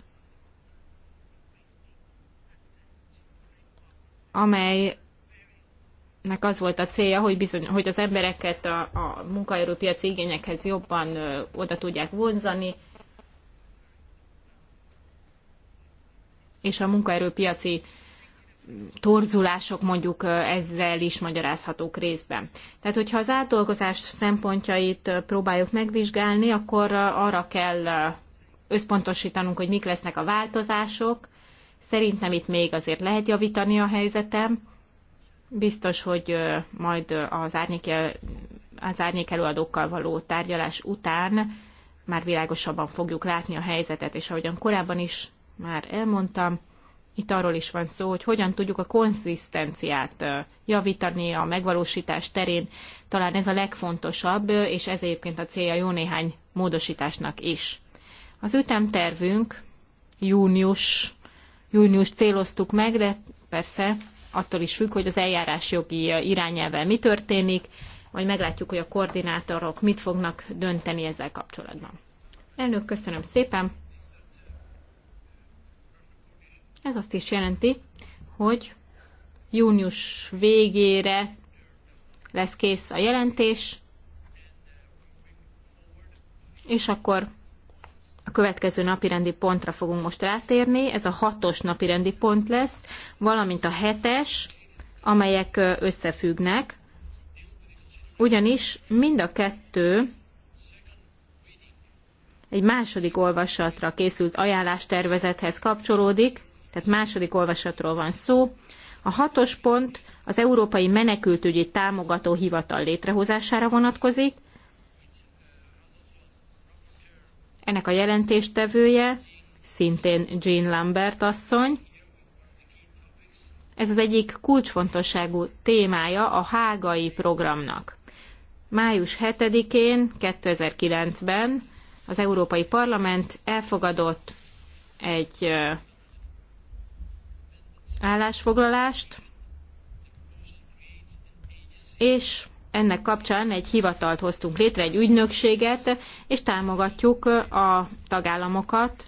amely nek az volt a célja, hogy, bizony, hogy az embereket a, a munkaerőpiaci igényekhez jobban ö, oda tudják vonzani, és a munkaerőpiaci torzulások mondjuk ezzel is magyarázhatók részben. Tehát, hogyha az átdolgozás szempontjait próbáljuk megvizsgálni, akkor arra kell összpontosítanunk, hogy mik lesznek a változások. Szerintem itt még azért lehet javítani a helyzetem, Biztos, hogy majd az árnyék, az árnyék előadókkal való tárgyalás után már világosabban fogjuk látni a helyzetet, és ahogyan korábban is már elmondtam, itt arról is van szó, hogy hogyan tudjuk a konszisztenciát javítani a megvalósítás terén. Talán ez a legfontosabb, és ez egyébként a célja jó néhány módosításnak is. Az ütemtervünk június, június céloztuk meg, de persze attól is függ, hogy az eljárás jogi eh, irányelvel mi történik, majd meglátjuk, hogy a koordinátorok mit fognak dönteni ezzel kapcsolatban. Elnök, köszönöm szépen! Ez azt is jelenti, hogy június végére lesz kész a jelentés, és akkor a következő napirendi pontra fogunk most rátérni, ez a hatos napirendi pont lesz, valamint a hetes, amelyek összefüggnek, ugyanis mind a kettő egy második olvasatra készült ajánlástervezethez kapcsolódik, tehát második olvasatról van szó. A hatos pont az Európai Menekültügyi Támogató Hivatal létrehozására vonatkozik, Ennek a jelentéstevője szintén Jean Lambert asszony. Ez az egyik kulcsfontosságú témája a hágai programnak. Május 7-én, 2009-ben az Európai Parlament elfogadott egy állásfoglalást, és ennek kapcsán egy hivatalt hoztunk létre, egy ügynökséget, és támogatjuk a tagállamokat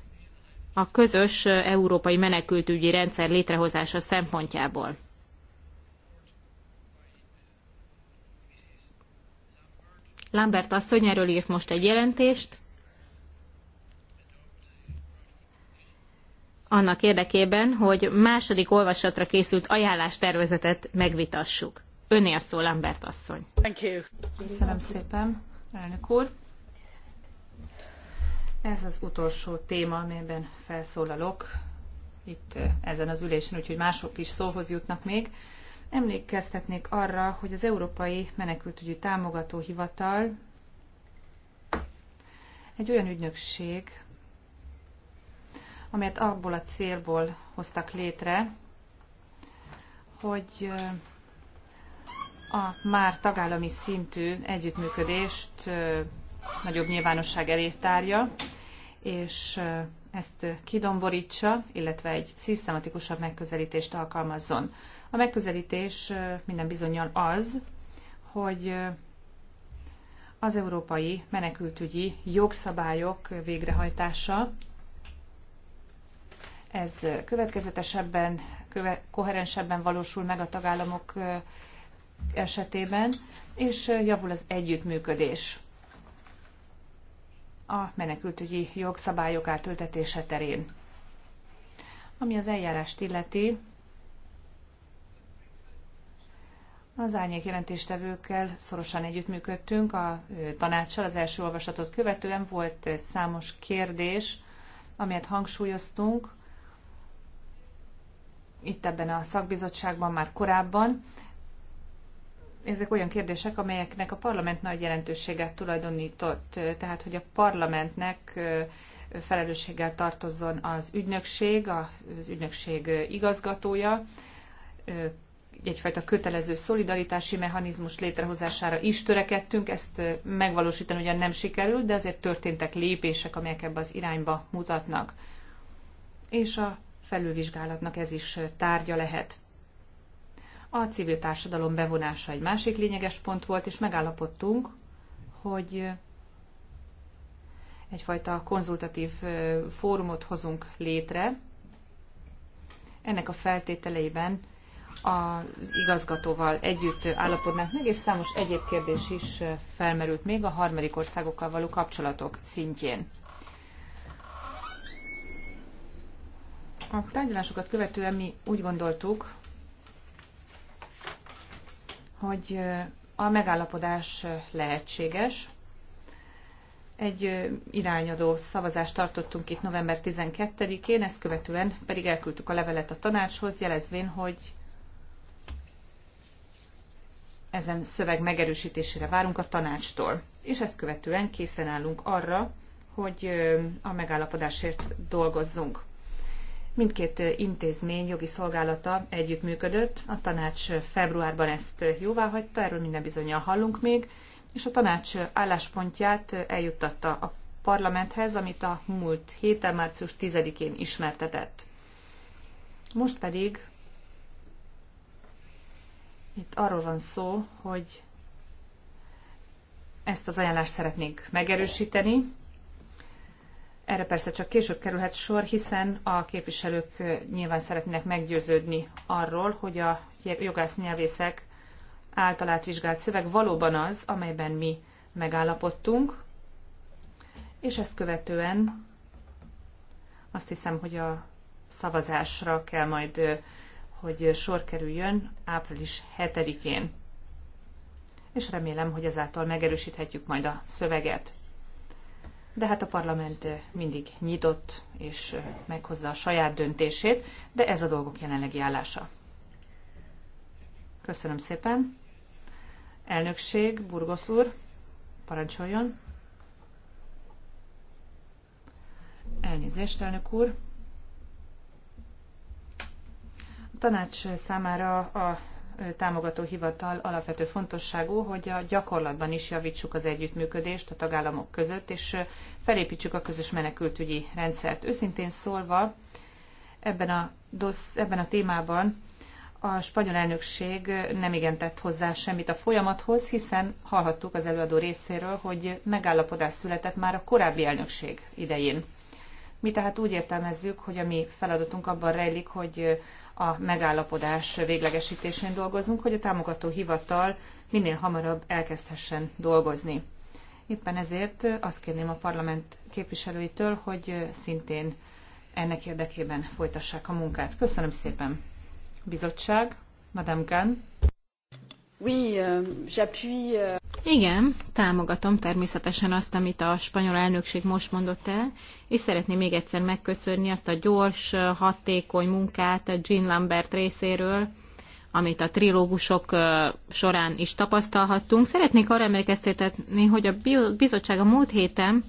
a közös európai menekültügyi rendszer létrehozása szempontjából. Lambert asszony erről írt most egy jelentést. Annak érdekében, hogy második olvasatra készült ajánlástervezetet megvitassuk. Önél szól, Lambert asszony. Thank you. Köszönöm szépen, elnök úr. Ez az utolsó téma, amelyben felszólalok itt ezen az ülésen, úgyhogy mások is szóhoz jutnak még. Emlékeztetnék arra, hogy az Európai Menekültügyi Támogató Hivatal egy olyan ügynökség, amelyet abból a célból hoztak létre, hogy a már tagállami szintű együttműködést nagyobb nyilvánosság elé tárja, és ezt kidomborítsa, illetve egy szisztematikusabb megközelítést alkalmazzon. A megközelítés minden bizonyal az, hogy az európai menekültügyi jogszabályok végrehajtása ez következetesebben, köve, koherensebben valósul meg a tagállamok esetében, és javul az együttműködés a menekültügyi jogszabályok átültetése terén. Ami az eljárást illeti, Az árnyék jelentéstevőkkel szorosan együttműködtünk a tanácssal, az első olvasatot követően volt számos kérdés, amelyet hangsúlyoztunk itt ebben a szakbizottságban már korábban ezek olyan kérdések, amelyeknek a parlament nagy jelentőséget tulajdonított, tehát hogy a parlamentnek felelősséggel tartozzon az ügynökség, az ügynökség igazgatója, egyfajta kötelező szolidaritási mechanizmus létrehozására is törekedtünk, ezt megvalósítani ugyan nem sikerült, de azért történtek lépések, amelyek ebbe az irányba mutatnak. És a felülvizsgálatnak ez is tárgya lehet. A civil társadalom bevonása egy másik lényeges pont volt, és megállapodtunk, hogy egyfajta konzultatív fórumot hozunk létre. Ennek a feltételeiben az igazgatóval együtt állapodnánk meg, és számos egyéb kérdés is felmerült még a harmadik országokkal való kapcsolatok szintjén. A tárgyalásokat követően mi úgy gondoltuk, hogy a megállapodás lehetséges. Egy irányadó szavazást tartottunk itt november 12-én, ezt követően pedig elküldtük a levelet a tanácshoz, jelezvén, hogy ezen szöveg megerősítésére várunk a tanácstól. És ezt követően készen állunk arra, hogy a megállapodásért dolgozzunk. Mindkét intézmény jogi szolgálata együttműködött, a tanács februárban ezt jóváhagyta, erről minden bizonyal hallunk még, és a tanács álláspontját eljuttatta a parlamenthez, amit a múlt héten, március 10-én ismertetett. Most pedig itt arról van szó, hogy ezt az ajánlást szeretnénk megerősíteni, erre persze csak később kerülhet sor, hiszen a képviselők nyilván szeretnének meggyőződni arról, hogy a jogász nyelvészek által átvizsgált szöveg valóban az, amelyben mi megállapodtunk, és ezt követően azt hiszem, hogy a szavazásra kell majd, hogy sor kerüljön április 7-én. És remélem, hogy ezáltal megerősíthetjük majd a szöveget de hát a parlament mindig nyitott és meghozza a saját döntését, de ez a dolgok jelenlegi állása. Köszönöm szépen. Elnökség, Burgosz úr, parancsoljon. Elnézést, elnök úr. A tanács számára a támogató hivatal alapvető fontosságú, hogy a gyakorlatban is javítsuk az együttműködést a tagállamok között, és felépítsük a közös menekültügyi rendszert. Őszintén szólva, ebben a, dosz, ebben a témában a spanyol elnökség nem igen tett hozzá semmit a folyamathoz, hiszen hallhattuk az előadó részéről, hogy megállapodás született már a korábbi elnökség idején. Mi tehát úgy értelmezzük, hogy a mi feladatunk abban rejlik, hogy a megállapodás véglegesítésén dolgozunk, hogy a támogató hivatal minél hamarabb elkezdhessen dolgozni. Éppen ezért azt kérném a parlament képviselőitől, hogy szintén ennek érdekében folytassák a munkát. Köszönöm szépen. Bizottság, Madame Gann. Oui, euh, j'appuie. Euh, Igen, támogatom természetesen azt, amit a spanyol elnökség most mondott el, és szeretném még egyszer megköszönni azt a gyors, hatékony munkát Jean Lambert részéről, amit a trilógusok során is tapasztalhattunk. Szeretnék arra emlékeztetni, hogy a bizottság a múlt héten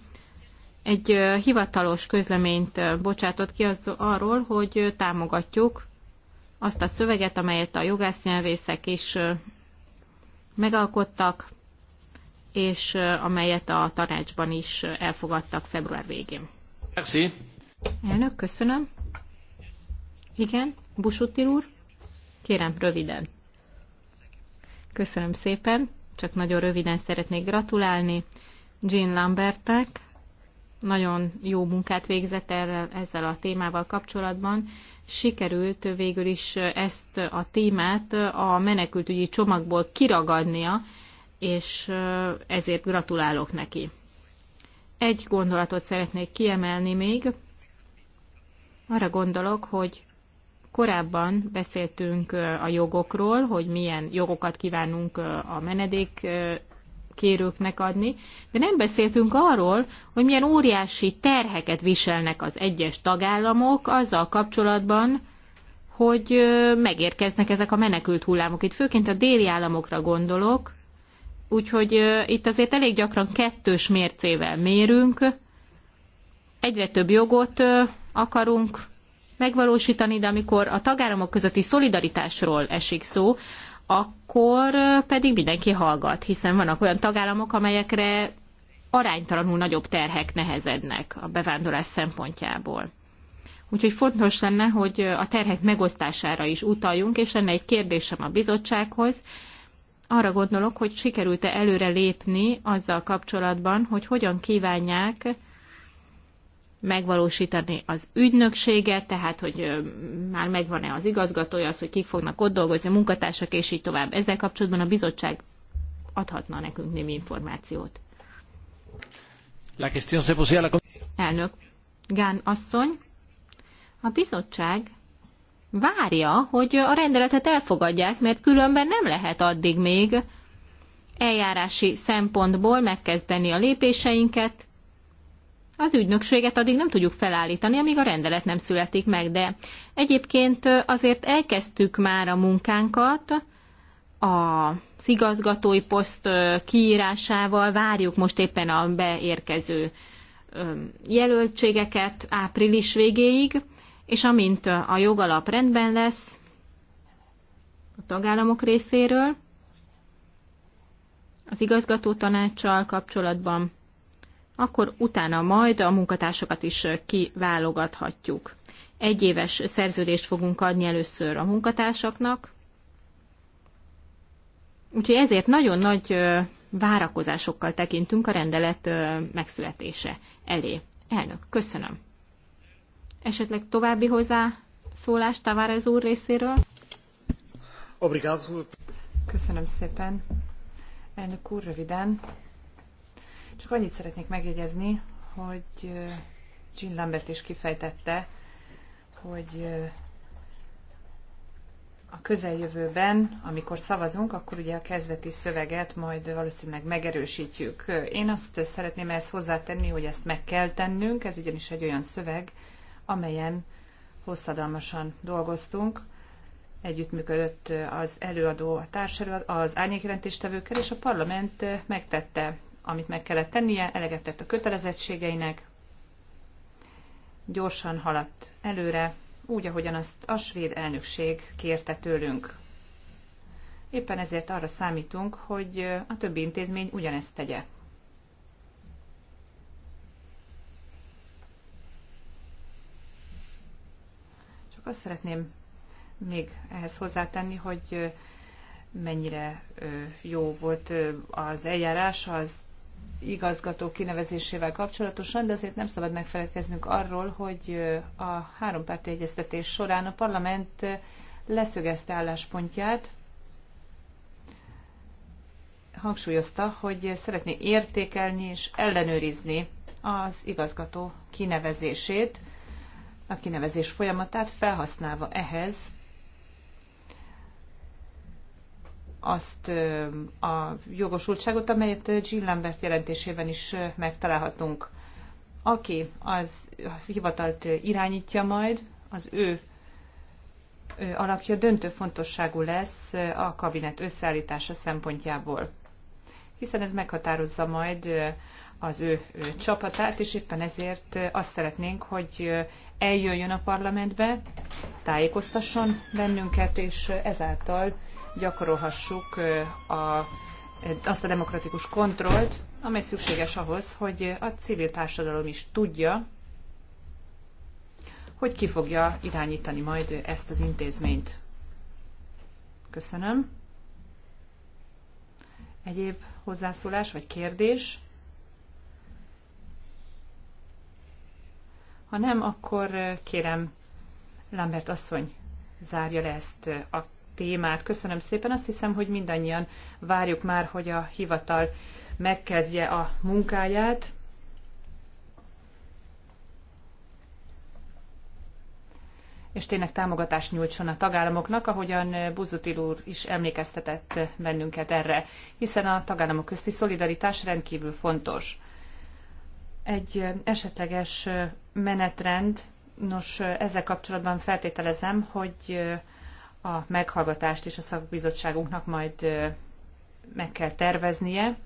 egy hivatalos közleményt bocsátott ki az arról, hogy támogatjuk azt a szöveget, amelyet a jogásznyelvészek is megalkottak, és amelyet a tanácsban is elfogadtak február végén. Merci. Elnök, köszönöm. Igen, Busutil úr, kérem röviden. Köszönöm szépen, csak nagyon röviden szeretnék gratulálni Jean Lambertnek nagyon jó munkát végzett el, ezzel a témával kapcsolatban. Sikerült végül is ezt a témát a menekültügyi csomagból kiragadnia, és ezért gratulálok neki. Egy gondolatot szeretnék kiemelni még. Arra gondolok, hogy korábban beszéltünk a jogokról, hogy milyen jogokat kívánunk a menedék kérőknek adni, de nem beszéltünk arról, hogy milyen óriási terheket viselnek az egyes tagállamok azzal kapcsolatban, hogy megérkeznek ezek a menekült hullámok. Itt főként a déli államokra gondolok, úgyhogy itt azért elég gyakran kettős mércével mérünk, egyre több jogot akarunk megvalósítani, de amikor a tagállamok közötti szolidaritásról esik szó, akkor pedig mindenki hallgat, hiszen vannak olyan tagállamok, amelyekre aránytalanul nagyobb terhek nehezednek a bevándorlás szempontjából. Úgyhogy fontos lenne, hogy a terhek megosztására is utaljunk, és lenne egy kérdésem a bizottsághoz. Arra gondolok, hogy sikerült-e előre lépni azzal kapcsolatban, hogy hogyan kívánják megvalósítani az ügynökséget, tehát hogy már megvan-e az igazgatója, az, hogy kik fognak ott dolgozni, munkatársak, és így tovább. Ezzel kapcsolatban a bizottság adhatna nekünk némi információt. La question se la... Elnök Gán asszony, a bizottság várja, hogy a rendeletet elfogadják, mert különben nem lehet addig még eljárási szempontból megkezdeni a lépéseinket, az ügynökséget addig nem tudjuk felállítani, amíg a rendelet nem születik meg, de egyébként azért elkezdtük már a munkánkat, a igazgatói poszt kiírásával várjuk most éppen a beérkező jelöltségeket április végéig, és amint a jogalap rendben lesz a tagállamok részéről, az igazgató tanácssal kapcsolatban akkor utána majd a munkatársakat is kiválogathatjuk. Egy éves szerződést fogunk adni először a munkatársaknak, úgyhogy ezért nagyon nagy várakozásokkal tekintünk a rendelet megszületése elé. Elnök, köszönöm. Esetleg további hozzá szólást Tavares úr részéről? Obrigado. Köszönöm szépen. Elnök úr, röviden. Csak annyit szeretnék megjegyezni, hogy Jean Lambert is kifejtette, hogy a közeljövőben, amikor szavazunk, akkor ugye a kezdeti szöveget majd valószínűleg megerősítjük. Én azt szeretném ezt hozzátenni, hogy ezt meg kell tennünk, ez ugyanis egy olyan szöveg, amelyen hosszadalmasan dolgoztunk, együttműködött az előadó, a társadal, az árnyékjelentéstevőkkel, és a parlament megtette amit meg kellett tennie, eleget tett a kötelezettségeinek, gyorsan haladt előre, úgy, ahogyan azt a svéd elnökség kérte tőlünk. Éppen ezért arra számítunk, hogy a többi intézmény ugyanezt tegye. Csak azt szeretném még ehhez hozzátenni, hogy mennyire jó volt az eljárás, az igazgató kinevezésével kapcsolatosan, de azért nem szabad megfeledkeznünk arról, hogy a hárompárti egyeztetés során a parlament leszögezte álláspontját, hangsúlyozta, hogy szeretné értékelni és ellenőrizni az igazgató kinevezését, a kinevezés folyamatát felhasználva ehhez azt a jogosultságot, amelyet Jean Lambert jelentésében is megtalálhatunk. Aki az hivatalt irányítja majd, az ő alakja döntő fontosságú lesz a kabinet összeállítása szempontjából, hiszen ez meghatározza majd az ő csapatát, és éppen ezért azt szeretnénk, hogy eljöjjön a parlamentbe, tájékoztasson bennünket, és ezáltal gyakorolhassuk a, azt a demokratikus kontrollt, amely szükséges ahhoz, hogy a civil társadalom is tudja, hogy ki fogja irányítani majd ezt az intézményt. Köszönöm. Egyéb hozzászólás vagy kérdés? Ha nem, akkor kérem, Lambert asszony zárja le ezt a témát. Köszönöm szépen, azt hiszem, hogy mindannyian várjuk már, hogy a hivatal megkezdje a munkáját. és tényleg támogatást nyújtson a tagállamoknak, ahogyan Buzutil úr is emlékeztetett bennünket erre, hiszen a tagállamok közti szolidaritás rendkívül fontos. Egy esetleges menetrend, nos, ezzel kapcsolatban feltételezem, hogy a meghallgatást is a szakbizottságunknak majd meg kell terveznie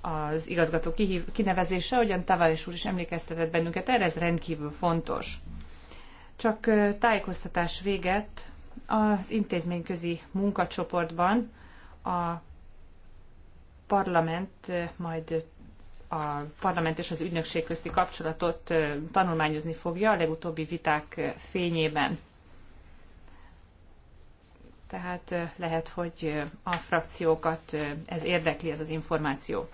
az igazgató kinevezése, ahogyan Tavares úr is emlékeztetett bennünket, erre ez rendkívül fontos. Csak tájékoztatás véget az intézményközi munkacsoportban a parlament majd a parlament és az ügynökség közti kapcsolatot tanulmányozni fogja a legutóbbi viták fényében tehát lehet, hogy a frakciókat ez érdekli, ez az információ.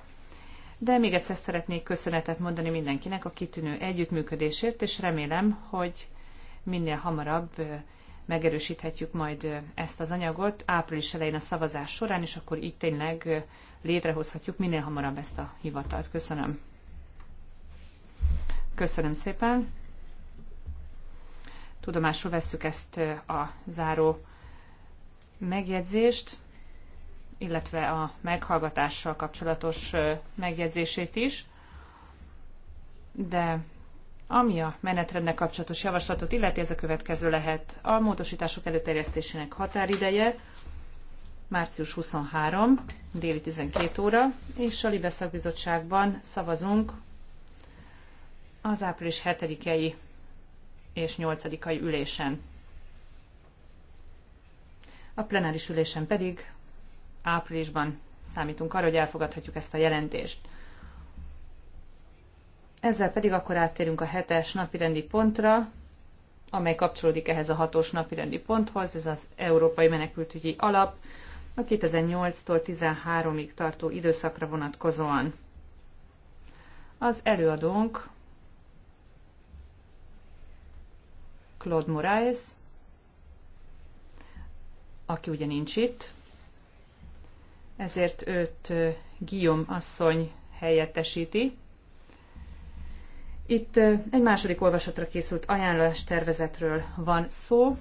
De még egyszer szeretnék köszönetet mondani mindenkinek a kitűnő együttműködésért, és remélem, hogy minél hamarabb megerősíthetjük majd ezt az anyagot április elején a szavazás során, és akkor így tényleg létrehozhatjuk minél hamarabb ezt a hivatalt. Köszönöm. Köszönöm szépen. Tudomásul vesszük ezt a záró megjegyzést, illetve a meghallgatással kapcsolatos megjegyzését is, de ami a menetrendnek kapcsolatos javaslatot illeti, ez a következő lehet. A módosítások előterjesztésének határideje március 23, déli 12 óra, és a Libe szakbizottságban szavazunk az április 7-i és 8-ai ülésen. A plenáris ülésen pedig áprilisban számítunk arra, hogy elfogadhatjuk ezt a jelentést. Ezzel pedig akkor áttérünk a hetes napirendi pontra, amely kapcsolódik ehhez a hatos napirendi ponthoz, ez az Európai Menekültügyi Alap, a 2008-tól 13-ig tartó időszakra vonatkozóan. Az előadónk Claude Moraes, aki ugye nincs itt, ezért őt Guillaume asszony helyettesíti. Itt egy második olvasatra készült ajánlás tervezetről van szó,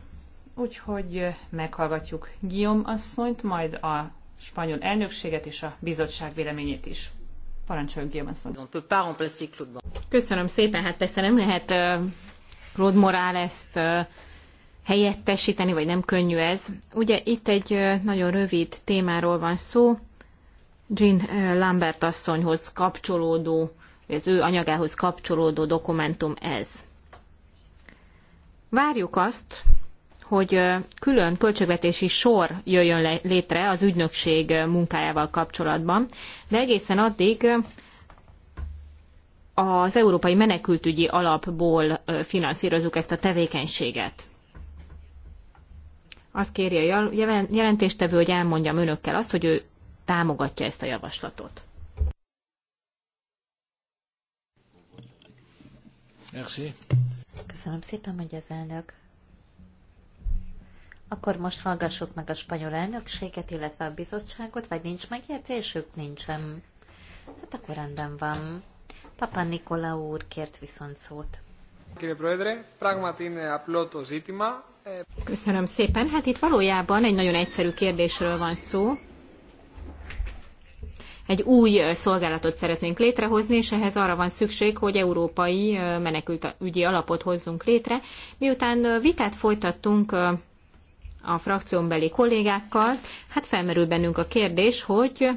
úgyhogy meghallgatjuk Guillaume asszonyt, majd a spanyol elnökséget és a bizottság véleményét is. Parancsoljuk Guillaume asszonyt. Köszönöm szépen, hát persze nem lehet Claude Morales-t helyettesíteni, vagy nem könnyű ez. Ugye itt egy nagyon rövid témáról van szó, Jean Lambert asszonyhoz kapcsolódó, az ő anyagához kapcsolódó dokumentum ez. Várjuk azt, hogy külön költségvetési sor jöjjön létre az ügynökség munkájával kapcsolatban, de egészen addig az Európai Menekültügyi Alapból finanszírozunk ezt a tevékenységet. Azt kéri a jelentéstevő, hogy elmondjam önökkel azt, hogy ő támogatja ezt a javaslatot. Merci. Köszönöm szépen, hogy az elnök. Akkor most hallgassuk meg a spanyol elnökséget, illetve a bizottságot, vagy nincs megjegyzésük? Nincsen. Hát akkor rendben van. Papa Nikola úr kért viszont szót. Kérem, Pragmatine a είναι Köszönöm szépen. Hát itt valójában egy nagyon egyszerű kérdésről van szó. Egy új szolgálatot szeretnénk létrehozni, és ehhez arra van szükség, hogy európai menekültügyi alapot hozzunk létre. Miután vitát folytattunk a frakciónbeli kollégákkal, hát felmerül bennünk a kérdés, hogy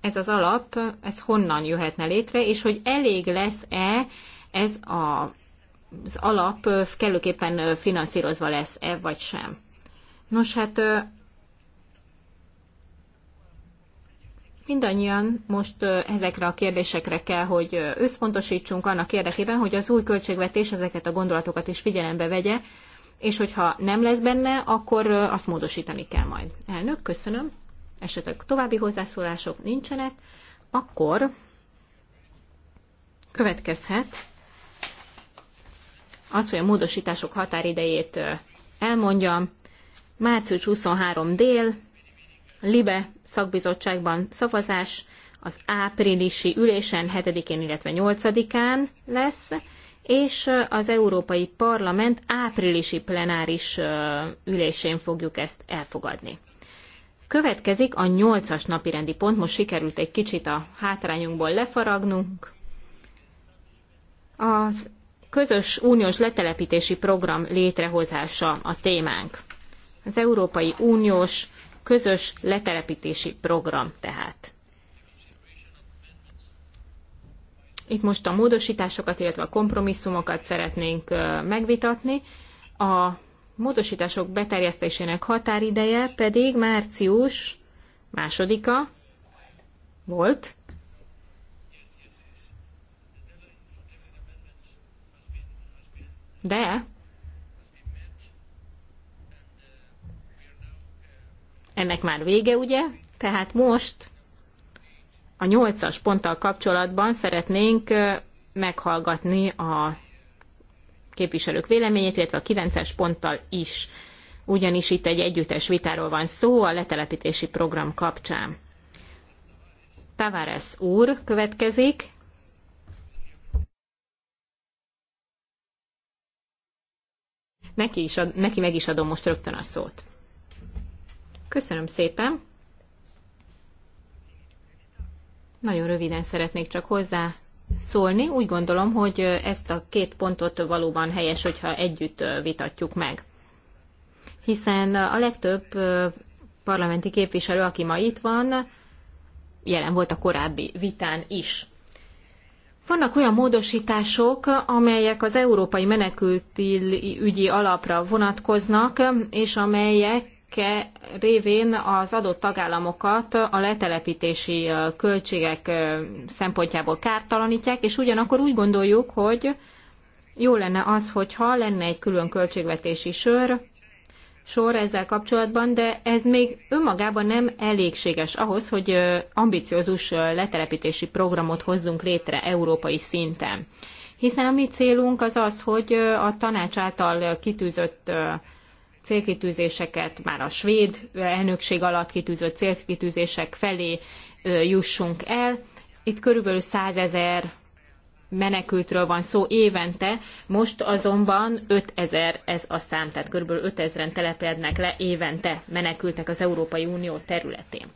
ez az alap, ez honnan jöhetne létre, és hogy elég lesz-e ez a az alap kellőképpen finanszírozva lesz-e, vagy sem. Nos, hát mindannyian most ezekre a kérdésekre kell, hogy összpontosítsunk annak érdekében, hogy az új költségvetés ezeket a gondolatokat is figyelembe vegye, és hogyha nem lesz benne, akkor azt módosítani kell majd. Elnök, köszönöm. Esetleg további hozzászólások nincsenek, akkor következhet az, hogy a módosítások határidejét elmondjam. Március 23 dél, Libe szakbizottságban szavazás az áprilisi ülésen 7-én, illetve 8-án lesz, és az Európai Parlament áprilisi plenáris ülésén fogjuk ezt elfogadni. Következik a 8-as napi rendi pont, most sikerült egy kicsit a hátrányunkból lefaragnunk. Az közös uniós letelepítési program létrehozása a témánk. Az Európai Uniós közös letelepítési program tehát. Itt most a módosításokat, illetve a kompromisszumokat szeretnénk megvitatni. A módosítások beterjesztésének határideje pedig március másodika volt, de ennek már vége, ugye? Tehát most a nyolcas ponttal kapcsolatban szeretnénk meghallgatni a képviselők véleményét, illetve a kilences ponttal is, ugyanis itt egy együttes vitáról van szó a letelepítési program kapcsán. Tavares úr következik, Neki, is ad, neki meg is adom most rögtön a szót. Köszönöm szépen. Nagyon röviden szeretnék csak hozzá szólni. Úgy gondolom, hogy ezt a két pontot valóban helyes, hogyha együtt vitatjuk meg. Hiszen a legtöbb parlamenti képviselő, aki ma itt van, jelen volt a korábbi vitán is. Vannak olyan módosítások, amelyek az Európai Menekülti Ügyi Alapra vonatkoznak, és amelyek révén az adott tagállamokat a letelepítési költségek szempontjából kártalanítják, és ugyanakkor úgy gondoljuk, hogy jó lenne az, hogyha lenne egy külön költségvetési sör, sor ezzel kapcsolatban, de ez még önmagában nem elégséges ahhoz, hogy ambiciózus letelepítési programot hozzunk létre európai szinten. Hiszen a mi célunk az az, hogy a tanács által kitűzött célkitűzéseket már a svéd elnökség alatt kitűzött célkitűzések felé jussunk el. Itt körülbelül 100 ezer menekültről van szó évente, most azonban 5000 ez a szám, tehát kb. 5000-en telepednek le évente menekültek az Európai Unió területén.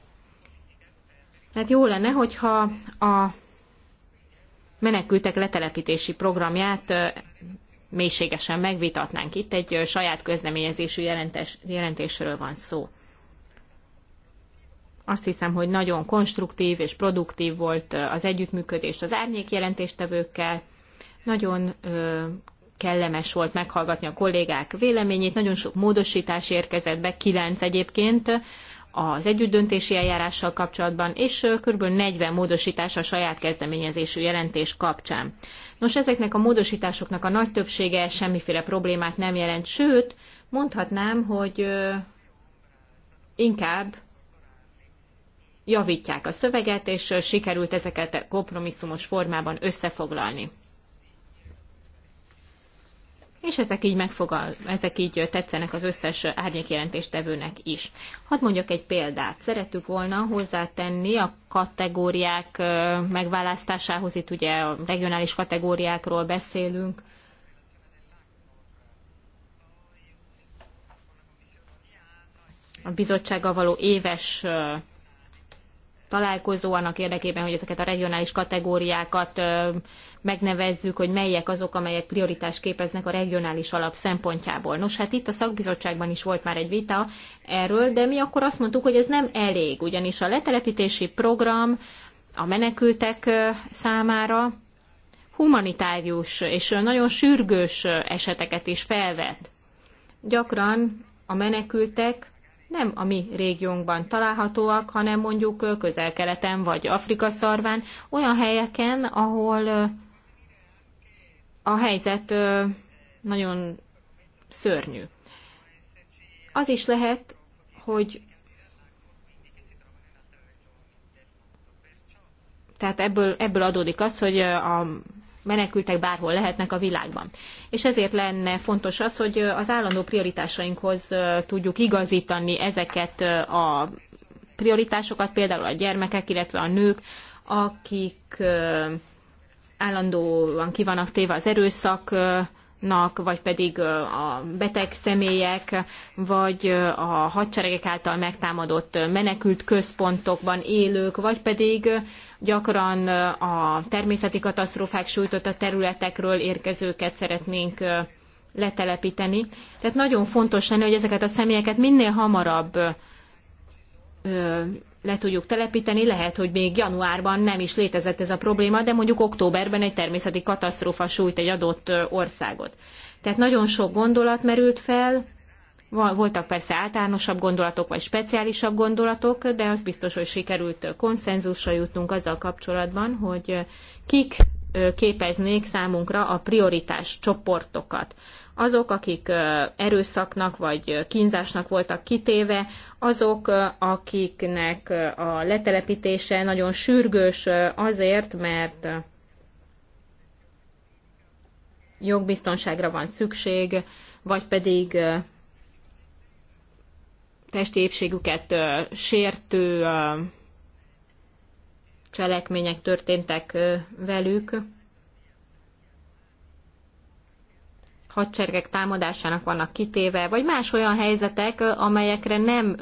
Tehát jó lenne, hogyha a menekültek letelepítési programját mélységesen megvitatnánk. Itt egy saját közleményezésű jelentés, jelentésről van szó. Azt hiszem, hogy nagyon konstruktív és produktív volt az együttműködés az árnyék jelentéstevőkkel. Nagyon kellemes volt meghallgatni a kollégák véleményét, nagyon sok módosítás érkezett be, kilenc egyébként az együttdöntési eljárással kapcsolatban, és kb. 40 módosítás a saját kezdeményezésű jelentés kapcsán. Nos, ezeknek a módosításoknak a nagy többsége semmiféle problémát nem jelent, sőt, mondhatnám, hogy inkább javítják a szöveget, és sikerült ezeket kompromisszumos formában összefoglalni. És ezek így, megfogal, ezek így tetszenek az összes árnyékjelentéstevőnek is. Hadd mondjak egy példát. Szeretük volna hozzátenni a kategóriák megválasztásához, itt ugye a regionális kategóriákról beszélünk, a bizottsággal való éves találkozó annak érdekében, hogy ezeket a regionális kategóriákat megnevezzük, hogy melyek azok, amelyek prioritás képeznek a regionális alap szempontjából. Nos, hát itt a szakbizottságban is volt már egy vita erről, de mi akkor azt mondtuk, hogy ez nem elég, ugyanis a letelepítési program a menekültek számára humanitárius és nagyon sürgős eseteket is felvet. Gyakran a menekültek nem a mi régiónkban találhatóak, hanem mondjuk közel-keleten vagy Afrika szarván, olyan helyeken, ahol a helyzet nagyon szörnyű. Az is lehet, hogy tehát ebből, ebből adódik az, hogy a menekültek bárhol lehetnek a világban. És ezért lenne fontos az, hogy az állandó prioritásainkhoz tudjuk igazítani ezeket a prioritásokat, például a gyermekek, illetve a nők, akik állandóan kivannak téve az erőszak nak, vagy pedig a beteg személyek, vagy a hadseregek által megtámadott menekült központokban élők, vagy pedig gyakran a természeti katasztrófák a területekről érkezőket szeretnénk letelepíteni. Tehát nagyon fontos lenne, hogy ezeket a személyeket minél hamarabb le tudjuk telepíteni. Lehet, hogy még januárban nem is létezett ez a probléma, de mondjuk októberben egy természeti katasztrófa sújt egy adott országot. Tehát nagyon sok gondolat merült fel, voltak persze általánosabb gondolatok, vagy speciálisabb gondolatok, de az biztos, hogy sikerült konszenzusra jutnunk azzal kapcsolatban, hogy kik képeznék számunkra a prioritás csoportokat azok, akik erőszaknak vagy kínzásnak voltak kitéve, azok, akiknek a letelepítése nagyon sürgős azért, mert jogbiztonságra van szükség, vagy pedig testi épségüket sértő cselekmények történtek velük. hadseregek támadásának vannak kitéve, vagy más olyan helyzetek, amelyekre nem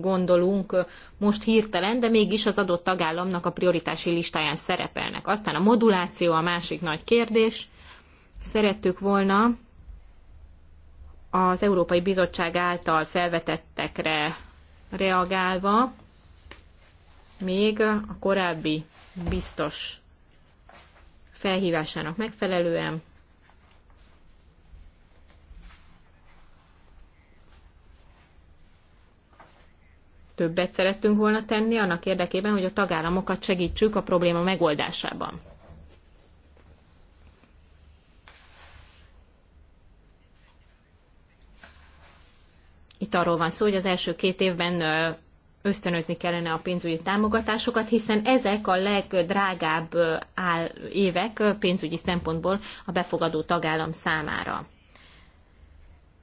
gondolunk most hirtelen, de mégis az adott tagállamnak a prioritási listáján szerepelnek. Aztán a moduláció a másik nagy kérdés. Szerettük volna az Európai Bizottság által felvetettekre reagálva még a korábbi biztos felhívásának megfelelően többet szerettünk volna tenni annak érdekében, hogy a tagállamokat segítsük a probléma megoldásában. Itt arról van szó, hogy az első két évben ösztönözni kellene a pénzügyi támogatásokat, hiszen ezek a legdrágább évek pénzügyi szempontból a befogadó tagállam számára.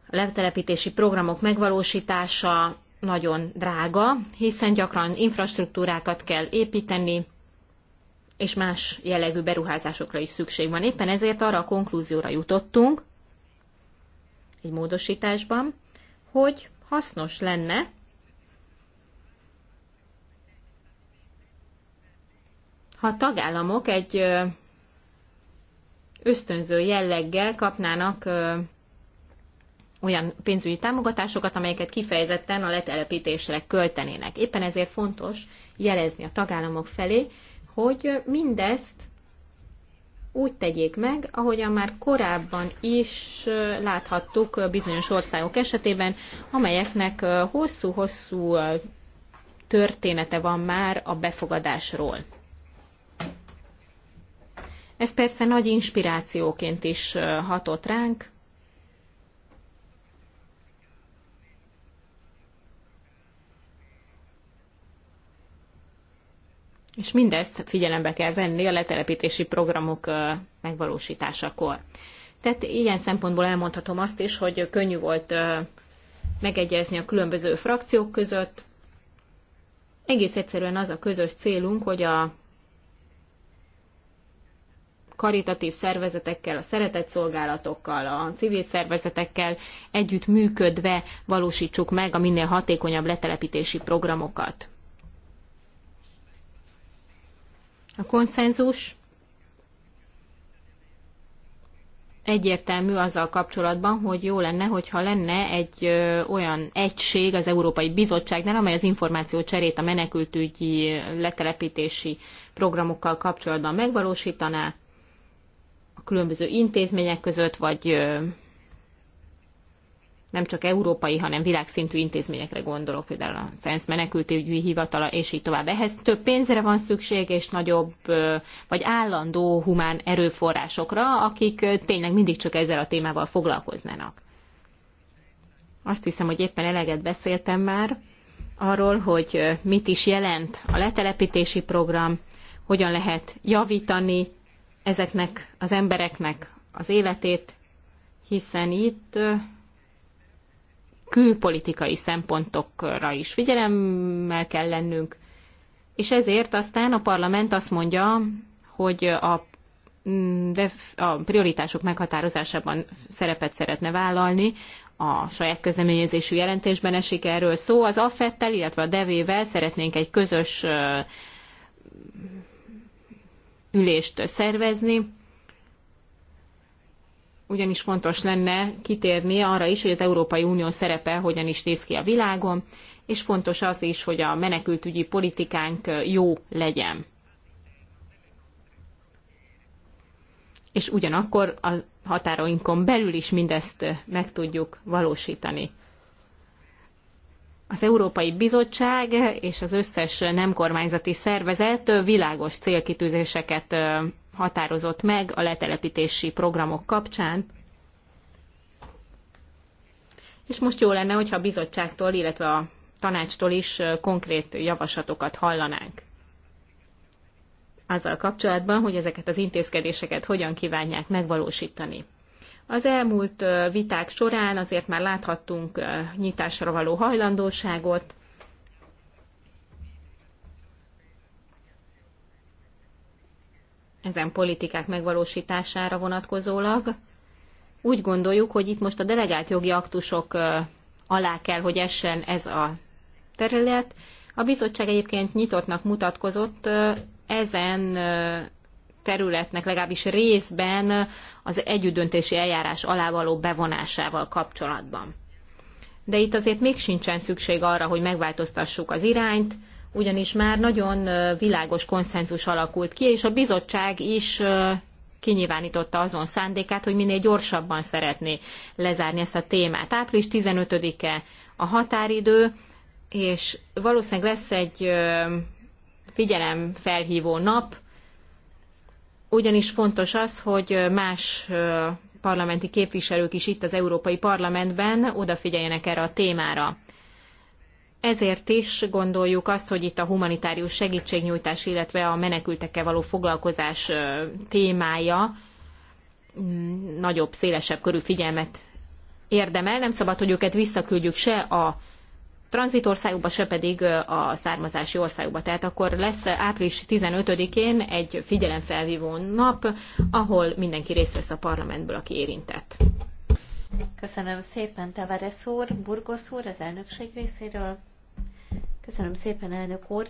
A letelepítési programok megvalósítása nagyon drága, hiszen gyakran infrastruktúrákat kell építeni, és más jellegű beruházásokra is szükség van. Éppen ezért arra a konklúzióra jutottunk, egy módosításban, hogy hasznos lenne ha a tagállamok egy ösztönző jelleggel kapnának olyan pénzügyi támogatásokat, amelyeket kifejezetten a letelepítésre költenének. Éppen ezért fontos jelezni a tagállamok felé, hogy mindezt úgy tegyék meg, ahogyan már korábban is láthattuk bizonyos országok esetében, amelyeknek hosszú-hosszú története van már a befogadásról. Ez persze nagy inspirációként is hatott ránk, és mindezt figyelembe kell venni a letelepítési programok megvalósításakor. Tehát ilyen szempontból elmondhatom azt is, hogy könnyű volt megegyezni a különböző frakciók között. Egész egyszerűen az a közös célunk, hogy a karitatív szervezetekkel, a szeretetszolgálatokkal, a civil szervezetekkel együtt működve valósítsuk meg a minél hatékonyabb letelepítési programokat. A konszenzus egyértelmű azzal kapcsolatban, hogy jó lenne, hogyha lenne egy ö, olyan egység az Európai Bizottságnál, amely az információ cserét a menekültügyi letelepítési programokkal kapcsolatban megvalósítaná a különböző intézmények között, vagy ö, nem csak európai, hanem világszintű intézményekre gondolok, például a ENSZ menekültügyi hivatala, és így tovább. Ehhez több pénzre van szükség, és nagyobb, vagy állandó humán erőforrásokra, akik tényleg mindig csak ezzel a témával foglalkoznának. Azt hiszem, hogy éppen eleget beszéltem már arról, hogy mit is jelent a letelepítési program, hogyan lehet javítani ezeknek az embereknek az életét, hiszen itt külpolitikai szempontokra is figyelemmel kell lennünk, és ezért aztán a parlament azt mondja, hogy a, a prioritások meghatározásában szerepet szeretne vállalni, a saját közleményezésű jelentésben esik erről szó. Az AFET-tel, illetve a DEV-vel szeretnénk egy közös ülést szervezni, ugyanis fontos lenne kitérni arra is, hogy az Európai Unió szerepe hogyan is néz ki a világon, és fontos az is, hogy a menekültügyi politikánk jó legyen. És ugyanakkor a határainkon belül is mindezt meg tudjuk valósítani. Az Európai Bizottság és az összes nem kormányzati szervezet világos célkitűzéseket határozott meg a letelepítési programok kapcsán. És most jó lenne, hogyha a bizottságtól, illetve a tanácstól is konkrét javaslatokat hallanánk. Azzal kapcsolatban, hogy ezeket az intézkedéseket hogyan kívánják megvalósítani. Az elmúlt viták során azért már láthattunk nyitásra való hajlandóságot, ezen politikák megvalósítására vonatkozólag. Úgy gondoljuk, hogy itt most a delegált jogi aktusok alá kell, hogy essen ez a terület. A bizottság egyébként nyitottnak mutatkozott ezen területnek legalábbis részben az együttdöntési eljárás alá való bevonásával kapcsolatban. De itt azért még sincsen szükség arra, hogy megváltoztassuk az irányt, ugyanis már nagyon világos konszenzus alakult ki, és a bizottság is kinyilvánította azon szándékát, hogy minél gyorsabban szeretné lezárni ezt a témát. Április 15-e a határidő, és valószínűleg lesz egy figyelemfelhívó nap, ugyanis fontos az, hogy más parlamenti képviselők is itt az Európai Parlamentben odafigyeljenek erre a témára ezért is gondoljuk azt, hogy itt a humanitárius segítségnyújtás, illetve a menekültekkel való foglalkozás témája mm, nagyobb, szélesebb körű figyelmet érdemel. Nem szabad, hogy őket visszaküldjük se a tranzitországokba, se pedig a származási országokba. Tehát akkor lesz április 15-én egy figyelemfelvívó nap, ahol mindenki részt vesz a parlamentből, aki érintett. Köszönöm szépen, Tavares úr, Burgos úr az elnökség részéről. Köszönöm szépen, elnök úr.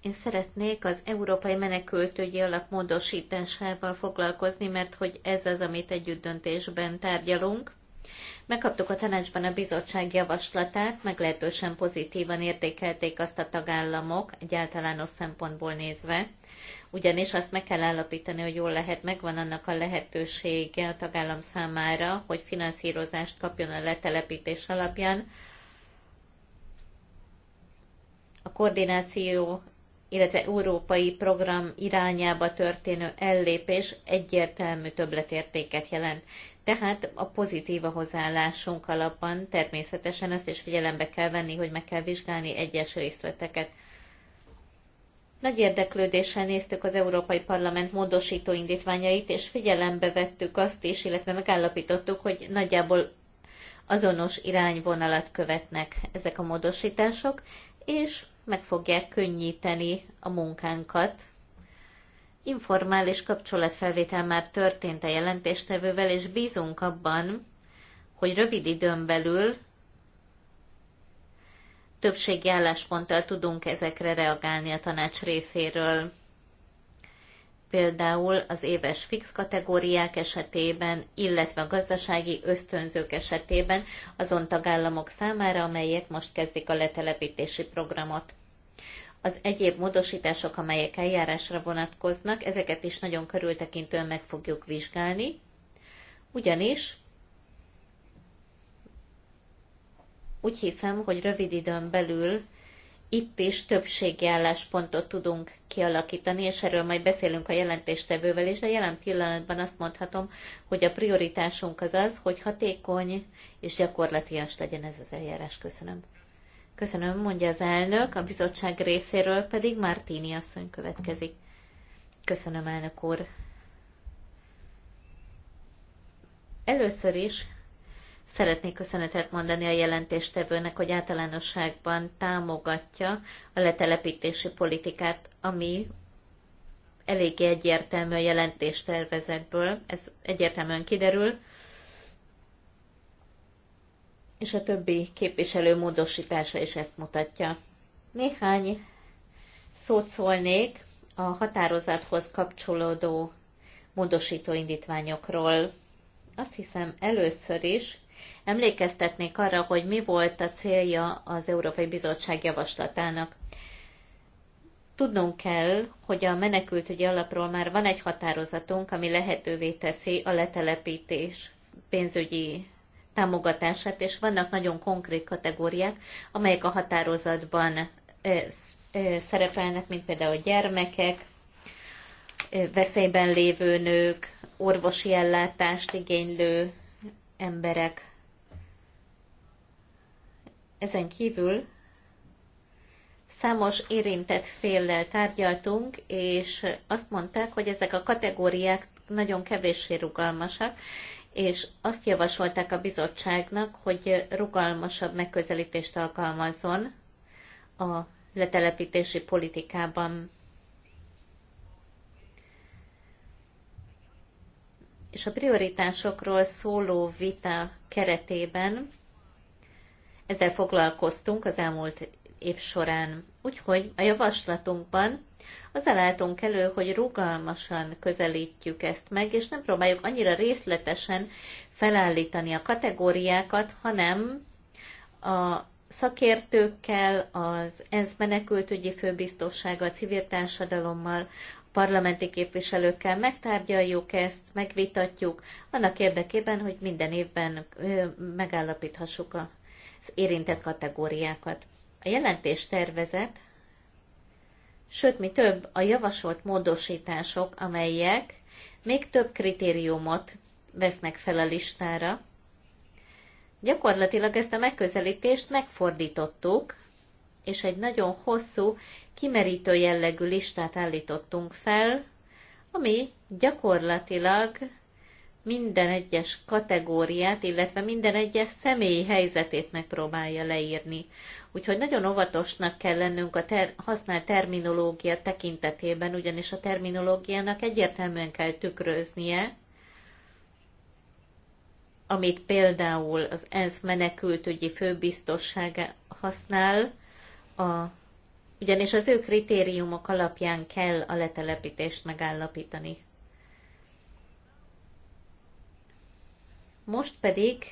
Én szeretnék az Európai Menekültügyi Alap módosításával foglalkozni, mert hogy ez az, amit együtt döntésben tárgyalunk. Megkaptuk a tanácsban a bizottság javaslatát, meglehetősen pozitívan értékelték azt a tagállamok, egy általános szempontból nézve, ugyanis azt meg kell állapítani, hogy jól lehet, megvan annak a lehetősége a tagállam számára, hogy finanszírozást kapjon a letelepítés alapján, a koordináció, illetve európai program irányába történő ellépés egyértelmű többletértéket jelent. Tehát a pozitív a hozzáállásunk alapban természetesen ezt is figyelembe kell venni, hogy meg kell vizsgálni egyes részleteket. Nagy érdeklődéssel néztük az Európai Parlament módosító indítványait, és figyelembe vettük azt is, illetve megállapítottuk, hogy nagyjából azonos irányvonalat követnek ezek a módosítások, és meg fogják könnyíteni a munkánkat. Informális kapcsolatfelvétel már történt a jelentéstevővel, és bízunk abban, hogy rövid időn belül többségi állásponttal tudunk ezekre reagálni a tanács részéről például az éves fix kategóriák esetében, illetve a gazdasági ösztönzők esetében azon tagállamok számára, amelyek most kezdik a letelepítési programot. Az egyéb módosítások, amelyek eljárásra vonatkoznak, ezeket is nagyon körültekintően meg fogjuk vizsgálni, ugyanis úgy hiszem, hogy rövid időn belül itt is többségi álláspontot tudunk kialakítani, és erről majd beszélünk a jelentéstevővel is, de jelen pillanatban azt mondhatom, hogy a prioritásunk az az, hogy hatékony és gyakorlatias legyen ez az eljárás. Köszönöm. Köszönöm, mondja az elnök, a bizottság részéről pedig Martini asszony következik. Köszönöm, elnök úr. Először is Szeretnék köszönetet mondani a jelentéstevőnek, hogy általánosságban támogatja a letelepítési politikát, ami eléggé egyértelmű a jelentéstervezetből, ez egyértelműen kiderül, és a többi képviselő módosítása is ezt mutatja. Néhány szót szólnék a határozathoz kapcsolódó módosító indítványokról. Azt hiszem először is Emlékeztetnék arra, hogy mi volt a célja az Európai Bizottság javaslatának. Tudnunk kell, hogy a menekültügyi alapról már van egy határozatunk, ami lehetővé teszi a letelepítés pénzügyi támogatását, és vannak nagyon konkrét kategóriák, amelyek a határozatban szerepelnek, mint például gyermekek, veszélyben lévő nők, orvosi ellátást igénylő emberek. Ezen kívül számos érintett féllel tárgyaltunk, és azt mondták, hogy ezek a kategóriák nagyon kevéssé rugalmasak, és azt javasolták a bizottságnak, hogy rugalmasabb megközelítést alkalmazzon a letelepítési politikában. És a prioritásokról szóló vita keretében ezzel foglalkoztunk az elmúlt év során. Úgyhogy a javaslatunkban azzal álltunk elő, hogy rugalmasan közelítjük ezt meg, és nem próbáljuk annyira részletesen felállítani a kategóriákat, hanem a szakértőkkel, az ENSZ menekültügyi főbiztossággal, a civil társadalommal, parlamenti képviselőkkel megtárgyaljuk ezt, megvitatjuk, annak érdekében, hogy minden évben megállapíthassuk a érintett kategóriákat. A jelentés tervezet, sőt, mi több, a javasolt módosítások, amelyek még több kritériumot vesznek fel a listára. Gyakorlatilag ezt a megközelítést megfordítottuk, és egy nagyon hosszú, kimerítő jellegű listát állítottunk fel, ami gyakorlatilag minden egyes kategóriát, illetve minden egyes személy helyzetét megpróbálja leírni. Úgyhogy nagyon óvatosnak kell lennünk a ter- használt terminológia tekintetében, ugyanis a terminológiának egyértelműen kell tükröznie, amit például az ENSZ menekültügyi főbiztossága használ, a, ugyanis az ő kritériumok alapján kell a letelepítést megállapítani. Most pedig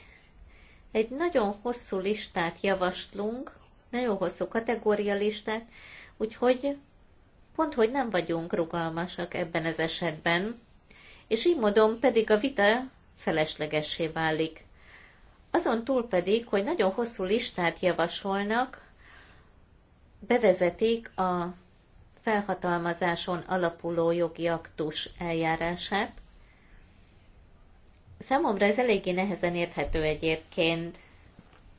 egy nagyon hosszú listát javaslunk, nagyon hosszú listát, úgyhogy pont, hogy nem vagyunk rugalmasak ebben az esetben, és így módon pedig a vita feleslegessé válik. Azon túl pedig, hogy nagyon hosszú listát javasolnak, bevezetik a felhatalmazáson alapuló jogi aktus eljárását, Számomra ez eléggé nehezen érthető egyébként.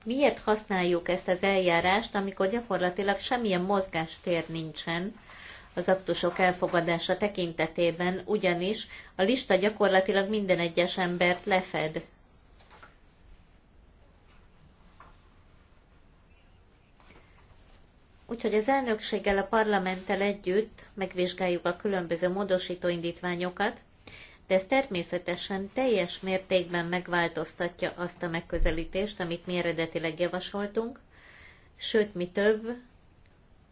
Miért használjuk ezt az eljárást, amikor gyakorlatilag semmilyen mozgástér nincsen az aktusok elfogadása tekintetében, ugyanis a lista gyakorlatilag minden egyes embert lefed. Úgyhogy az elnökséggel, a parlamenttel együtt megvizsgáljuk a különböző módosító indítványokat, de ez természetesen teljes mértékben megváltoztatja azt a megközelítést, amit mi eredetileg javasoltunk, sőt, mi több,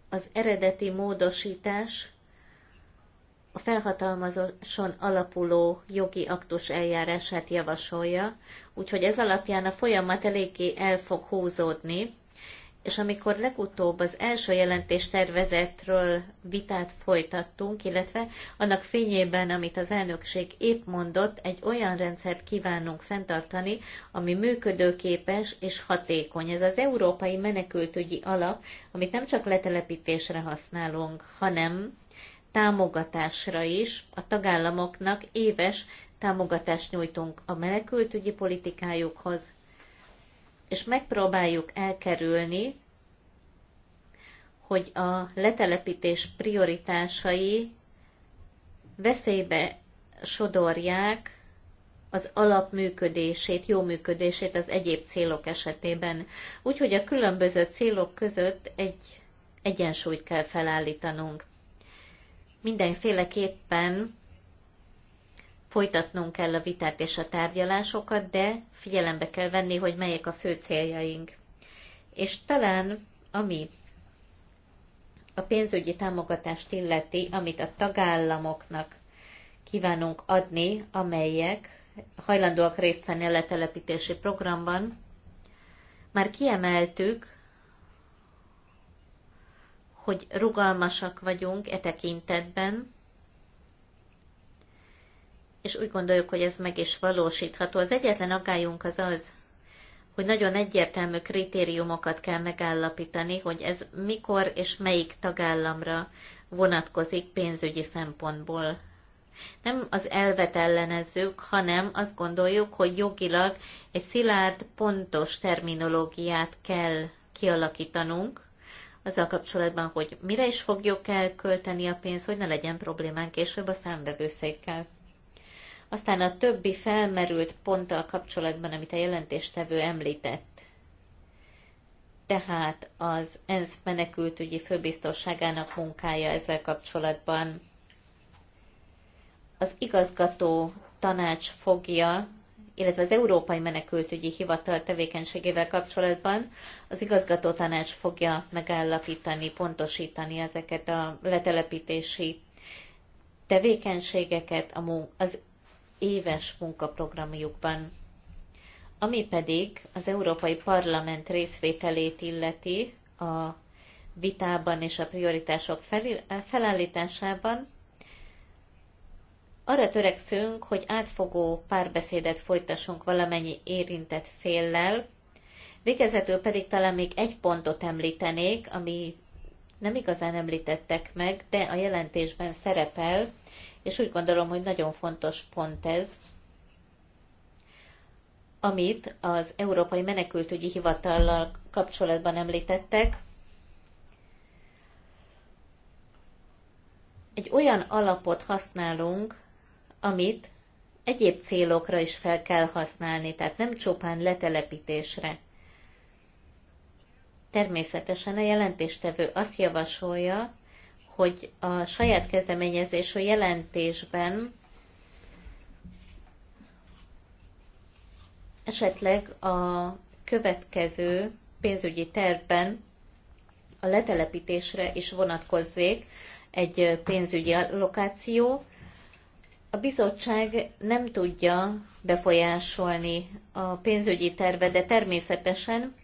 az eredeti módosítás a felhatalmazáson alapuló jogi aktus eljárását javasolja, úgyhogy ez alapján a folyamat eléggé el fog húzódni, és amikor legutóbb az első jelentés tervezetről vitát folytattunk, illetve annak fényében, amit az elnökség épp mondott, egy olyan rendszert kívánunk fenntartani, ami működőképes és hatékony. Ez az Európai Menekültügyi Alap, amit nem csak letelepítésre használunk, hanem támogatásra is a tagállamoknak éves támogatást nyújtunk a menekültügyi politikájukhoz, és megpróbáljuk elkerülni, hogy a letelepítés prioritásai veszélybe sodorják az alapműködését, jó működését az egyéb célok esetében. Úgyhogy a különböző célok között egy egyensúlyt kell felállítanunk. Mindenféleképpen folytatnunk kell a vitát és a tárgyalásokat, de figyelembe kell venni, hogy melyek a fő céljaink. És talán ami a pénzügyi támogatást illeti, amit a tagállamoknak kívánunk adni, amelyek hajlandóak részt venni a letelepítési programban, már kiemeltük, hogy rugalmasak vagyunk e tekintetben, és úgy gondoljuk, hogy ez meg is valósítható. Az egyetlen aggályunk az az, hogy nagyon egyértelmű kritériumokat kell megállapítani, hogy ez mikor és melyik tagállamra vonatkozik pénzügyi szempontból. Nem az elvet ellenezzük, hanem azt gondoljuk, hogy jogilag egy szilárd, pontos terminológiát kell kialakítanunk, azzal kapcsolatban, hogy mire is fogjuk elkölteni a pénzt, hogy ne legyen problémánk később a számvevőszékkel. Aztán a többi felmerült ponttal kapcsolatban, amit a jelentéstevő említett, tehát az ENSZ menekültügyi főbiztosságának munkája ezzel kapcsolatban. Az igazgató tanács fogja, illetve az Európai Menekültügyi Hivatal tevékenységével kapcsolatban az igazgató tanács fogja megállapítani, pontosítani ezeket a letelepítési tevékenységeket, az éves munkaprogramjukban. Ami pedig az Európai Parlament részvételét illeti a vitában és a prioritások felállításában, arra törekszünk, hogy átfogó párbeszédet folytassunk valamennyi érintett féllel, végezetül pedig talán még egy pontot említenék, ami nem igazán említettek meg, de a jelentésben szerepel, és úgy gondolom, hogy nagyon fontos pont ez, amit az Európai Menekültügyi Hivatallal kapcsolatban említettek, egy olyan alapot használunk, amit egyéb célokra is fel kell használni, tehát nem csupán letelepítésre. Természetesen a jelentéstevő azt javasolja, hogy a saját a jelentésben esetleg a következő pénzügyi tervben a letelepítésre is vonatkozzék egy pénzügyi lokáció. A bizottság nem tudja befolyásolni a pénzügyi terve, de természetesen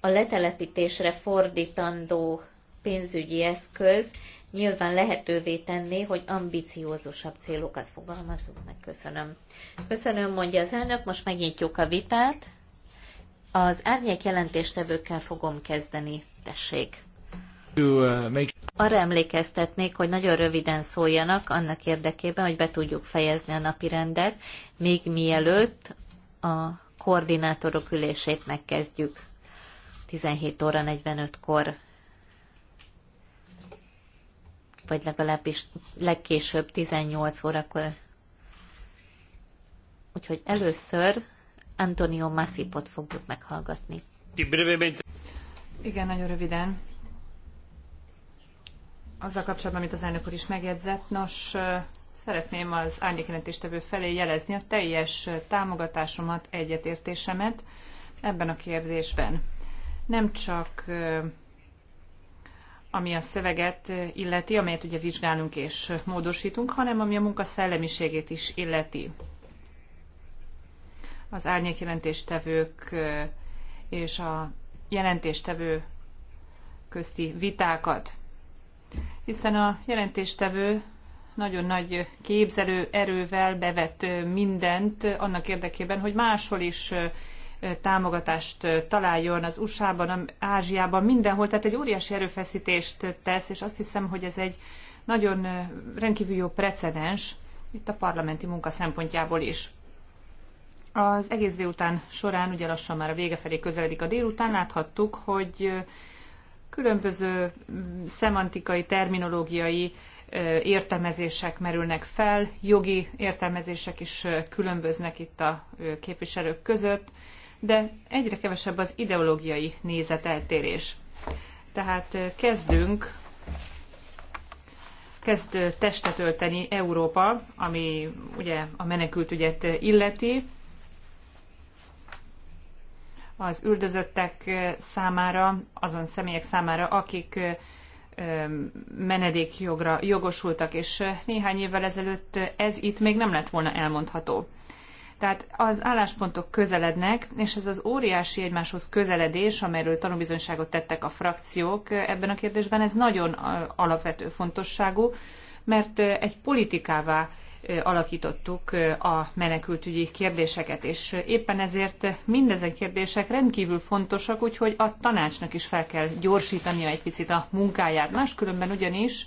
a letelepítésre fordítandó pénzügyi eszköz nyilván lehetővé tenné, hogy ambiciózusabb célokat fogalmazunk meg. Köszönöm. Köszönöm, mondja az elnök. Most megnyitjuk a vitát. Az árnyék jelentéstevőkkel fogom kezdeni. Tessék. Uh, Arra emlékeztetnék, hogy nagyon röviden szóljanak annak érdekében, hogy be tudjuk fejezni a napirendet, még mielőtt a koordinátorok ülését megkezdjük 17 óra 45-kor vagy legalábbis legkésőbb 18 órakor. Úgyhogy először Antonio Massipot fogjuk meghallgatni. Igen, nagyon röviden. Azzal kapcsolatban, amit az elnök úr is megjegyzett, nos, szeretném az árnyékjelentéstevő felé jelezni a teljes támogatásomat, egyetértésemet ebben a kérdésben. Nem csak ami a szöveget illeti, amelyet ugye vizsgálunk és módosítunk, hanem ami a munka szellemiségét is illeti. Az árnyékjelentéstevők eh, és a jelentéstevő közti vitákat. Hiszen a jelentéstevő nagyon nagy képzelő erővel bevett mindent annak érdekében, hogy máshol is eh, támogatást találjon az USA-ban, Ázsiában, mindenhol. Tehát egy óriási erőfeszítést tesz, és azt hiszem, hogy ez egy nagyon rendkívül jó precedens itt a parlamenti munka szempontjából is. Az egész délután során, ugye lassan már a vége felé közeledik a délután, láthattuk, hogy különböző mm, szemantikai, terminológiai értelmezések merülnek fel, jogi értelmezések is különböznek itt a képviselők között, de egyre kevesebb az ideológiai nézeteltérés. Tehát kezdünk, kezd testet ölteni Európa, ami ugye a menekültügyet illeti, az üldözöttek számára, azon személyek számára, akik menedékjogra jogosultak, és néhány évvel ezelőtt ez itt még nem lett volna elmondható. Tehát az álláspontok közelednek, és ez az óriási egymáshoz közeledés, amelyről tanúbizonyságot tettek a frakciók ebben a kérdésben, ez nagyon alapvető fontosságú, mert egy politikává alakítottuk a menekültügyi kérdéseket, és éppen ezért mindezen kérdések rendkívül fontosak, úgyhogy a tanácsnak is fel kell gyorsítania egy picit a munkáját. Máskülönben ugyanis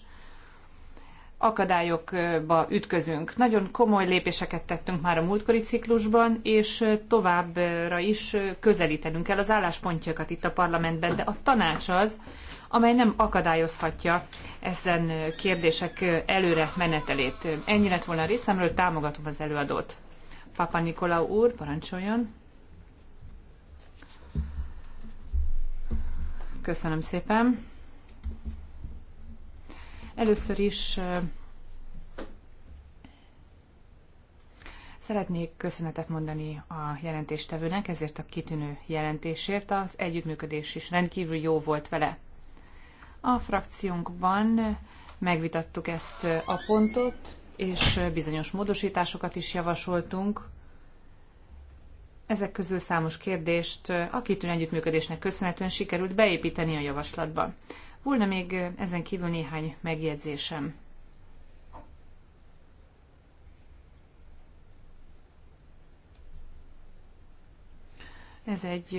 akadályokba ütközünk. Nagyon komoly lépéseket tettünk már a múltkori ciklusban, és továbbra is közelítenünk el az álláspontjakat itt a parlamentben, de a tanács az, amely nem akadályozhatja ezen kérdések előre menetelét. Ennyi lett volna a részemről, támogatom az előadót. Papa Nikola úr, parancsoljon. Köszönöm szépen. Először is Szeretnék köszönetet mondani a jelentéstevőnek ezért a kitűnő jelentésért. Az együttműködés is rendkívül jó volt vele. A frakciónkban megvitattuk ezt a pontot, és bizonyos módosításokat is javasoltunk. Ezek közül számos kérdést a kitűnő együttműködésnek köszönhetően sikerült beépíteni a javaslatba. Volna még ezen kívül néhány megjegyzésem. Ez egy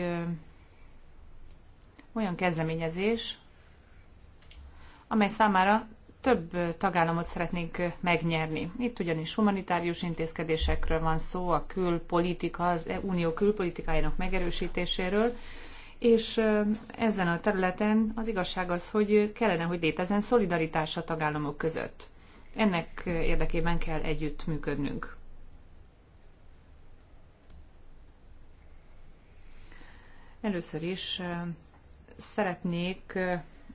olyan kezdeményezés, amely számára több tagállamot szeretnénk megnyerni. Itt ugyanis humanitárius intézkedésekről van szó, a külpolitika, az unió külpolitikájának megerősítéséről, és ezen a területen az igazság az, hogy kellene, hogy létezzen szolidaritás a tagállamok között. Ennek érdekében kell együtt működnünk. Először is szeretnék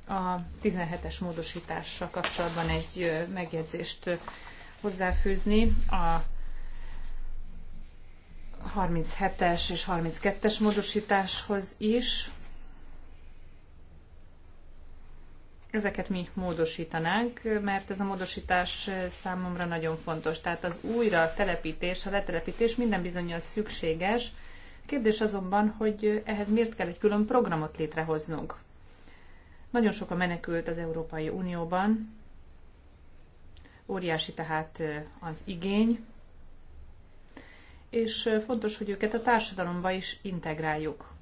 a 17-es módosítással kapcsolatban egy megjegyzést hozzáfűzni. A 37-es és 32-es módosításhoz is. Ezeket mi módosítanánk, mert ez a módosítás számomra nagyon fontos. Tehát az újra telepítés, a letelepítés minden bizonyos szükséges. Kérdés azonban, hogy ehhez miért kell egy külön programot létrehoznunk. Nagyon sok a menekült az Európai Unióban, óriási tehát az igény, és fontos, hogy őket a társadalomba is integráljuk.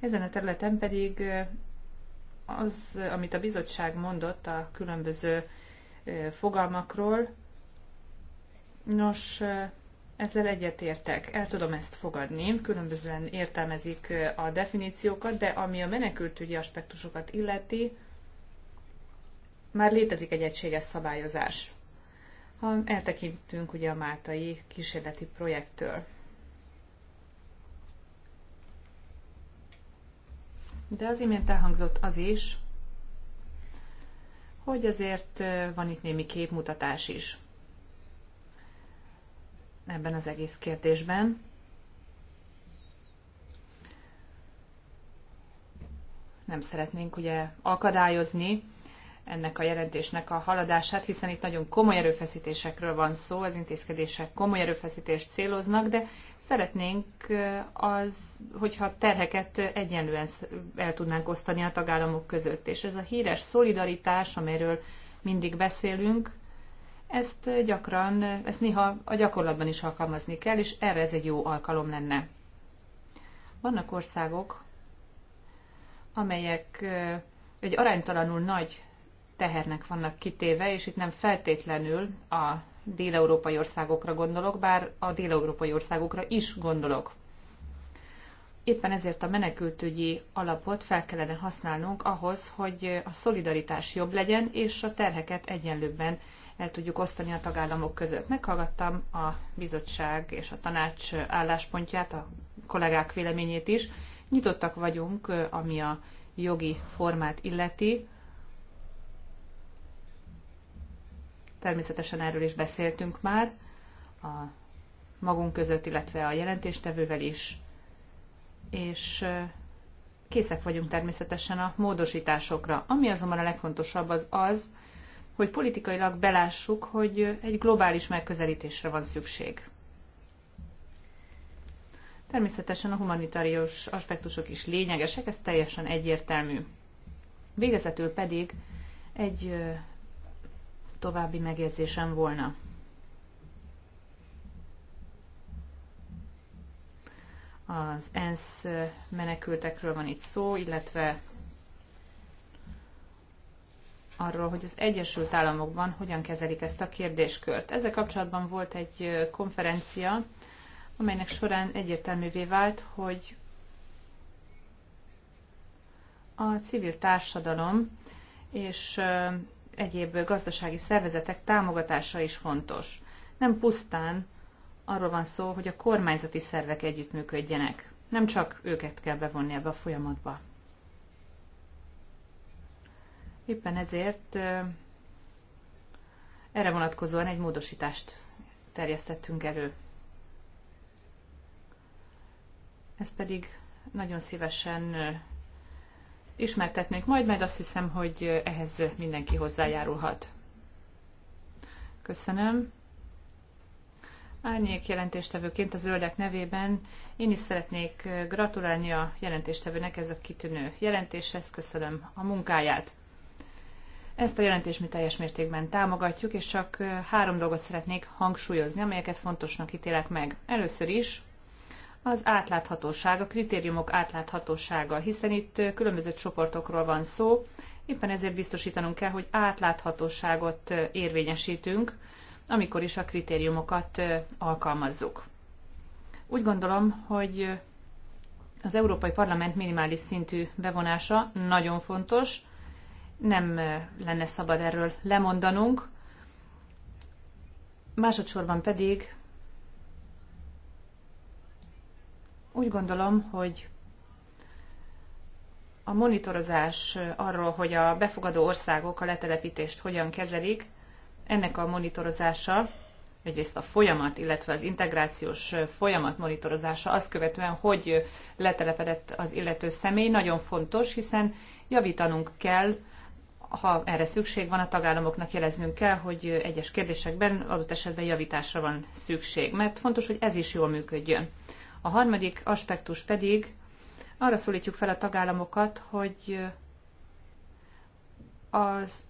Ezen a területen pedig az, amit a bizottság mondott a különböző fogalmakról, nos, ezzel egyetértek, el tudom ezt fogadni, különbözően értelmezik a definíciókat, de ami a menekültügyi aspektusokat illeti, már létezik egy egységes szabályozás ha eltekintünk ugye a Máltai kísérleti projektől. De az imént elhangzott az is, hogy azért van itt némi képmutatás is ebben az egész kérdésben. Nem szeretnénk ugye akadályozni ennek a jelentésnek a haladását, hiszen itt nagyon komoly erőfeszítésekről van szó, az intézkedések komoly erőfeszítést céloznak, de szeretnénk az, hogyha terheket egyenlően el tudnánk osztani a tagállamok között. És ez a híres szolidaritás, amiről mindig beszélünk, ezt gyakran, ezt néha a gyakorlatban is alkalmazni kell, és erre ez egy jó alkalom lenne. Vannak országok, amelyek egy aránytalanul nagy tehernek vannak kitéve, és itt nem feltétlenül a dél-európai országokra gondolok, bár a dél-európai országokra is gondolok. Éppen ezért a menekültügyi alapot fel kellene használnunk ahhoz, hogy a szolidaritás jobb legyen, és a terheket egyenlőbben el tudjuk osztani a tagállamok között. Meghallgattam a bizottság és a tanács álláspontját, a kollégák véleményét is. Nyitottak vagyunk, ami a jogi formát illeti, Természetesen erről is beszéltünk már, a magunk között, illetve a jelentéstevővel is, és készek vagyunk természetesen a módosításokra. Ami azonban a legfontosabb az az, hogy politikailag belássuk, hogy egy globális megközelítésre van szükség. Természetesen a humanitárius aspektusok is lényegesek, ez teljesen egyértelmű. Végezetül pedig egy további megjegyzésem volna. Az ENSZ menekültekről van itt szó, illetve arról, hogy az Egyesült Államokban hogyan kezelik ezt a kérdéskört. Ezzel kapcsolatban volt egy konferencia, amelynek során egyértelművé vált, hogy a civil társadalom és egyéb gazdasági szervezetek támogatása is fontos. Nem pusztán arról van szó, hogy a kormányzati szervek együttműködjenek. Nem csak őket kell bevonni ebbe a folyamatba. Éppen ezért erre vonatkozóan egy módosítást terjesztettünk elő. Ez pedig nagyon szívesen ismertetnék majd, mert azt hiszem, hogy ehhez mindenki hozzájárulhat. Köszönöm. Árnyék jelentéstevőként a zöldek nevében én is szeretnék gratulálni a jelentéstevőnek ez a kitűnő jelentéshez. Köszönöm a munkáját. Ezt a jelentést mi teljes mértékben támogatjuk, és csak három dolgot szeretnék hangsúlyozni, amelyeket fontosnak ítélek meg. Először is az átláthatóság, a kritériumok átláthatósága, hiszen itt különböző csoportokról van szó, éppen ezért biztosítanunk kell, hogy átláthatóságot érvényesítünk, amikor is a kritériumokat alkalmazzuk. Úgy gondolom, hogy az Európai Parlament minimális szintű bevonása nagyon fontos, nem lenne szabad erről lemondanunk. Másodszorban pedig Úgy gondolom, hogy a monitorozás arról, hogy a befogadó országok a letelepítést hogyan kezelik, ennek a monitorozása, egyrészt a folyamat, illetve az integrációs folyamat monitorozása azt követően, hogy letelepedett az illető személy, nagyon fontos, hiszen javítanunk kell, ha erre szükség van, a tagállamoknak jeleznünk kell, hogy egyes kérdésekben adott esetben javításra van szükség, mert fontos, hogy ez is jól működjön. A harmadik aspektus pedig arra szólítjuk fel a tagállamokat, hogy az,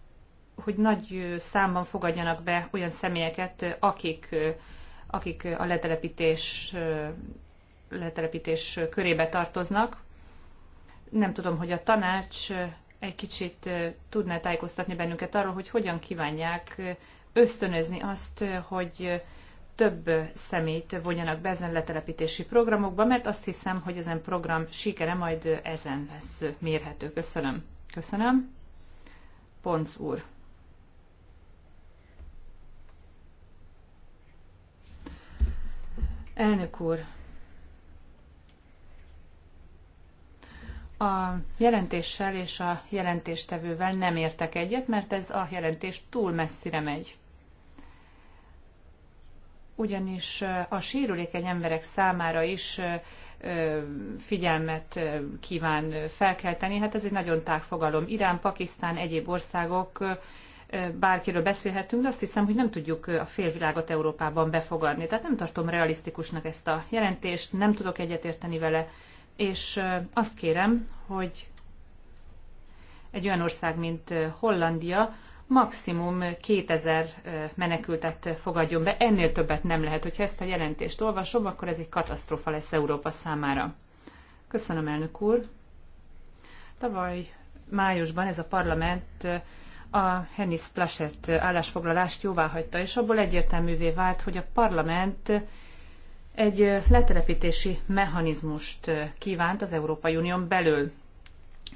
hogy nagy számban fogadjanak be olyan személyeket, akik, akik a letelepítés, letelepítés körébe tartoznak. Nem tudom, hogy a tanács egy kicsit tudná tájékoztatni bennünket arról, hogy hogyan kívánják ösztönözni azt, hogy több szemét vonjanak be ezen letelepítési programokba, mert azt hiszem, hogy ezen program sikere majd ezen lesz mérhető. Köszönöm. Köszönöm. Ponc úr. Elnök úr, a jelentéssel és a jelentéstevővel nem értek egyet, mert ez a jelentés túl messzire megy ugyanis a sérülékeny emberek számára is figyelmet kíván felkelteni. Hát ez egy nagyon tág fogalom. Irán, Pakisztán, egyéb országok, bárkiről beszélhetünk, de azt hiszem, hogy nem tudjuk a félvilágot Európában befogadni. Tehát nem tartom realisztikusnak ezt a jelentést, nem tudok egyetérteni vele, és azt kérem, hogy egy olyan ország, mint Hollandia, maximum 2000 menekültet fogadjon be, ennél többet nem lehet. Hogyha ezt a jelentést olvasom, akkor ez egy katasztrófa lesz Európa számára. Köszönöm, elnök úr. Tavaly májusban ez a parlament a Hennis Plaschett állásfoglalást jóváhagyta, és abból egyértelművé vált, hogy a parlament egy letelepítési mechanizmust kívánt az Európai Unión belül.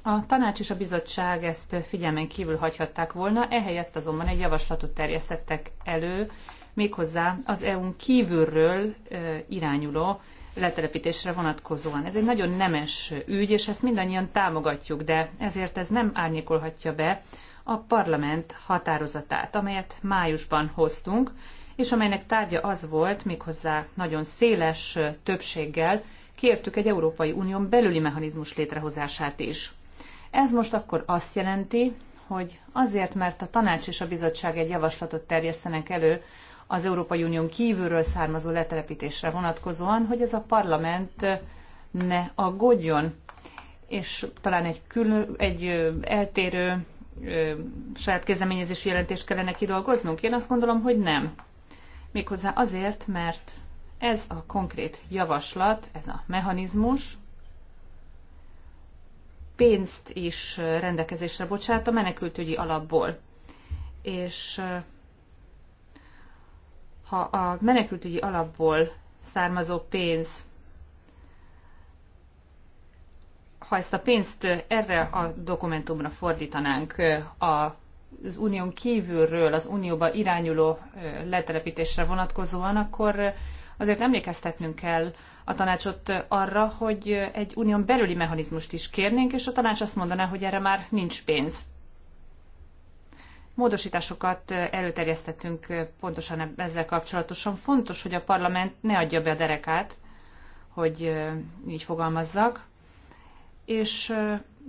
A tanács és a bizottság ezt figyelmen kívül hagyhatták volna, ehelyett azonban egy javaslatot terjesztettek elő, méghozzá az EU-n kívülről irányuló letelepítésre vonatkozóan. Ez egy nagyon nemes ügy, és ezt mindannyian támogatjuk, de ezért ez nem árnyékolhatja be a parlament határozatát, amelyet májusban hoztunk, és amelynek tárgya az volt, méghozzá nagyon széles többséggel kértük egy Európai Unión belüli mechanizmus létrehozását is. Ez most akkor azt jelenti, hogy azért, mert a tanács és a bizottság egy javaslatot terjesztenek elő az Európai Unión kívülről származó letelepítésre vonatkozóan, hogy ez a parlament ne aggódjon, és talán egy, külön, egy eltérő saját kezdeményezési jelentést kellene kidolgoznunk? Én azt gondolom, hogy nem. Méghozzá azért, mert ez a konkrét javaslat, ez a mechanizmus pénzt is rendelkezésre bocsát a menekültügyi alapból. És eh, ha a menekültügyi alapból származó pénz, ha ezt a pénzt eh, erre a dokumentumra fordítanánk a eh, az unión kívülről az unióba irányuló letelepítésre vonatkozóan, akkor azért emlékeztetnünk kell a tanácsot arra, hogy egy unión belüli mechanizmust is kérnénk, és a tanács azt mondaná, hogy erre már nincs pénz. Módosításokat előterjesztettünk pontosan ezzel kapcsolatosan. Fontos, hogy a parlament ne adja be a derekát, hogy így fogalmazzak, és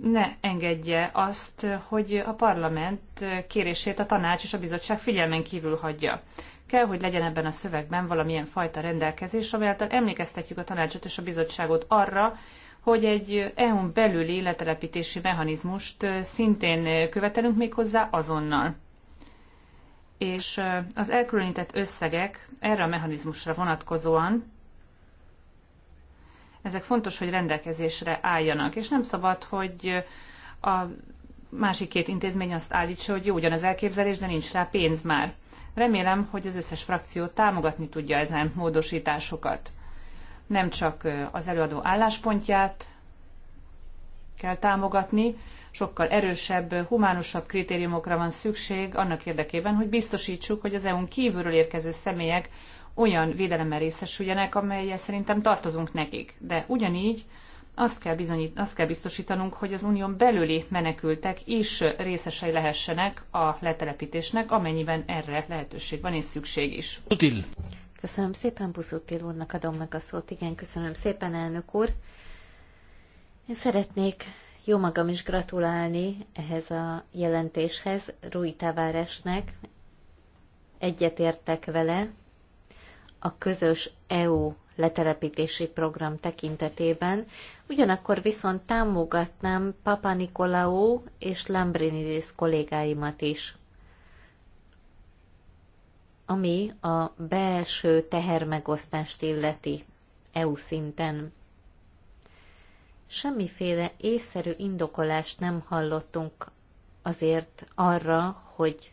ne engedje azt, hogy a parlament kérését a tanács és a bizottság figyelmen kívül hagyja kell, hogy legyen ebben a szövegben valamilyen fajta rendelkezés, amelyáltal emlékeztetjük a tanácsot és a bizottságot arra, hogy egy EU-n belüli letelepítési mechanizmust szintén követelünk még hozzá azonnal. És az elkülönített összegek erre a mechanizmusra vonatkozóan ezek fontos, hogy rendelkezésre álljanak, és nem szabad, hogy a másik két intézmény azt állítsa, hogy jó, ugyan az elképzelés, de nincs rá pénz már. Remélem, hogy az összes frakció támogatni tudja ezen módosításokat. Nem csak az előadó álláspontját kell támogatni, sokkal erősebb, humánusabb kritériumokra van szükség annak érdekében, hogy biztosítsuk, hogy az EU-n kívülről érkező személyek olyan védelemmel részesüljenek, amelyel szerintem tartozunk nekik. De ugyanígy azt kell, bizonyít, azt kell biztosítanunk, hogy az unión belüli menekültek is részesei lehessenek a letelepítésnek, amennyiben erre lehetőség van és szükség is. Tutil. Köszönöm szépen, Buzutil úrnak adom meg a szót. Igen, köszönöm szépen, elnök úr. Én szeretnék jó magam is gratulálni ehhez a jelentéshez, Rui Tavaresnek. Egyetértek vele, a közös EU letelepítési program tekintetében, ugyanakkor viszont támogatnám Papa Nikolaou és Lambrinidis kollégáimat is, ami a belső tehermegosztást illeti EU szinten. Semmiféle észszerű indokolást nem hallottunk azért arra, hogy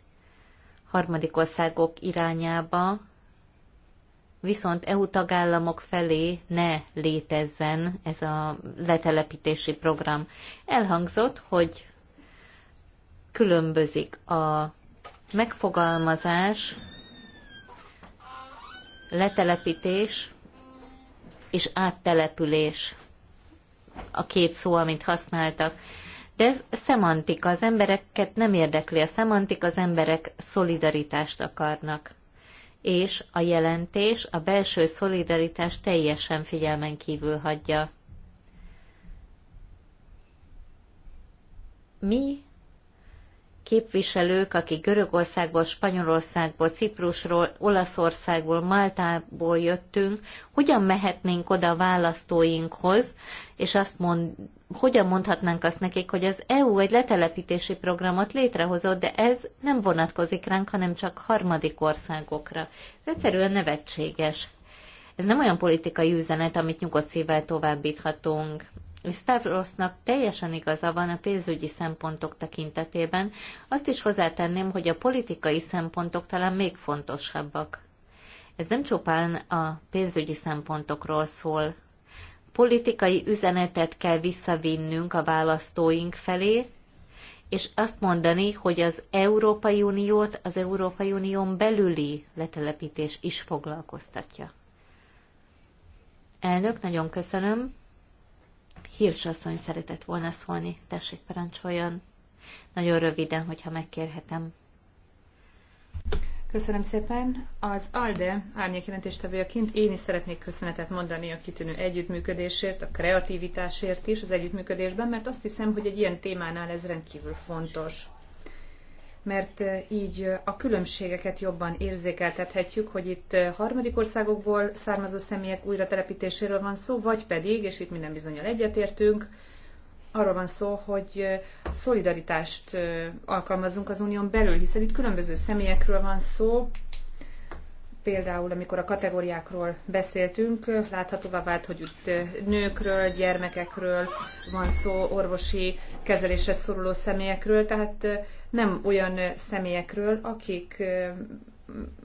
harmadik országok irányába viszont EU tagállamok felé ne létezzen ez a letelepítési program. Elhangzott, hogy különbözik a megfogalmazás, letelepítés és áttelepülés a két szó, amit használtak. De ez szemantika, az embereket nem érdekli a szemantika, az emberek szolidaritást akarnak és a jelentés a belső szolidaritás teljesen figyelmen kívül hagyja. Mi képviselők, akik Görögországból, Spanyolországból, Ciprusról, Olaszországból, Máltából jöttünk, hogyan mehetnénk oda a választóinkhoz, és azt mond, hogyan mondhatnánk azt nekik, hogy az EU egy letelepítési programot létrehozott, de ez nem vonatkozik ránk, hanem csak harmadik országokra. Ez egyszerűen nevetséges. Ez nem olyan politikai üzenet, amit nyugodt szívvel továbbíthatunk. Stavrosnak teljesen igaza van a pénzügyi szempontok tekintetében. Azt is hozzátenném, hogy a politikai szempontok talán még fontosabbak. Ez nem csupán a pénzügyi szempontokról szól. Politikai üzenetet kell visszavinnünk a választóink felé, és azt mondani, hogy az Európai Uniót az Európai Unión belüli letelepítés is foglalkoztatja. Elnök, nagyon köszönöm. Hírsasszony szeretett volna szólni, tessék parancsoljon. Nagyon röviden, hogyha megkérhetem. Köszönöm szépen. Az ALDE árnyékjelentéstevőjeként én is szeretnék köszönetet mondani a kitűnő együttműködésért, a kreativitásért is az együttműködésben, mert azt hiszem, hogy egy ilyen témánál ez rendkívül fontos mert így a különbségeket jobban érzékeltethetjük, hogy itt harmadik országokból származó személyek újra telepítéséről van szó, vagy pedig, és itt minden bizonyal egyetértünk, arról van szó, hogy szolidaritást alkalmazunk az unión belül, hiszen itt különböző személyekről van szó, például, amikor a kategóriákról beszéltünk, láthatóvá vált, hogy itt nőkről, gyermekekről van szó, orvosi kezelésre szoruló személyekről, tehát nem olyan személyekről, akik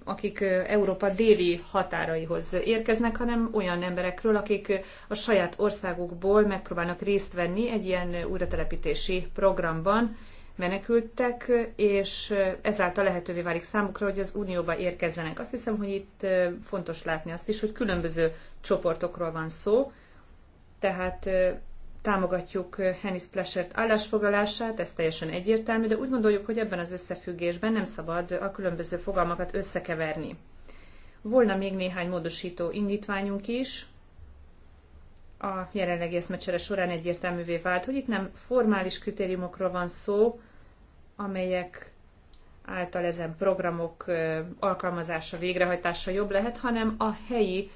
akik Európa déli határaihoz érkeznek, hanem olyan emberekről, akik a saját országukból megpróbálnak részt venni egy ilyen újratelepítési programban, menekültek, és ezáltal lehetővé válik számukra, hogy az Unióba érkezzenek. Azt hiszem, hogy itt fontos látni azt is, hogy különböző csoportokról van szó, tehát támogatjuk Hennis Plesert állásfoglalását, ez teljesen egyértelmű, de úgy gondoljuk, hogy ebben az összefüggésben nem szabad a különböző fogalmakat összekeverni. Volna még néhány módosító indítványunk is, a jelenlegi eszmecsere során egyértelművé vált, hogy itt nem formális kritériumokról van szó, amelyek által ezen programok alkalmazása, végrehajtása jobb lehet, hanem a helyi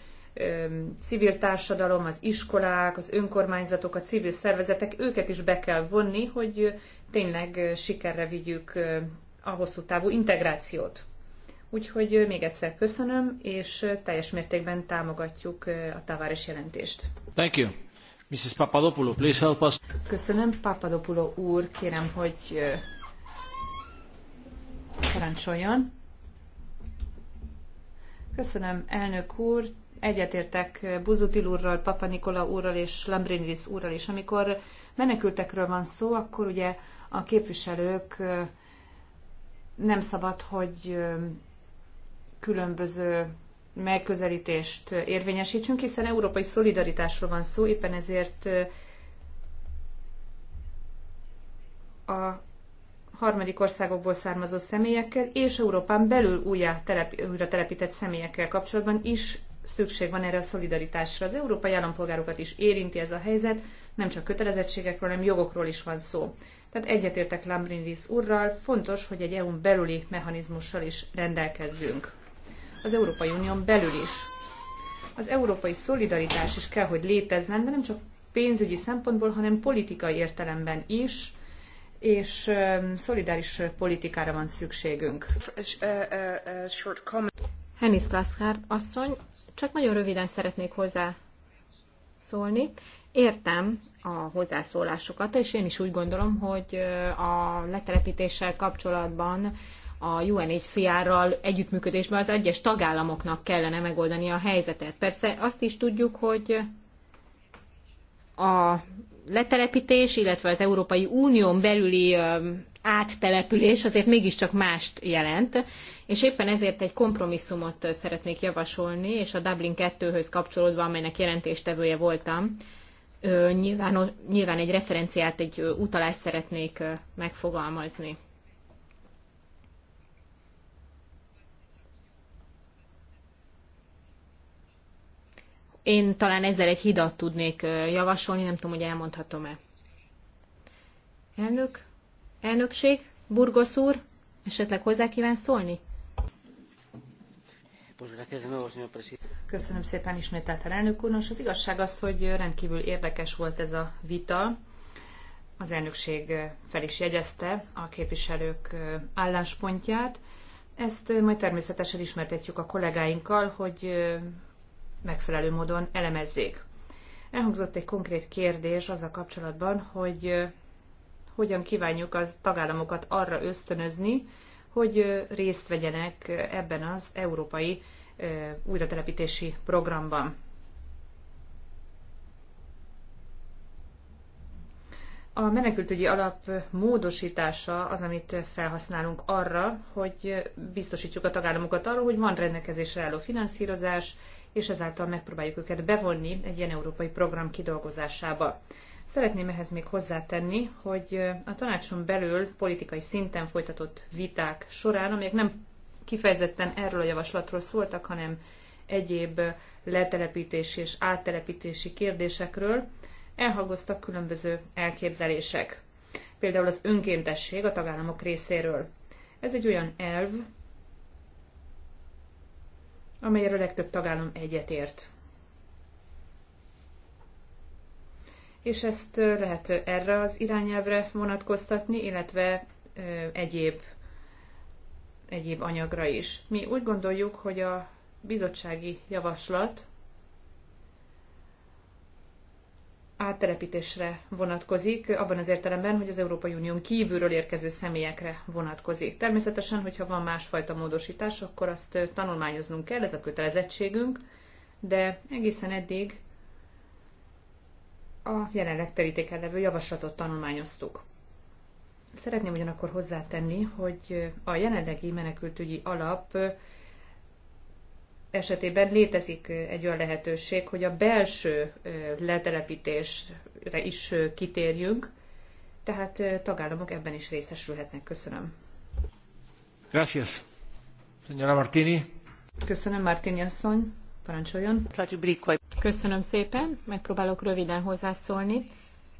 civil társadalom, az iskolák, az önkormányzatok, a civil szervezetek, őket is be kell vonni, hogy tényleg sikerre vigyük a hosszú távú integrációt. Úgyhogy még egyszer köszönöm, és teljes mértékben támogatjuk a Tavares jelentést. Thank you. Mrs. Papadopoulou, please help us. Köszönöm, Papadopoulou úr, kérem, hogy parancsoljon. Köszönöm, elnök úr. Egyetértek Buzutil úrral, Papa Nikola úrral és Lambrinis úrral is. Amikor menekültekről van szó, akkor ugye a képviselők nem szabad, hogy különböző megközelítést érvényesítsünk, hiszen európai szolidaritásról van szó, éppen ezért a harmadik országokból származó személyekkel és Európán belül újra, telep, újra telepített személyekkel kapcsolatban is szükség van erre a szolidaritásra. Az európai állampolgárokat is érinti ez a helyzet, nem csak kötelezettségekről, hanem jogokról is van szó. Tehát egyetértek Lambrindis úrral, fontos, hogy egy EU-n belüli mechanizmussal is rendelkezzünk az Európai Unión belül is. Az európai szolidaritás is kell, hogy létezzen, de nem csak pénzügyi szempontból, hanem politikai értelemben is, és szolidáris politikára van szükségünk. Hennis Plaszkárt asszony, csak nagyon röviden szeretnék hozzá szólni. Értem a hozzászólásokat, és én is úgy gondolom, hogy a letelepítéssel kapcsolatban a UNHCR-ral együttműködésben az egyes tagállamoknak kellene megoldani a helyzetet. Persze azt is tudjuk, hogy a letelepítés, illetve az Európai Unión belüli áttelepülés azért mégiscsak mást jelent, és éppen ezért egy kompromisszumot szeretnék javasolni, és a Dublin 2-höz kapcsolódva, amelynek jelentéstevője voltam, nyilván, nyilván egy referenciát, egy utalást szeretnék megfogalmazni. Én talán ezzel egy hidat tudnék javasolni, nem tudom, hogy elmondhatom-e. Elnök? Elnökség? Burgos úr? Esetleg hozzá kíván szólni? Köszönöm szépen ismételten, elnök úr. Nos, az igazság az, hogy rendkívül érdekes volt ez a vita. Az elnökség fel is jegyezte a képviselők álláspontját. Ezt majd természetesen ismertetjük a kollégáinkkal, hogy megfelelő módon elemezzék. Elhangzott egy konkrét kérdés az a kapcsolatban, hogy hogyan kívánjuk az tagállamokat arra ösztönözni, hogy részt vegyenek ebben az európai újratelepítési programban. A menekültügyi alap módosítása az, amit felhasználunk arra, hogy biztosítsuk a tagállamokat arról, hogy van rendelkezésre álló finanszírozás, és ezáltal megpróbáljuk őket bevonni egy ilyen európai program kidolgozásába. Szeretném ehhez még hozzátenni, hogy a tanácson belül politikai szinten folytatott viták során, amelyek nem kifejezetten erről a javaslatról szóltak, hanem egyéb letelepítési és áttelepítési kérdésekről, elhangoztak különböző elképzelések. Például az önkéntesség a tagállamok részéről. Ez egy olyan elv, amelyről a legtöbb tagállam egyetért. És ezt lehet erre az irányelvre vonatkoztatni, illetve egyéb, egyéb anyagra is. Mi úgy gondoljuk, hogy a bizottsági javaslat áttelepítésre vonatkozik, abban az értelemben, hogy az Európai Unión kívülről érkező személyekre vonatkozik. Természetesen, hogyha van másfajta módosítás, akkor azt tanulmányoznunk kell, ez a kötelezettségünk, de egészen eddig a jelenleg terítéken levő javaslatot tanulmányoztuk. Szeretném ugyanakkor hozzátenni, hogy a jelenlegi menekültügyi alap esetében létezik egy olyan lehetőség, hogy a belső letelepítésre is kitérjünk, tehát tagállamok ebben is részesülhetnek. Köszönöm. Gracias. Señora Martini. Köszönöm, Martini asszony. Parancsoljon. Köszönöm szépen, megpróbálok röviden hozzászólni,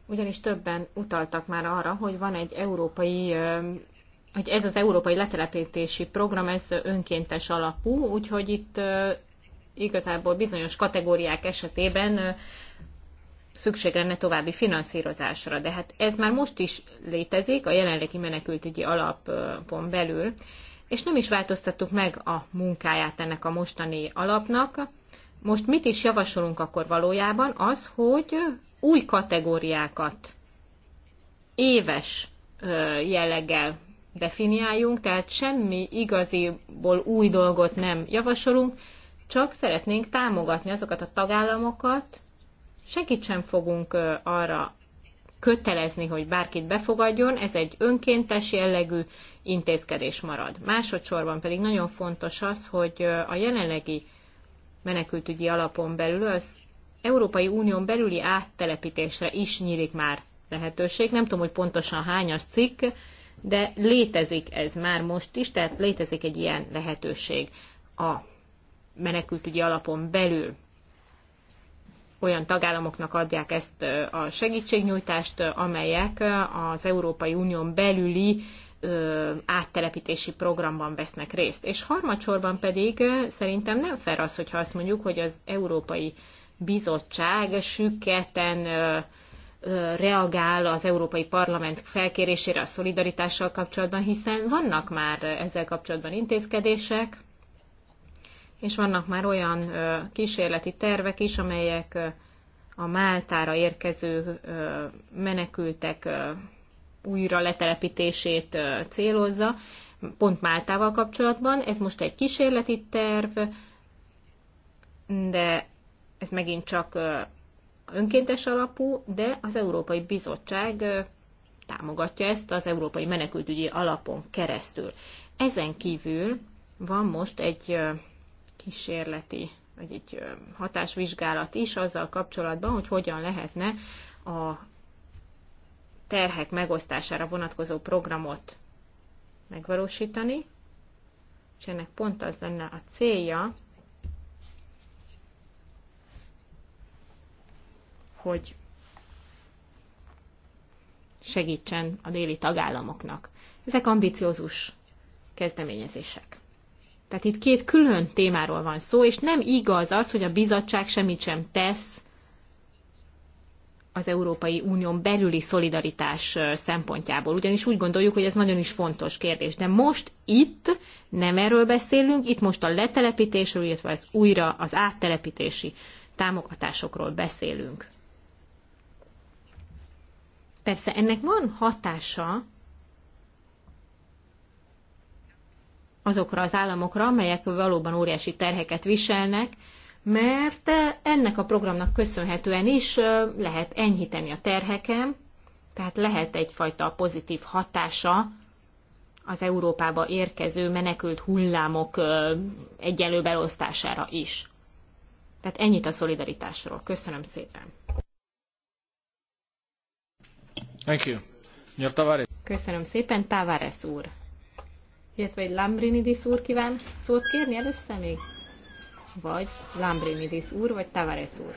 ugyanis többen utaltak már arra, hogy van egy európai hogy ez az európai letelepítési program, ez önkéntes alapú, úgyhogy itt igazából bizonyos kategóriák esetében szükség lenne további finanszírozásra, de hát ez már most is létezik a jelenlegi menekültügyi alapon belül, és nem is változtattuk meg a munkáját ennek a mostani alapnak. Most mit is javasolunk akkor valójában? Az, hogy új kategóriákat éves jelleggel definiáljunk, tehát semmi igaziból új dolgot nem javasolunk, csak szeretnénk támogatni azokat a tagállamokat, Senkit sem fogunk arra kötelezni, hogy bárkit befogadjon, ez egy önkéntes jellegű intézkedés marad. Másodszorban pedig nagyon fontos az, hogy a jelenlegi menekültügyi alapon belül az Európai Unión belüli áttelepítésre is nyílik már lehetőség. Nem tudom, hogy pontosan hányas cikk, de létezik ez már most is, tehát létezik egy ilyen lehetőség a menekültügyi alapon belül olyan tagállamoknak adják ezt a segítségnyújtást, amelyek az Európai Unión belüli áttelepítési programban vesznek részt. És harmadsorban pedig szerintem nem fel az, hogyha azt mondjuk, hogy az Európai Bizottság süketen reagál az Európai Parlament felkérésére a szolidaritással kapcsolatban, hiszen vannak már ezzel kapcsolatban intézkedések, és vannak már olyan kísérleti tervek is, amelyek a Máltára érkező menekültek újra letelepítését célozza, pont Máltával kapcsolatban. Ez most egy kísérleti terv, de ez megint csak önkéntes alapú, de az Európai Bizottság támogatja ezt az Európai Menekültügyi Alapon keresztül. Ezen kívül van most egy kísérleti, vagy egy hatásvizsgálat is azzal kapcsolatban, hogy hogyan lehetne a terhek megosztására vonatkozó programot megvalósítani, és ennek pont az lenne a célja, hogy segítsen a déli tagállamoknak. Ezek ambiciózus kezdeményezések. Tehát itt két külön témáról van szó, és nem igaz az, hogy a bizottság semmit sem tesz az Európai Unión belüli szolidaritás szempontjából. Ugyanis úgy gondoljuk, hogy ez nagyon is fontos kérdés. De most itt nem erről beszélünk, itt most a letelepítésről, illetve az újra az áttelepítési támogatásokról beszélünk. Persze ennek van hatása azokra az államokra, amelyek valóban óriási terheket viselnek, mert ennek a programnak köszönhetően is lehet enyhíteni a terhekem, tehát lehet egyfajta pozitív hatása az Európába érkező menekült hullámok egyenlő belosztására is. Tehát ennyit a szolidaritásról. Köszönöm szépen! Thank you. Señor Tavares. Köszönöm szépen, Tavares úr. Illetve egy Lambrinidis úr kíván szót kérni először még? Vagy Lambrinidis úr, vagy Tavares úr.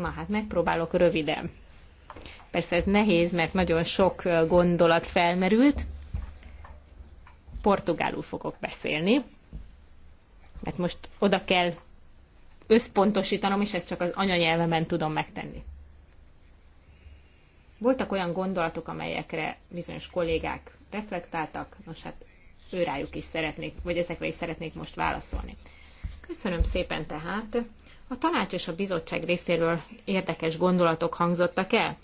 Na hát megpróbálok röviden. Persze ez nehéz, mert nagyon sok gondolat felmerült. Portugálul fogok beszélni, mert most oda kell összpontosítanom, és ezt csak az anyanyelvemen tudom megtenni. Voltak olyan gondolatok, amelyekre bizonyos kollégák reflektáltak, nos hát ő rájuk is szeretnék, vagy ezekre is szeretnék most válaszolni. Köszönöm szépen tehát. A tanács és a bizottság részéről érdekes gondolatok hangzottak el.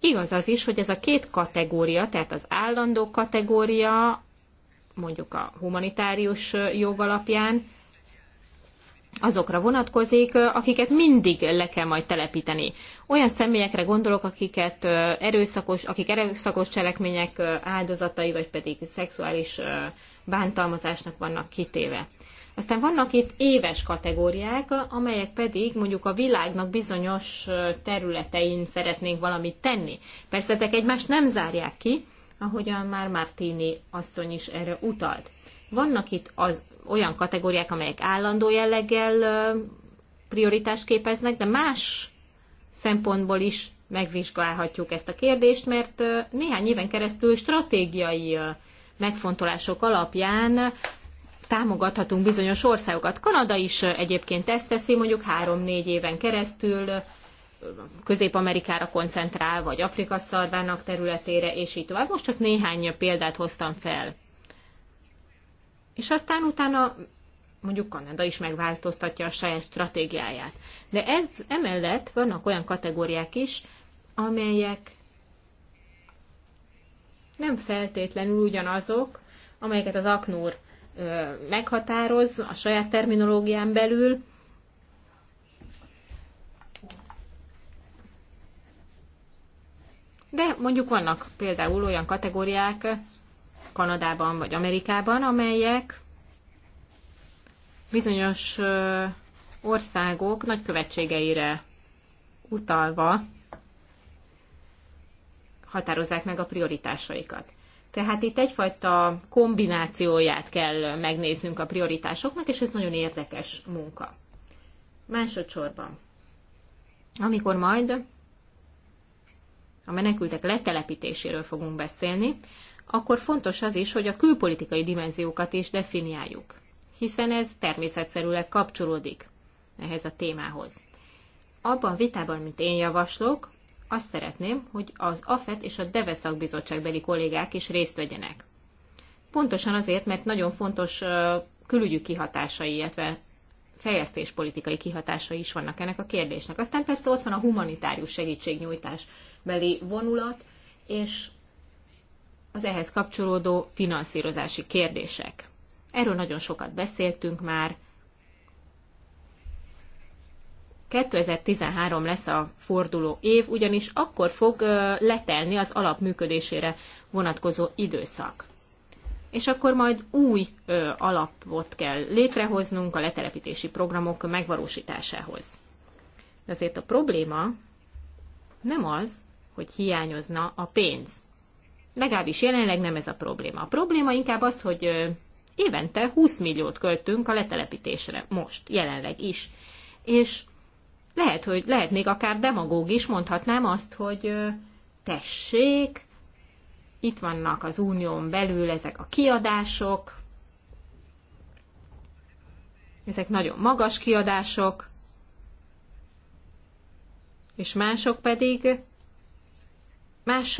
Igaz az is, hogy ez a két kategória, tehát az állandó kategória, mondjuk a humanitárius jog alapján, azokra vonatkozik, akiket mindig le kell majd telepíteni. Olyan személyekre gondolok, akiket erőszakos, akik erőszakos cselekmények áldozatai, vagy pedig szexuális bántalmazásnak vannak kitéve. Aztán vannak itt éves kategóriák, amelyek pedig mondjuk a világnak bizonyos területein szeretnénk valamit tenni. Persze ezek egymást nem zárják ki, ahogyan már Martini asszony is erre utalt. Vannak itt az olyan kategóriák, amelyek állandó jelleggel prioritást képeznek, de más szempontból is megvizsgálhatjuk ezt a kérdést, mert néhány éven keresztül stratégiai megfontolások alapján támogathatunk bizonyos országokat. Kanada is egyébként ezt teszi, mondjuk három-négy éven keresztül Közép-Amerikára koncentrál, vagy Afrika szarvának területére, és így tovább. Most csak néhány példát hoztam fel és aztán utána mondjuk Kanada is megváltoztatja a saját stratégiáját. De ez emellett vannak olyan kategóriák is, amelyek nem feltétlenül ugyanazok, amelyeket az aknúr meghatároz a saját terminológián belül. De mondjuk vannak például olyan kategóriák, Kanadában vagy Amerikában, amelyek bizonyos országok nagykövetségeire utalva határozzák meg a prioritásaikat. Tehát itt egyfajta kombinációját kell megnéznünk a prioritásoknak, és ez nagyon érdekes munka. Másodszorban, amikor majd a menekültek letelepítéséről fogunk beszélni, akkor fontos az is, hogy a külpolitikai dimenziókat is definiáljuk, hiszen ez természetszerűleg kapcsolódik ehhez a témához. Abban vitában, mint én javaslok, azt szeretném, hogy az AFET és a DEVE szakbizottságbeli kollégák is részt vegyenek. Pontosan azért, mert nagyon fontos külügyi kihatásai, illetve fejlesztéspolitikai kihatásai is vannak ennek a kérdésnek. Aztán persze ott van a humanitárius segítségnyújtás beli vonulat, és az ehhez kapcsolódó finanszírozási kérdések. Erről nagyon sokat beszéltünk már. 2013 lesz a forduló év, ugyanis akkor fog letelni az alapműködésére vonatkozó időszak. És akkor majd új alapot kell létrehoznunk a letelepítési programok megvalósításához. De azért a probléma nem az, hogy hiányozna a pénz. Legalábbis jelenleg nem ez a probléma. A probléma inkább az, hogy évente 20 milliót költünk a letelepítésre, most, jelenleg is. És lehet, hogy lehet még akár demagóg is, mondhatnám azt, hogy tessék, itt vannak az unión belül ezek a kiadások, ezek nagyon magas kiadások, és mások pedig más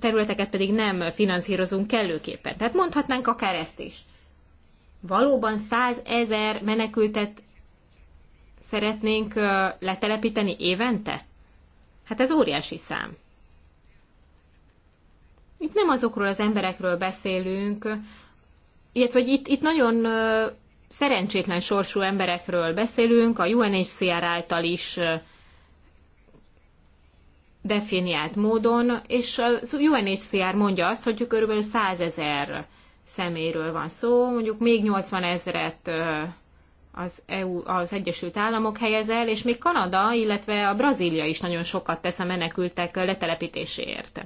területeket pedig nem finanszírozunk kellőképpen. Tehát mondhatnánk akár ezt is. Valóban százezer menekültet szeretnénk letelepíteni évente? Hát ez óriási szám. Itt nem azokról az emberekről beszélünk, illetve hogy itt, itt nagyon szerencsétlen sorsú emberekről beszélünk, a UNHCR által is definiált módon, és a UNHCR mondja azt, hogy kb. 100 ezer szeméről van szó, mondjuk még 80 ezeret az, EU, az Egyesült Államok helyez el, és még Kanada, illetve a Brazília is nagyon sokat tesz a menekültek letelepítéséért.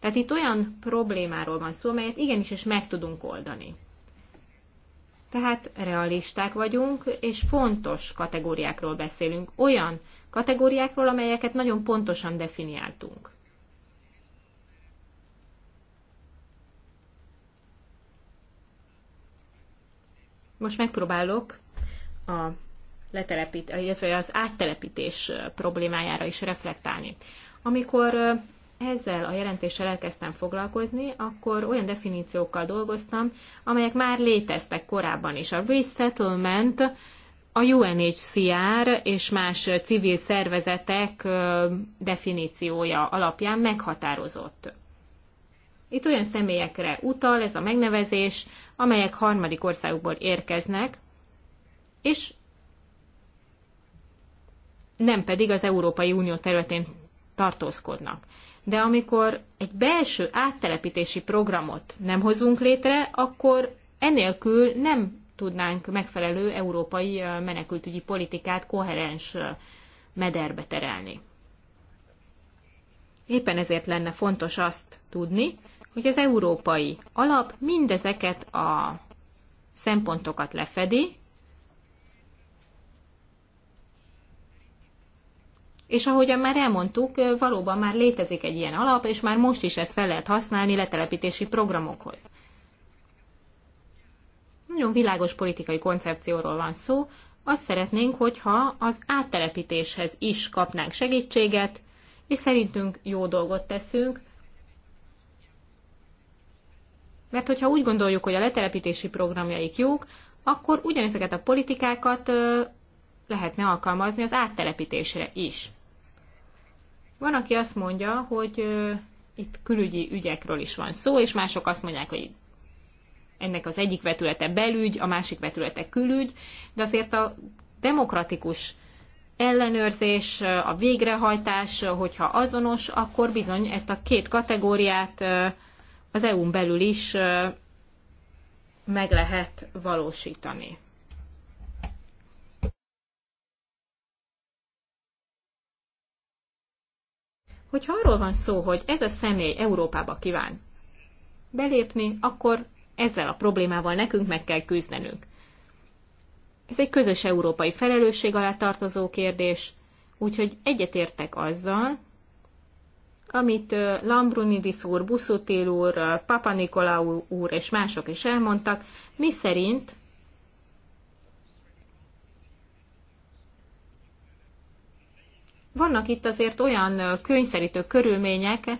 Tehát itt olyan problémáról van szó, amelyet igenis is meg tudunk oldani. Tehát realisták vagyunk, és fontos kategóriákról beszélünk, olyan kategóriákról, amelyeket nagyon pontosan definiáltunk. Most megpróbálok a letelepít, illetve az áttelepítés problémájára is reflektálni. Amikor ezzel a jelentéssel elkezdtem foglalkozni, akkor olyan definíciókkal dolgoztam, amelyek már léteztek korábban is. A resettlement a UNHCR és más civil szervezetek definíciója alapján meghatározott. Itt olyan személyekre utal ez a megnevezés, amelyek harmadik országokból érkeznek, és nem pedig az Európai Unió területén tartózkodnak. De amikor egy belső áttelepítési programot nem hozunk létre, akkor enélkül nem tudnánk megfelelő európai menekültügyi politikát koherens mederbe terelni. Éppen ezért lenne fontos azt tudni, hogy az európai alap mindezeket a szempontokat lefedi, És ahogyan már elmondtuk, valóban már létezik egy ilyen alap, és már most is ezt fel lehet használni letelepítési programokhoz. Nagyon világos politikai koncepcióról van szó. Azt szeretnénk, hogyha az áttelepítéshez is kapnánk segítséget, és szerintünk jó dolgot teszünk, mert hogyha úgy gondoljuk, hogy a letelepítési programjaik jók, akkor ugyanezeket a politikákat lehetne alkalmazni az áttelepítésre is. Van, aki azt mondja, hogy itt külügyi ügyekről is van szó, és mások azt mondják, hogy ennek az egyik vetülete belügy, a másik vetülete külügy, de azért a demokratikus ellenőrzés, a végrehajtás, hogyha azonos, akkor bizony ezt a két kategóriát az EU-n belül is meg lehet valósítani. Hogyha arról van szó, hogy ez a személy Európába kíván belépni, akkor ezzel a problémával nekünk meg kell küzdenünk. Ez egy közös európai felelősség alá tartozó kérdés, úgyhogy egyetértek azzal, amit Lambrunidis úr, Buszutil úr, Papa Nikolaou úr és mások is elmondtak, mi szerint vannak itt azért olyan könyvszerítő körülmények,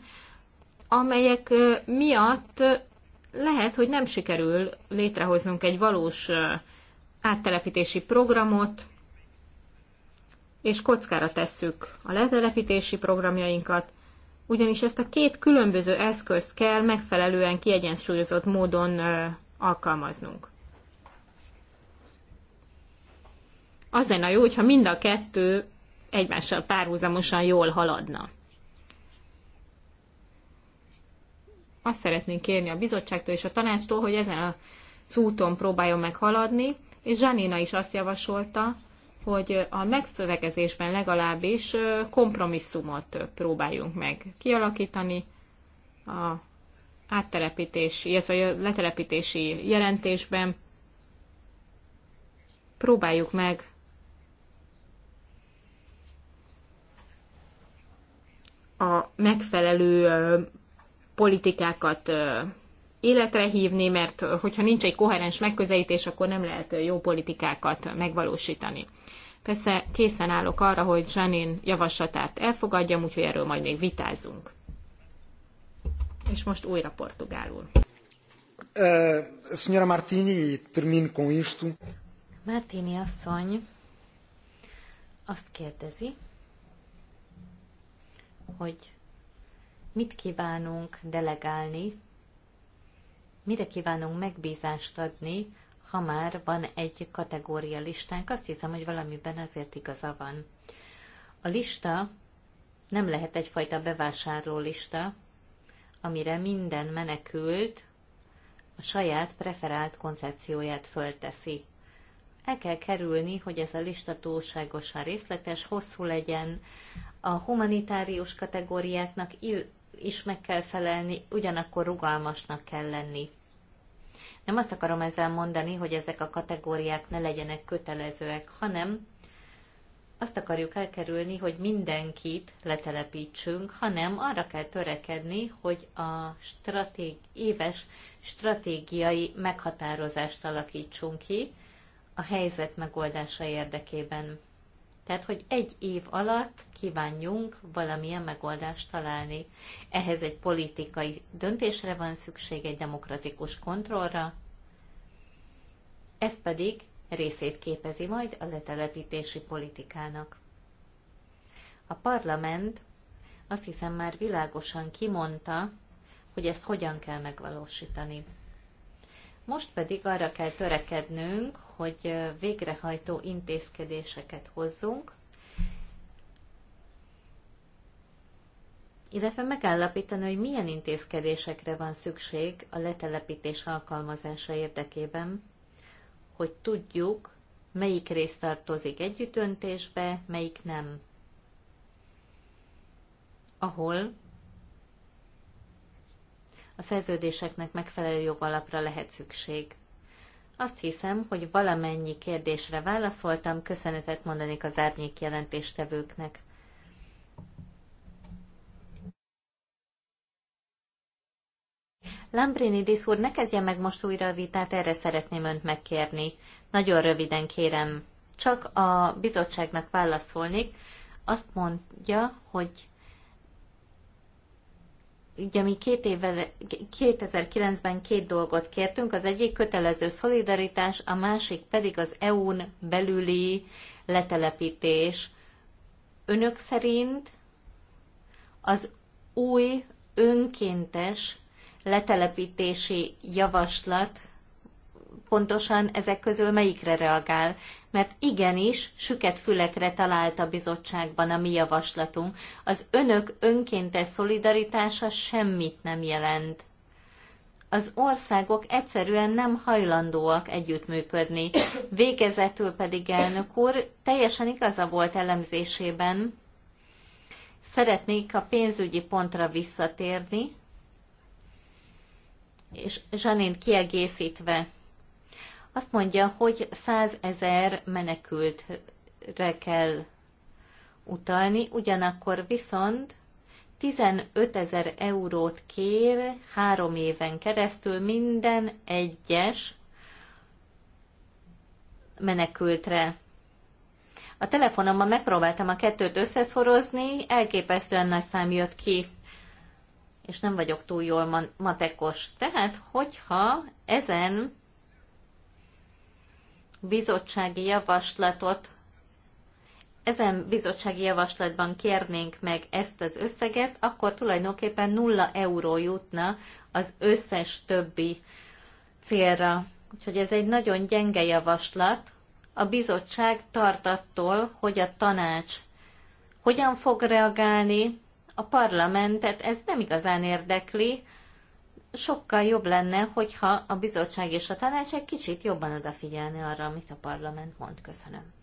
amelyek miatt lehet, hogy nem sikerül létrehoznunk egy valós áttelepítési programot, és kockára tesszük a letelepítési programjainkat, ugyanis ezt a két különböző eszközt kell megfelelően kiegyensúlyozott módon alkalmaznunk. Az lenne jó, hogyha mind a kettő egymással párhuzamosan jól haladna. azt szeretnénk kérni a bizottságtól és a tanácstól, hogy ezen a úton próbáljon meghaladni és Zsanina is azt javasolta, hogy a megszövegezésben legalábbis kompromisszumot próbáljunk meg kialakítani a áttelepítési, illetve a letelepítési jelentésben. Próbáljuk meg a megfelelő politikákat életre hívni, mert hogyha nincs egy koherens megközelítés, akkor nem lehet jó politikákat megvalósítani. Persze készen állok arra, hogy Janin javaslatát elfogadjam, úgyhogy erről majd még vitázunk. És most újra portugálul. Uh, Martini, termino com isto. Martini asszony azt kérdezi, hogy mit kívánunk delegálni, mire kívánunk megbízást adni, ha már van egy kategória listánk. Azt hiszem, hogy valamiben azért igaza van. A lista nem lehet egyfajta bevásárló lista, amire minden menekült a saját preferált koncepcióját fölteszi. El kell kerülni, hogy ez a lista túlságosan részletes, hosszú legyen, a humanitárius kategóriáknak is meg kell felelni, ugyanakkor rugalmasnak kell lenni. Nem azt akarom ezzel mondani, hogy ezek a kategóriák ne legyenek kötelezőek, hanem azt akarjuk elkerülni, hogy mindenkit letelepítsünk, hanem arra kell törekedni, hogy a stratég, éves stratégiai meghatározást alakítsunk ki a helyzet megoldása érdekében. Tehát, hogy egy év alatt kívánjunk valamilyen megoldást találni. Ehhez egy politikai döntésre van szükség, egy demokratikus kontrollra, ez pedig részét képezi majd a letelepítési politikának. A parlament azt hiszem már világosan kimondta, hogy ezt hogyan kell megvalósítani. Most pedig arra kell törekednünk, hogy végrehajtó intézkedéseket hozzunk, illetve megállapítani, hogy milyen intézkedésekre van szükség a letelepítés alkalmazása érdekében, hogy tudjuk, melyik rész tartozik együttöntésbe, melyik nem. Ahol a szerződéseknek megfelelő jogalapra lehet szükség. Azt hiszem, hogy valamennyi kérdésre válaszoltam, köszönetet mondanék az árnyék jelentéstevőknek. Lambrinidis úr, ne kezdje meg most újra a vitát, erre szeretném önt megkérni. Nagyon röviden kérem, csak a bizottságnak válaszolnék. Azt mondja, hogy Ugye mi két évvel, 2009-ben két dolgot kértünk, az egyik kötelező szolidaritás, a másik pedig az EU-n belüli letelepítés. Önök szerint az új önkéntes letelepítési javaslat pontosan ezek közül melyikre reagál, mert igenis süket fülekre talált a bizottságban a mi javaslatunk. Az önök önkéntes szolidaritása semmit nem jelent. Az országok egyszerűen nem hajlandóak együttműködni. Végezetül pedig elnök úr teljesen igaza volt elemzésében. Szeretnék a pénzügyi pontra visszatérni, és Zsanint kiegészítve azt mondja, hogy 100 ezer menekültre kell utalni, ugyanakkor viszont 15 ezer eurót kér három éven keresztül minden egyes menekültre. A telefonomban megpróbáltam a kettőt összeszorozni, elképesztően nagy szám jött ki, és nem vagyok túl jól matekos. Tehát, hogyha ezen bizottsági javaslatot, ezen bizottsági javaslatban kérnénk meg ezt az összeget, akkor tulajdonképpen nulla euró jutna az összes többi célra. Úgyhogy ez egy nagyon gyenge javaslat. A bizottság tart attól, hogy a tanács hogyan fog reagálni, a parlamentet ez nem igazán érdekli, sokkal jobb lenne, hogyha a bizottság és a tanács egy kicsit jobban odafigyelne arra, amit a parlament mond. Köszönöm.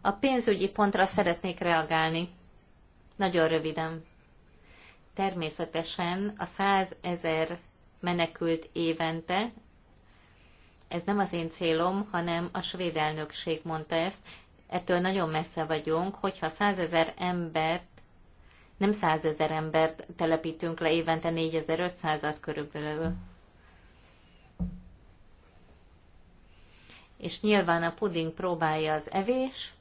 A pénzügyi pontra szeretnék reagálni. Nagyon röviden. Természetesen a 100 ezer menekült évente, ez nem az én célom, hanem a svéd elnökség mondta ezt, ettől nagyon messze vagyunk, hogyha százezer embert, nem százezer embert telepítünk le évente 4500-at körülbelül. És nyilván a puding próbálja az evés,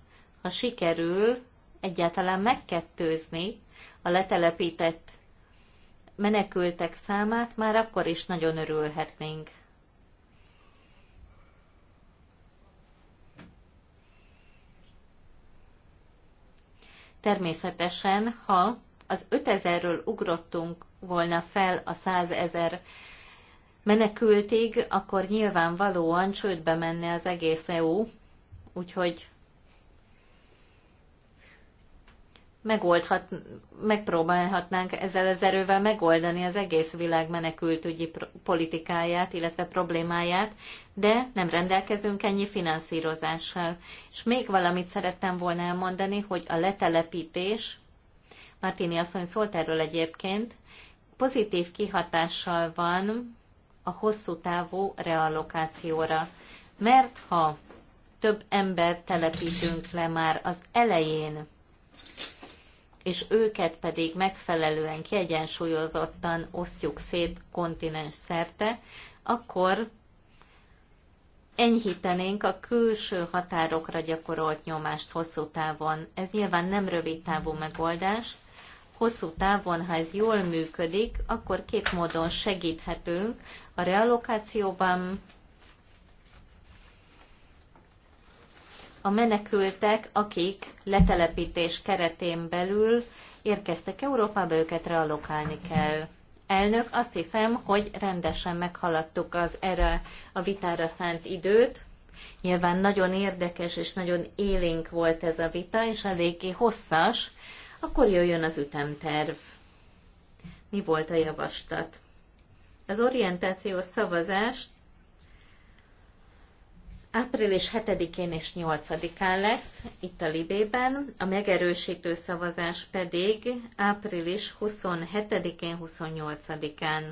ha sikerül egyáltalán megkettőzni a letelepített menekültek számát, már akkor is nagyon örülhetnénk. Természetesen, ha az 5000-ről ugrottunk volna fel a 100 ezer menekültig, akkor nyilvánvalóan csődbe menne az egész EU, úgyhogy megoldhat, megpróbálhatnánk ezzel az erővel megoldani az egész világ menekültügyi politikáját, illetve problémáját, de nem rendelkezünk ennyi finanszírozással. És még valamit szerettem volna elmondani, hogy a letelepítés, Martini asszony szólt erről egyébként, pozitív kihatással van a hosszú távú reallokációra. Mert ha több ember telepítünk le már az elején, és őket pedig megfelelően kiegyensúlyozottan osztjuk szét kontinens szerte, akkor enyhítenénk a külső határokra gyakorolt nyomást hosszú távon. Ez nyilván nem rövid távú megoldás. Hosszú távon, ha ez jól működik, akkor két módon segíthetünk a realokációban, a menekültek, akik letelepítés keretén belül érkeztek Európába, őket realokálni kell. Elnök, azt hiszem, hogy rendesen meghaladtuk az erre a vitára szánt időt. Nyilván nagyon érdekes és nagyon élénk volt ez a vita, és eléggé hosszas. Akkor jöjjön az ütemterv. Mi volt a javaslat? Az orientációs szavazást április 7-én és 8-án lesz itt a Libében, a megerősítő szavazás pedig április 27-én, 28-án.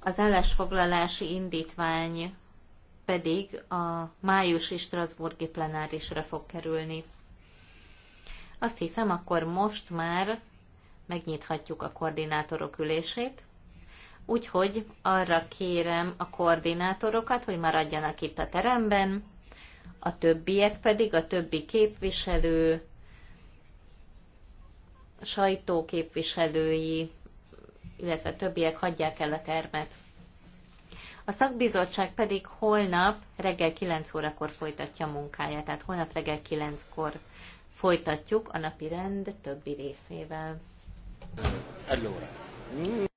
Az állásfoglalási indítvány pedig a májusi Strasburgi plenárisra fog kerülni. Azt hiszem, akkor most már megnyithatjuk a koordinátorok ülését. Úgyhogy arra kérem a koordinátorokat, hogy maradjanak itt a teremben, a többiek pedig, a többi képviselő, sajtóképviselői, illetve többiek hagyják el a termet. A szakbizottság pedig holnap reggel 9 órakor folytatja a munkáját, tehát holnap reggel 9-kor folytatjuk a napi rend többi részével. Allora.